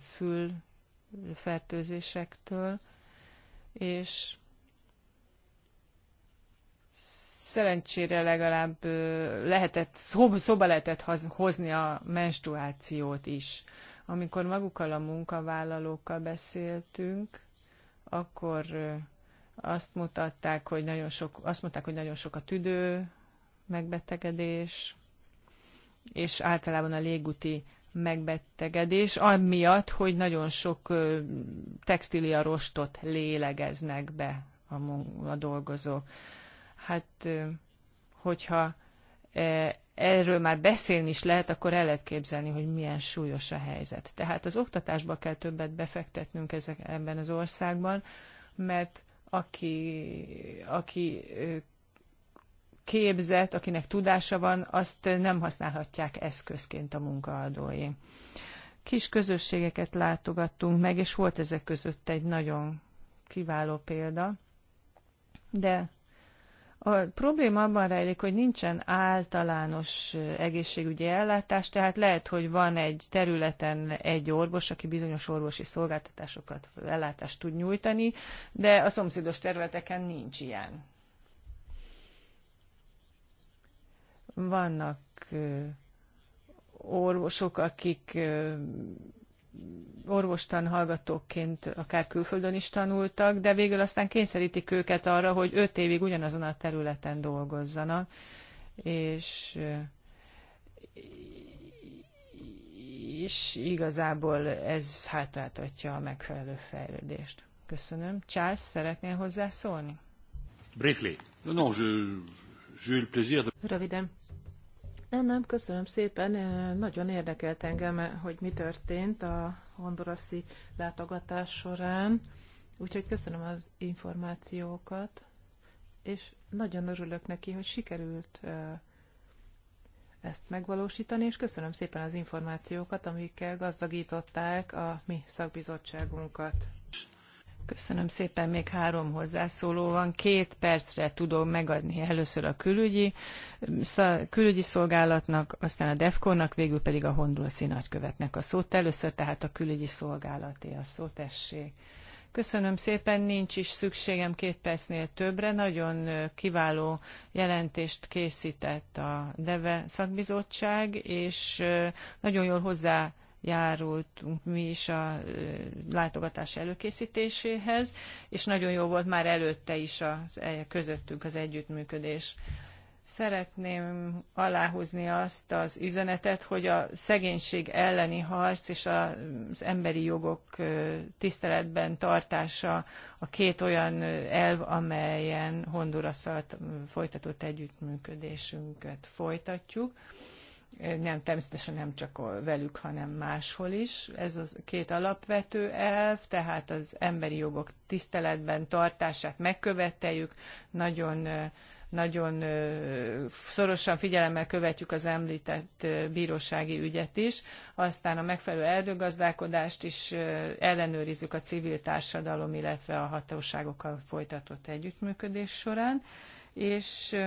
fülfertőzésektől, és szerencsére legalább lehetett, szóba, lehetett hozni a menstruációt is. Amikor magukkal a munkavállalókkal beszéltünk, akkor azt mutatták, hogy nagyon sok, azt mondták, hogy nagyon sok a tüdő megbetegedés, és általában a légúti megbetegedés, amiatt, hogy nagyon sok textilia rostot lélegeznek be a, a dolgozók hát hogyha erről már beszélni is lehet, akkor el lehet képzelni, hogy milyen súlyos a helyzet. Tehát az oktatásba kell többet befektetnünk ezek, ebben az országban, mert aki, aki képzett, akinek tudása van, azt nem használhatják eszközként a munkaadói. Kis közösségeket látogattunk meg, és volt ezek között egy nagyon kiváló példa, de a probléma abban rejlik, hogy nincsen általános egészségügyi ellátás, tehát lehet, hogy van egy területen egy orvos, aki bizonyos orvosi szolgáltatásokat, ellátást tud nyújtani, de a szomszédos területeken nincs ilyen. Vannak orvosok, akik orvostan hallgatóként akár külföldön is tanultak, de végül aztán kényszerítik őket arra, hogy öt évig ugyanazon a területen dolgozzanak, és és igazából ez hátráltatja a megfelelő fejlődést. Köszönöm. Charles, szeretnél hozzászólni? Briefly. No, no, je, je eu le plaisir de... Röviden. Nem, nem, köszönöm szépen. Nagyon érdekelt engem, eh, hogy mi történt a hondurasi látogatás során. Úgyhogy köszönöm az információkat, és nagyon örülök neki, hogy sikerült ezt megvalósítani, és köszönöm szépen az információkat, amikkel gazdagították a mi szakbizottságunkat. Köszönöm szépen, még három hozzászóló van. Két percre tudom megadni először a külügyi, külügyi szolgálatnak, aztán a DEFCON-nak, végül pedig a hondulci nagykövetnek a szót. Először tehát a külügyi szolgálaté a szót tessék. Köszönöm szépen, nincs is szükségem két percnél többre. Nagyon kiváló jelentést készített a DEVE szakbizottság, és nagyon jól hozzá járultunk mi is a látogatás előkészítéséhez, és nagyon jó volt már előtte is a, e, közöttünk az együttműködés. Szeretném aláhúzni azt az üzenetet, hogy a szegénység elleni harc és az emberi jogok tiszteletben tartása a két olyan elv, amelyen Hondurasszal folytatott együttműködésünket folytatjuk nem, természetesen nem csak velük, hanem máshol is. Ez a két alapvető elv, tehát az emberi jogok tiszteletben tartását megköveteljük, nagyon nagyon szorosan figyelemmel követjük az említett bírósági ügyet is, aztán a megfelelő erdőgazdálkodást is ellenőrizzük a civil társadalom, illetve a hatóságokkal folytatott együttműködés során és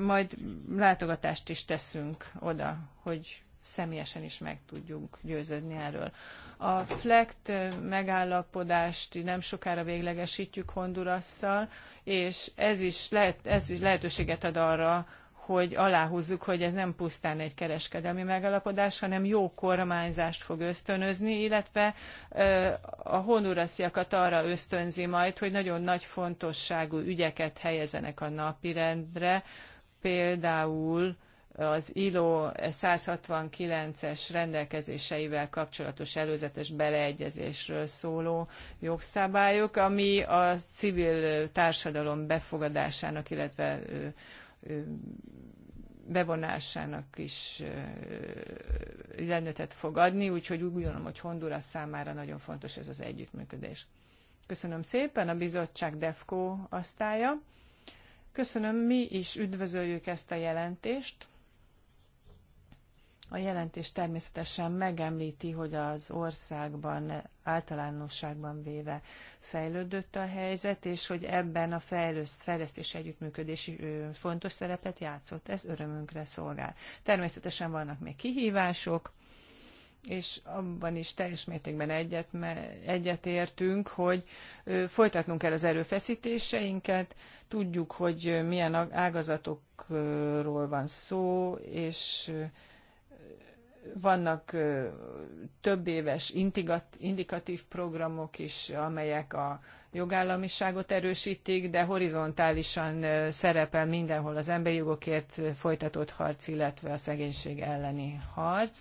majd látogatást is teszünk oda, hogy személyesen is meg tudjunk győződni erről. A FLECT megállapodást nem sokára véglegesítjük Hondurasszal, és ez is, lehet, ez is lehetőséget ad arra, hogy aláhúzzuk, hogy ez nem pusztán egy kereskedelmi megalapodás, hanem jó kormányzást fog ösztönözni, illetve a honurasziakat arra ösztönzi majd, hogy nagyon nagy fontosságú ügyeket helyezenek a napirendre, például az ILO 169-es rendelkezéseivel kapcsolatos előzetes beleegyezésről szóló jogszabályok, ami a civil társadalom befogadásának, illetve bevonásának is lennetet fogadni, úgyhogy úgy gondolom, hogy Honduras számára nagyon fontos ez az együttműködés. Köszönöm szépen a bizottság DEFCO asztálya. Köszönöm, mi is üdvözöljük ezt a jelentést. A jelentés természetesen megemlíti, hogy az országban általánosságban véve fejlődött a helyzet, és hogy ebben a fejlesztés együttműködési fontos szerepet játszott. Ez örömünkre szolgál. Természetesen vannak még kihívások, és abban is teljes mértékben egyet, egyetértünk, hogy folytatnunk kell az erőfeszítéseinket, tudjuk, hogy milyen ágazatokról van szó, és vannak több éves indikatív programok is, amelyek a jogállamiságot erősítik, de horizontálisan szerepel mindenhol az emberi jogokért folytatott harc, illetve a szegénység elleni harc.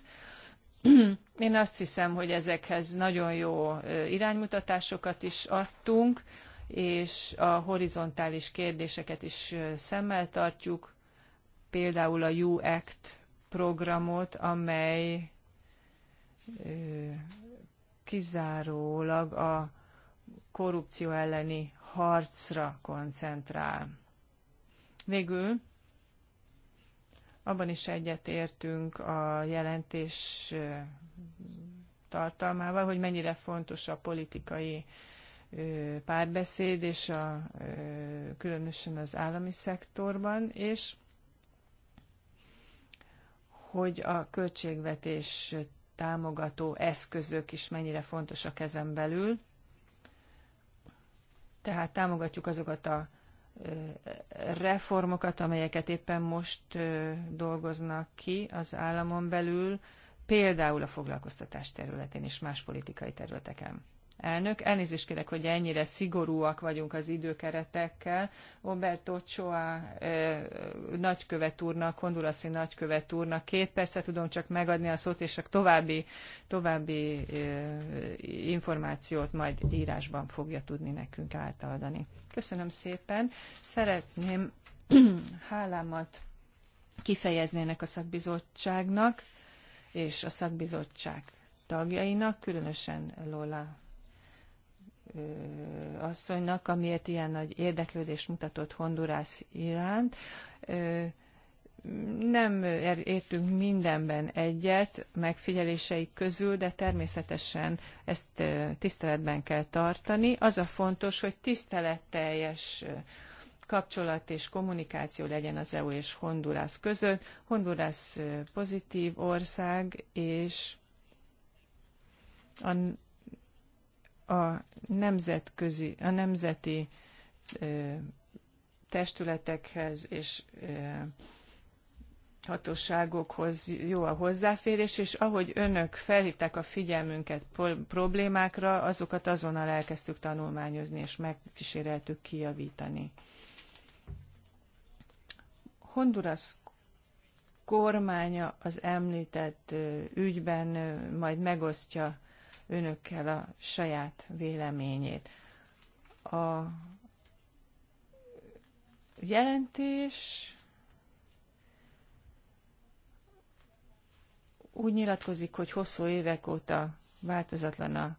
Én azt hiszem, hogy ezekhez nagyon jó iránymutatásokat is adtunk, és a horizontális kérdéseket is szemmel tartjuk, például a U-Act programot, amely kizárólag a korrupció elleni harcra koncentrál. Végül abban is egyetértünk a jelentés tartalmával, hogy mennyire fontos a politikai párbeszéd, és a, különösen az állami szektorban, és hogy a költségvetés támogató eszközök is mennyire fontosak ezen belül. Tehát támogatjuk azokat a reformokat, amelyeket éppen most dolgoznak ki az államon belül, például a foglalkoztatás területén és más politikai területeken elnök. Elnézést kérek, hogy ennyire szigorúak vagyunk az időkeretekkel. Roberto Csoa nagykövet úrnak, Hondurasi nagykövet úrnak két percet tudom csak megadni a szót, és csak további, további információt majd írásban fogja tudni nekünk átadni. Köszönöm szépen. Szeretném hálámat kifejeznének a szakbizottságnak és a szakbizottság tagjainak, különösen Lola asszonynak, amiért ilyen nagy érdeklődést mutatott Hondurász iránt. Nem er, értünk mindenben egyet megfigyeléseik közül, de természetesen ezt tiszteletben kell tartani. Az a fontos, hogy tiszteletteljes kapcsolat és kommunikáció legyen az EU és Hondurász között. Hondurász pozitív ország, és a a nemzetközi, a nemzeti ö, testületekhez és ö, hatóságokhoz jó a hozzáférés, és ahogy önök felhívták a figyelmünket problémákra, azokat azonnal elkezdtük tanulmányozni, és megkíséreltük kijavítani. Honduras kormánya az említett ügyben majd megosztja önökkel a saját véleményét. A jelentés úgy nyilatkozik, hogy hosszú évek óta változatlan a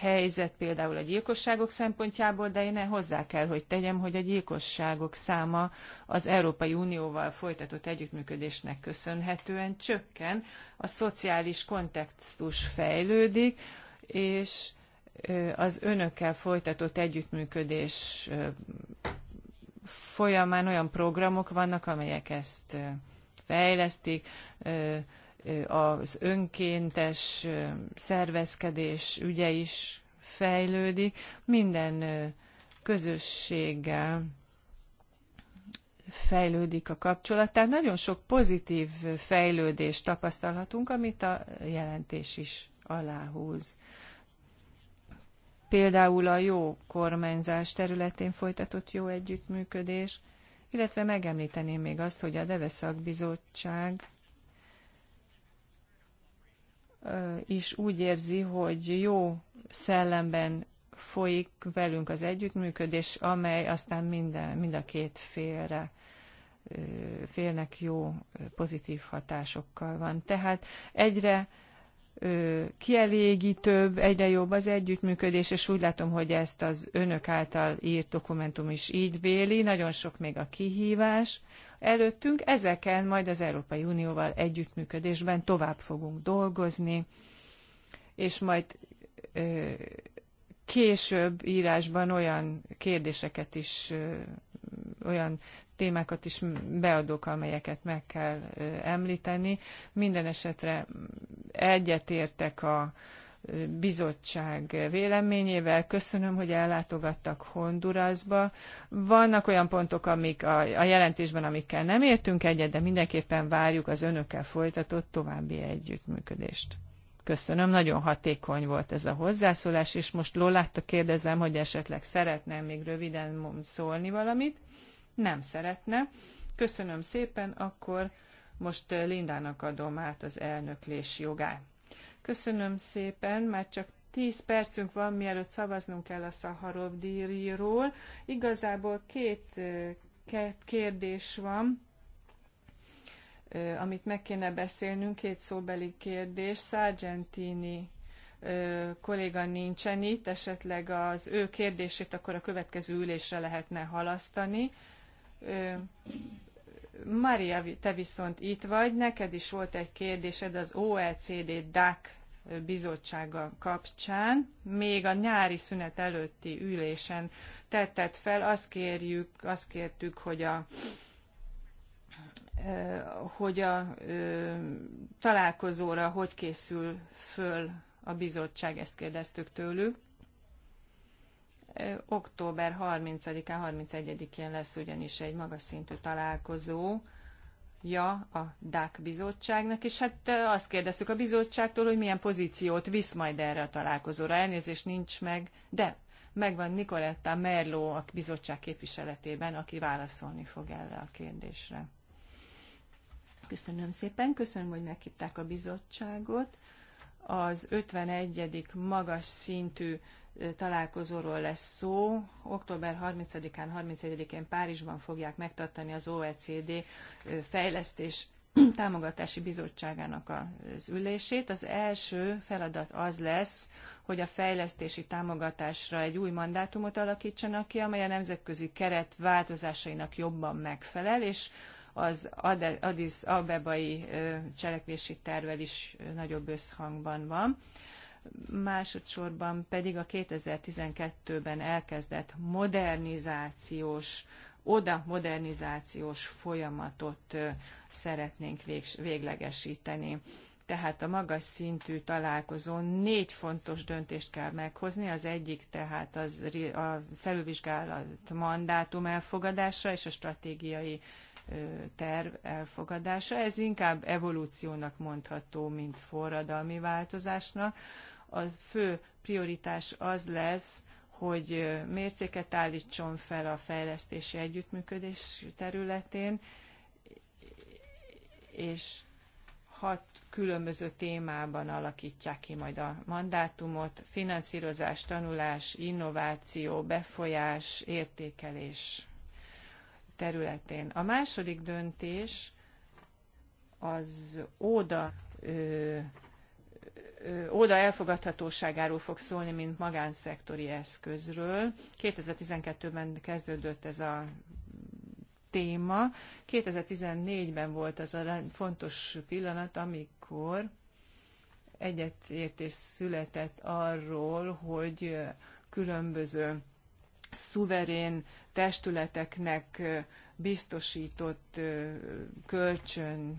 helyzet például a gyilkosságok szempontjából, de én hozzá kell, hogy tegyem, hogy a gyilkosságok száma az Európai Unióval folytatott együttműködésnek köszönhetően csökken, a szociális kontextus fejlődik, és az önökkel folytatott együttműködés folyamán olyan programok vannak, amelyek ezt fejlesztik, az önkéntes szervezkedés ügye is fejlődik, minden közösséggel fejlődik a kapcsolat. Tehát nagyon sok pozitív fejlődést tapasztalhatunk, amit a jelentés is aláhúz. Például a jó kormányzás területén folytatott jó együttműködés, illetve megemlíteném még azt, hogy a Deveszak Bizottság is úgy érzi, hogy jó szellemben folyik velünk az együttműködés, amely aztán minden, mind a két félre félnek jó pozitív hatásokkal van. Tehát egyre kielégítőbb, egyre jobb az együttműködés, és úgy látom, hogy ezt az önök által írt dokumentum is így véli. Nagyon sok még a kihívás előttünk. Ezeken majd az Európai Unióval együttműködésben tovább fogunk dolgozni, és majd ö, később írásban olyan kérdéseket is, ö, olyan témákat is beadok, amelyeket meg kell említeni. Minden esetre egyetértek a bizottság véleményével. Köszönöm, hogy ellátogattak Hondurasba. Vannak olyan pontok, amik a, a jelentésben, amikkel nem értünk egyet, de mindenképpen várjuk az önökkel folytatott további együttműködést. Köszönöm, nagyon hatékony volt ez a hozzászólás, és most Lollátta kérdezem, hogy esetleg szeretném még röviden szólni valamit. Nem szeretne. Köszönöm szépen, akkor most eh, Lindának adom át az elnöklés jogát. Köszönöm szépen, már csak 10 percünk van, mielőtt szavaznunk kell a Szaharov díjról. Igazából két, eh, két kérdés van, eh, amit meg kéne beszélnünk, két szóbeli kérdés. Sargentini kolléga nincsen itt, esetleg az ő kérdését akkor a következő ülésre lehetne halasztani. Maria, te viszont itt vagy, neked is volt egy kérdésed az OECD DAC bizottsága kapcsán, még a nyári szünet előtti ülésen tetted fel, azt, kérjük, azt kértük, hogy a, hogy a találkozóra hogy készül föl a bizottság, ezt kérdeztük tőlük. Október 30-án, 31-én lesz ugyanis egy magas szintű találkozó, ja a DAC bizottságnak, és hát azt kérdeztük a bizottságtól, hogy milyen pozíciót visz majd erre a találkozóra. Elnézést nincs meg, de megvan Nikoletta Merló a bizottság képviseletében, aki válaszolni fog erre a kérdésre. Köszönöm szépen, köszönöm, hogy meghívták a bizottságot. Az 51. magas szintű találkozóról lesz szó. Október 30-án, 31-én Párizsban fogják megtartani az OECD fejlesztés támogatási bizottságának az ülését. Az első feladat az lesz, hogy a fejlesztési támogatásra egy új mandátumot alakítsanak ki, amely a nemzetközi keret változásainak jobban megfelel, és az Addis Abebai cselekvési tervvel is nagyobb összhangban van másodszorban pedig a 2012-ben elkezdett modernizációs, oda modernizációs folyamatot szeretnénk véglegesíteni. Tehát a magas szintű találkozón négy fontos döntést kell meghozni. Az egyik tehát az, a felülvizsgálat mandátum elfogadása és a stratégiai terv elfogadása. Ez inkább evolúciónak mondható, mint forradalmi változásnak. A fő prioritás az lesz, hogy mércéket állítson fel a fejlesztési együttműködés területén, és hat különböző témában alakítják ki majd a mandátumot, finanszírozás, tanulás, innováció, befolyás, értékelés, területén. A második döntés az óda, ö, ö, óda elfogadhatóságáról fog szólni, mint magánszektori eszközről. 2012-ben kezdődött ez a téma. 2014-ben volt az a fontos pillanat, amikor egyetértés született arról, hogy különböző szuverén testületeknek biztosított kölcsön,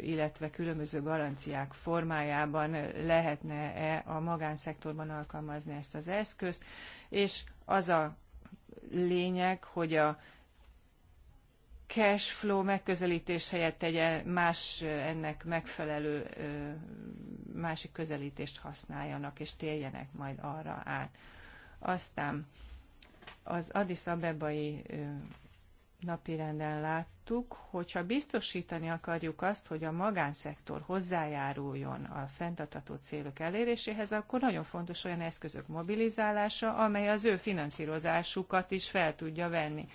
illetve különböző garanciák formájában lehetne-e a magánszektorban alkalmazni ezt az eszközt, és az a lényeg, hogy a cash flow megközelítés helyett egy más ennek megfelelő másik közelítést használjanak, és térjenek majd arra át. Aztán az Addis Abebai napirenden láttuk, hogyha biztosítani akarjuk azt, hogy a magánszektor hozzájáruljon a fenntartató célok eléréséhez, akkor nagyon fontos olyan eszközök mobilizálása, amely az ő finanszírozásukat is fel tudja venni,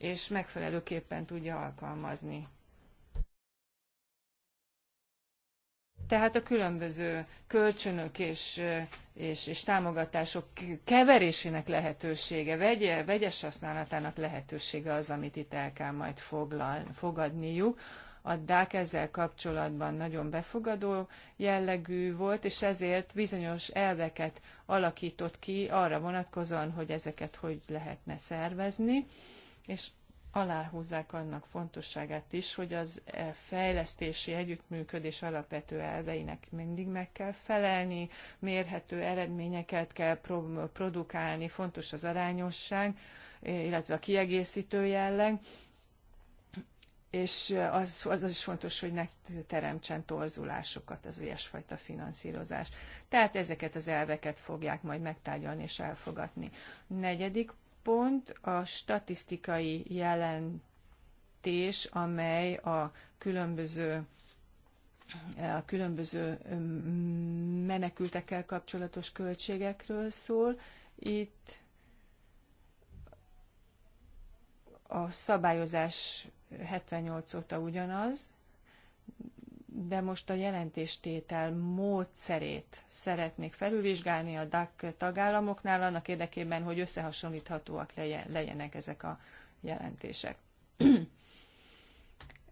és megfelelőképpen tudja alkalmazni Tehát a különböző kölcsönök és, és, és támogatások keverésének lehetősége, vegye, vegyes használatának lehetősége az, amit itt el kell majd foglal, fogadniuk. A DAC ezzel kapcsolatban nagyon befogadó jellegű volt, és ezért bizonyos elveket alakított ki arra vonatkozóan, hogy ezeket hogy lehetne szervezni, és aláhúzzák annak fontosságát is, hogy az e fejlesztési együttműködés alapvető elveinek mindig meg kell felelni, mérhető eredményeket kell produkálni, fontos az arányosság, illetve a kiegészítő jelleg, és az, az, az is fontos, hogy ne teremtsen torzulásokat az ilyesfajta finanszírozás. Tehát ezeket az elveket fogják majd megtárgyalni és elfogadni. Negyedik pont a statisztikai jelentés, amely a különböző a különböző menekültekkel kapcsolatos költségekről szól. Itt a szabályozás 78 óta ugyanaz, de most a jelentéstétel módszerét szeretnék felülvizsgálni a DAC tagállamoknál annak érdekében, hogy összehasonlíthatóak legyenek ezek a jelentések.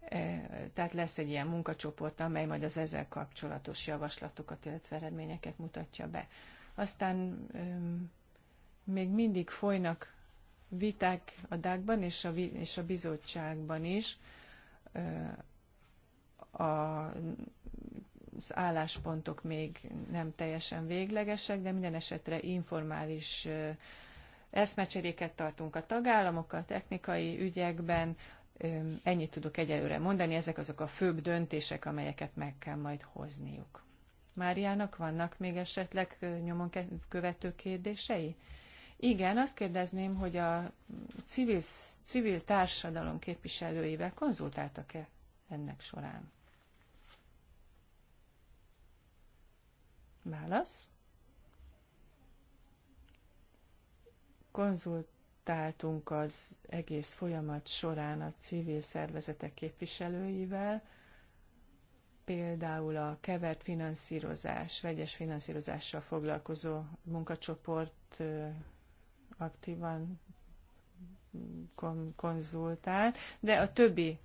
E, tehát lesz egy ilyen munkacsoport, amely majd az ezzel kapcsolatos javaslatokat, illetve eredményeket mutatja be. Aztán még mindig folynak viták a dákban és a, és a bizottságban is e, a az álláspontok még nem teljesen véglegesek, de minden esetre informális eszmecseréket tartunk a tagállamokkal, technikai ügyekben. Ennyit tudok egyelőre mondani, ezek azok a főbb döntések, amelyeket meg kell majd hozniuk. Máriának vannak még esetleg nyomon követő kérdései? Igen, azt kérdezném, hogy a civil, civil társadalom képviselőivel konzultáltak-e ennek során? Válasz. Konzultáltunk az egész folyamat során a civil szervezetek képviselőivel, például a kevert finanszírozás, vegyes finanszírozással foglalkozó munkacsoport aktívan konzultált, de a többi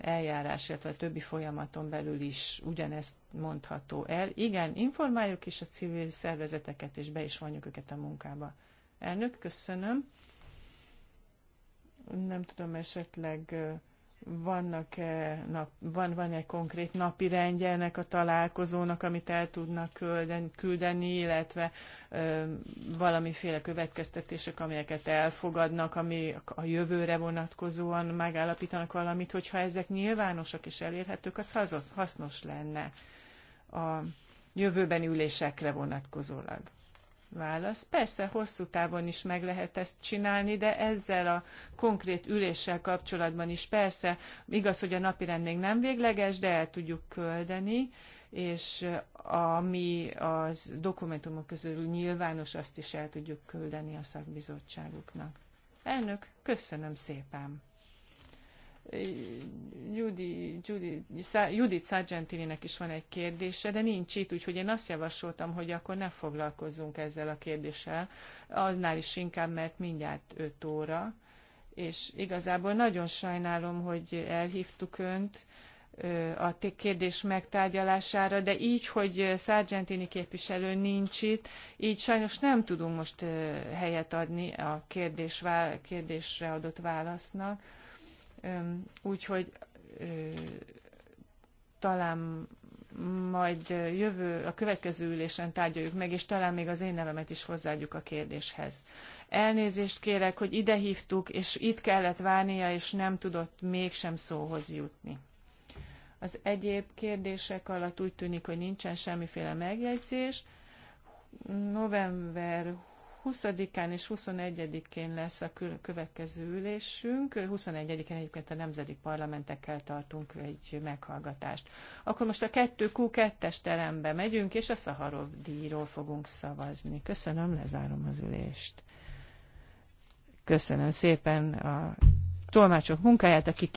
eljárás, illetve a többi folyamaton belül is ugyanezt mondható el. Igen, informáljuk is a civil szervezeteket, és be is vonjuk őket a munkába. Elnök, köszönöm. Nem tudom, esetleg vannak -e nap, van, van -e konkrét napi rendje ennek a találkozónak, amit el tudnak küldeni, küldeni illetve ö, valamiféle következtetések, amelyeket elfogadnak, ami a jövőre vonatkozóan megállapítanak valamit, hogyha ezek nyilvánosak és elérhetők, az hasznos, hasznos lenne a jövőbeni ülésekre vonatkozólag. Válasz. Persze, hosszú távon is meg lehet ezt csinálni, de ezzel a konkrét üléssel kapcsolatban is persze, igaz, hogy a rend még nem végleges, de el tudjuk küldeni, és ami az dokumentumok közül nyilvános, azt is el tudjuk küldeni a szakbizottságuknak. Elnök, köszönöm szépen! Judy, Judy, Judith Sargentininek is van egy kérdése, de nincs itt, úgyhogy én azt javasoltam, hogy akkor ne foglalkozzunk ezzel a kérdéssel, annál is inkább, mert mindjárt 5 óra, és igazából nagyon sajnálom, hogy elhívtuk Önt a kérdés megtárgyalására, de így, hogy Sargentini képviselő nincs itt, így sajnos nem tudunk most helyet adni a kérdésre adott válasznak Úgyhogy talán majd jövő, a következő ülésen tárgyaljuk meg, és talán még az én nevemet is hozzáadjuk a kérdéshez. Elnézést kérek, hogy ide hívtuk, és itt kellett várnia, és nem tudott mégsem szóhoz jutni. Az egyéb kérdések alatt úgy tűnik, hogy nincsen semmiféle megjegyzés. November 20-án és 21-én lesz a következő ülésünk. 21-én egyébként a nemzeti parlamentekkel tartunk egy meghallgatást. Akkor most a 2Q2-es terembe megyünk, és a Szaharov díjról fogunk szavazni. Köszönöm, lezárom az ülést. Köszönöm szépen a tolmácsok munkáját, akik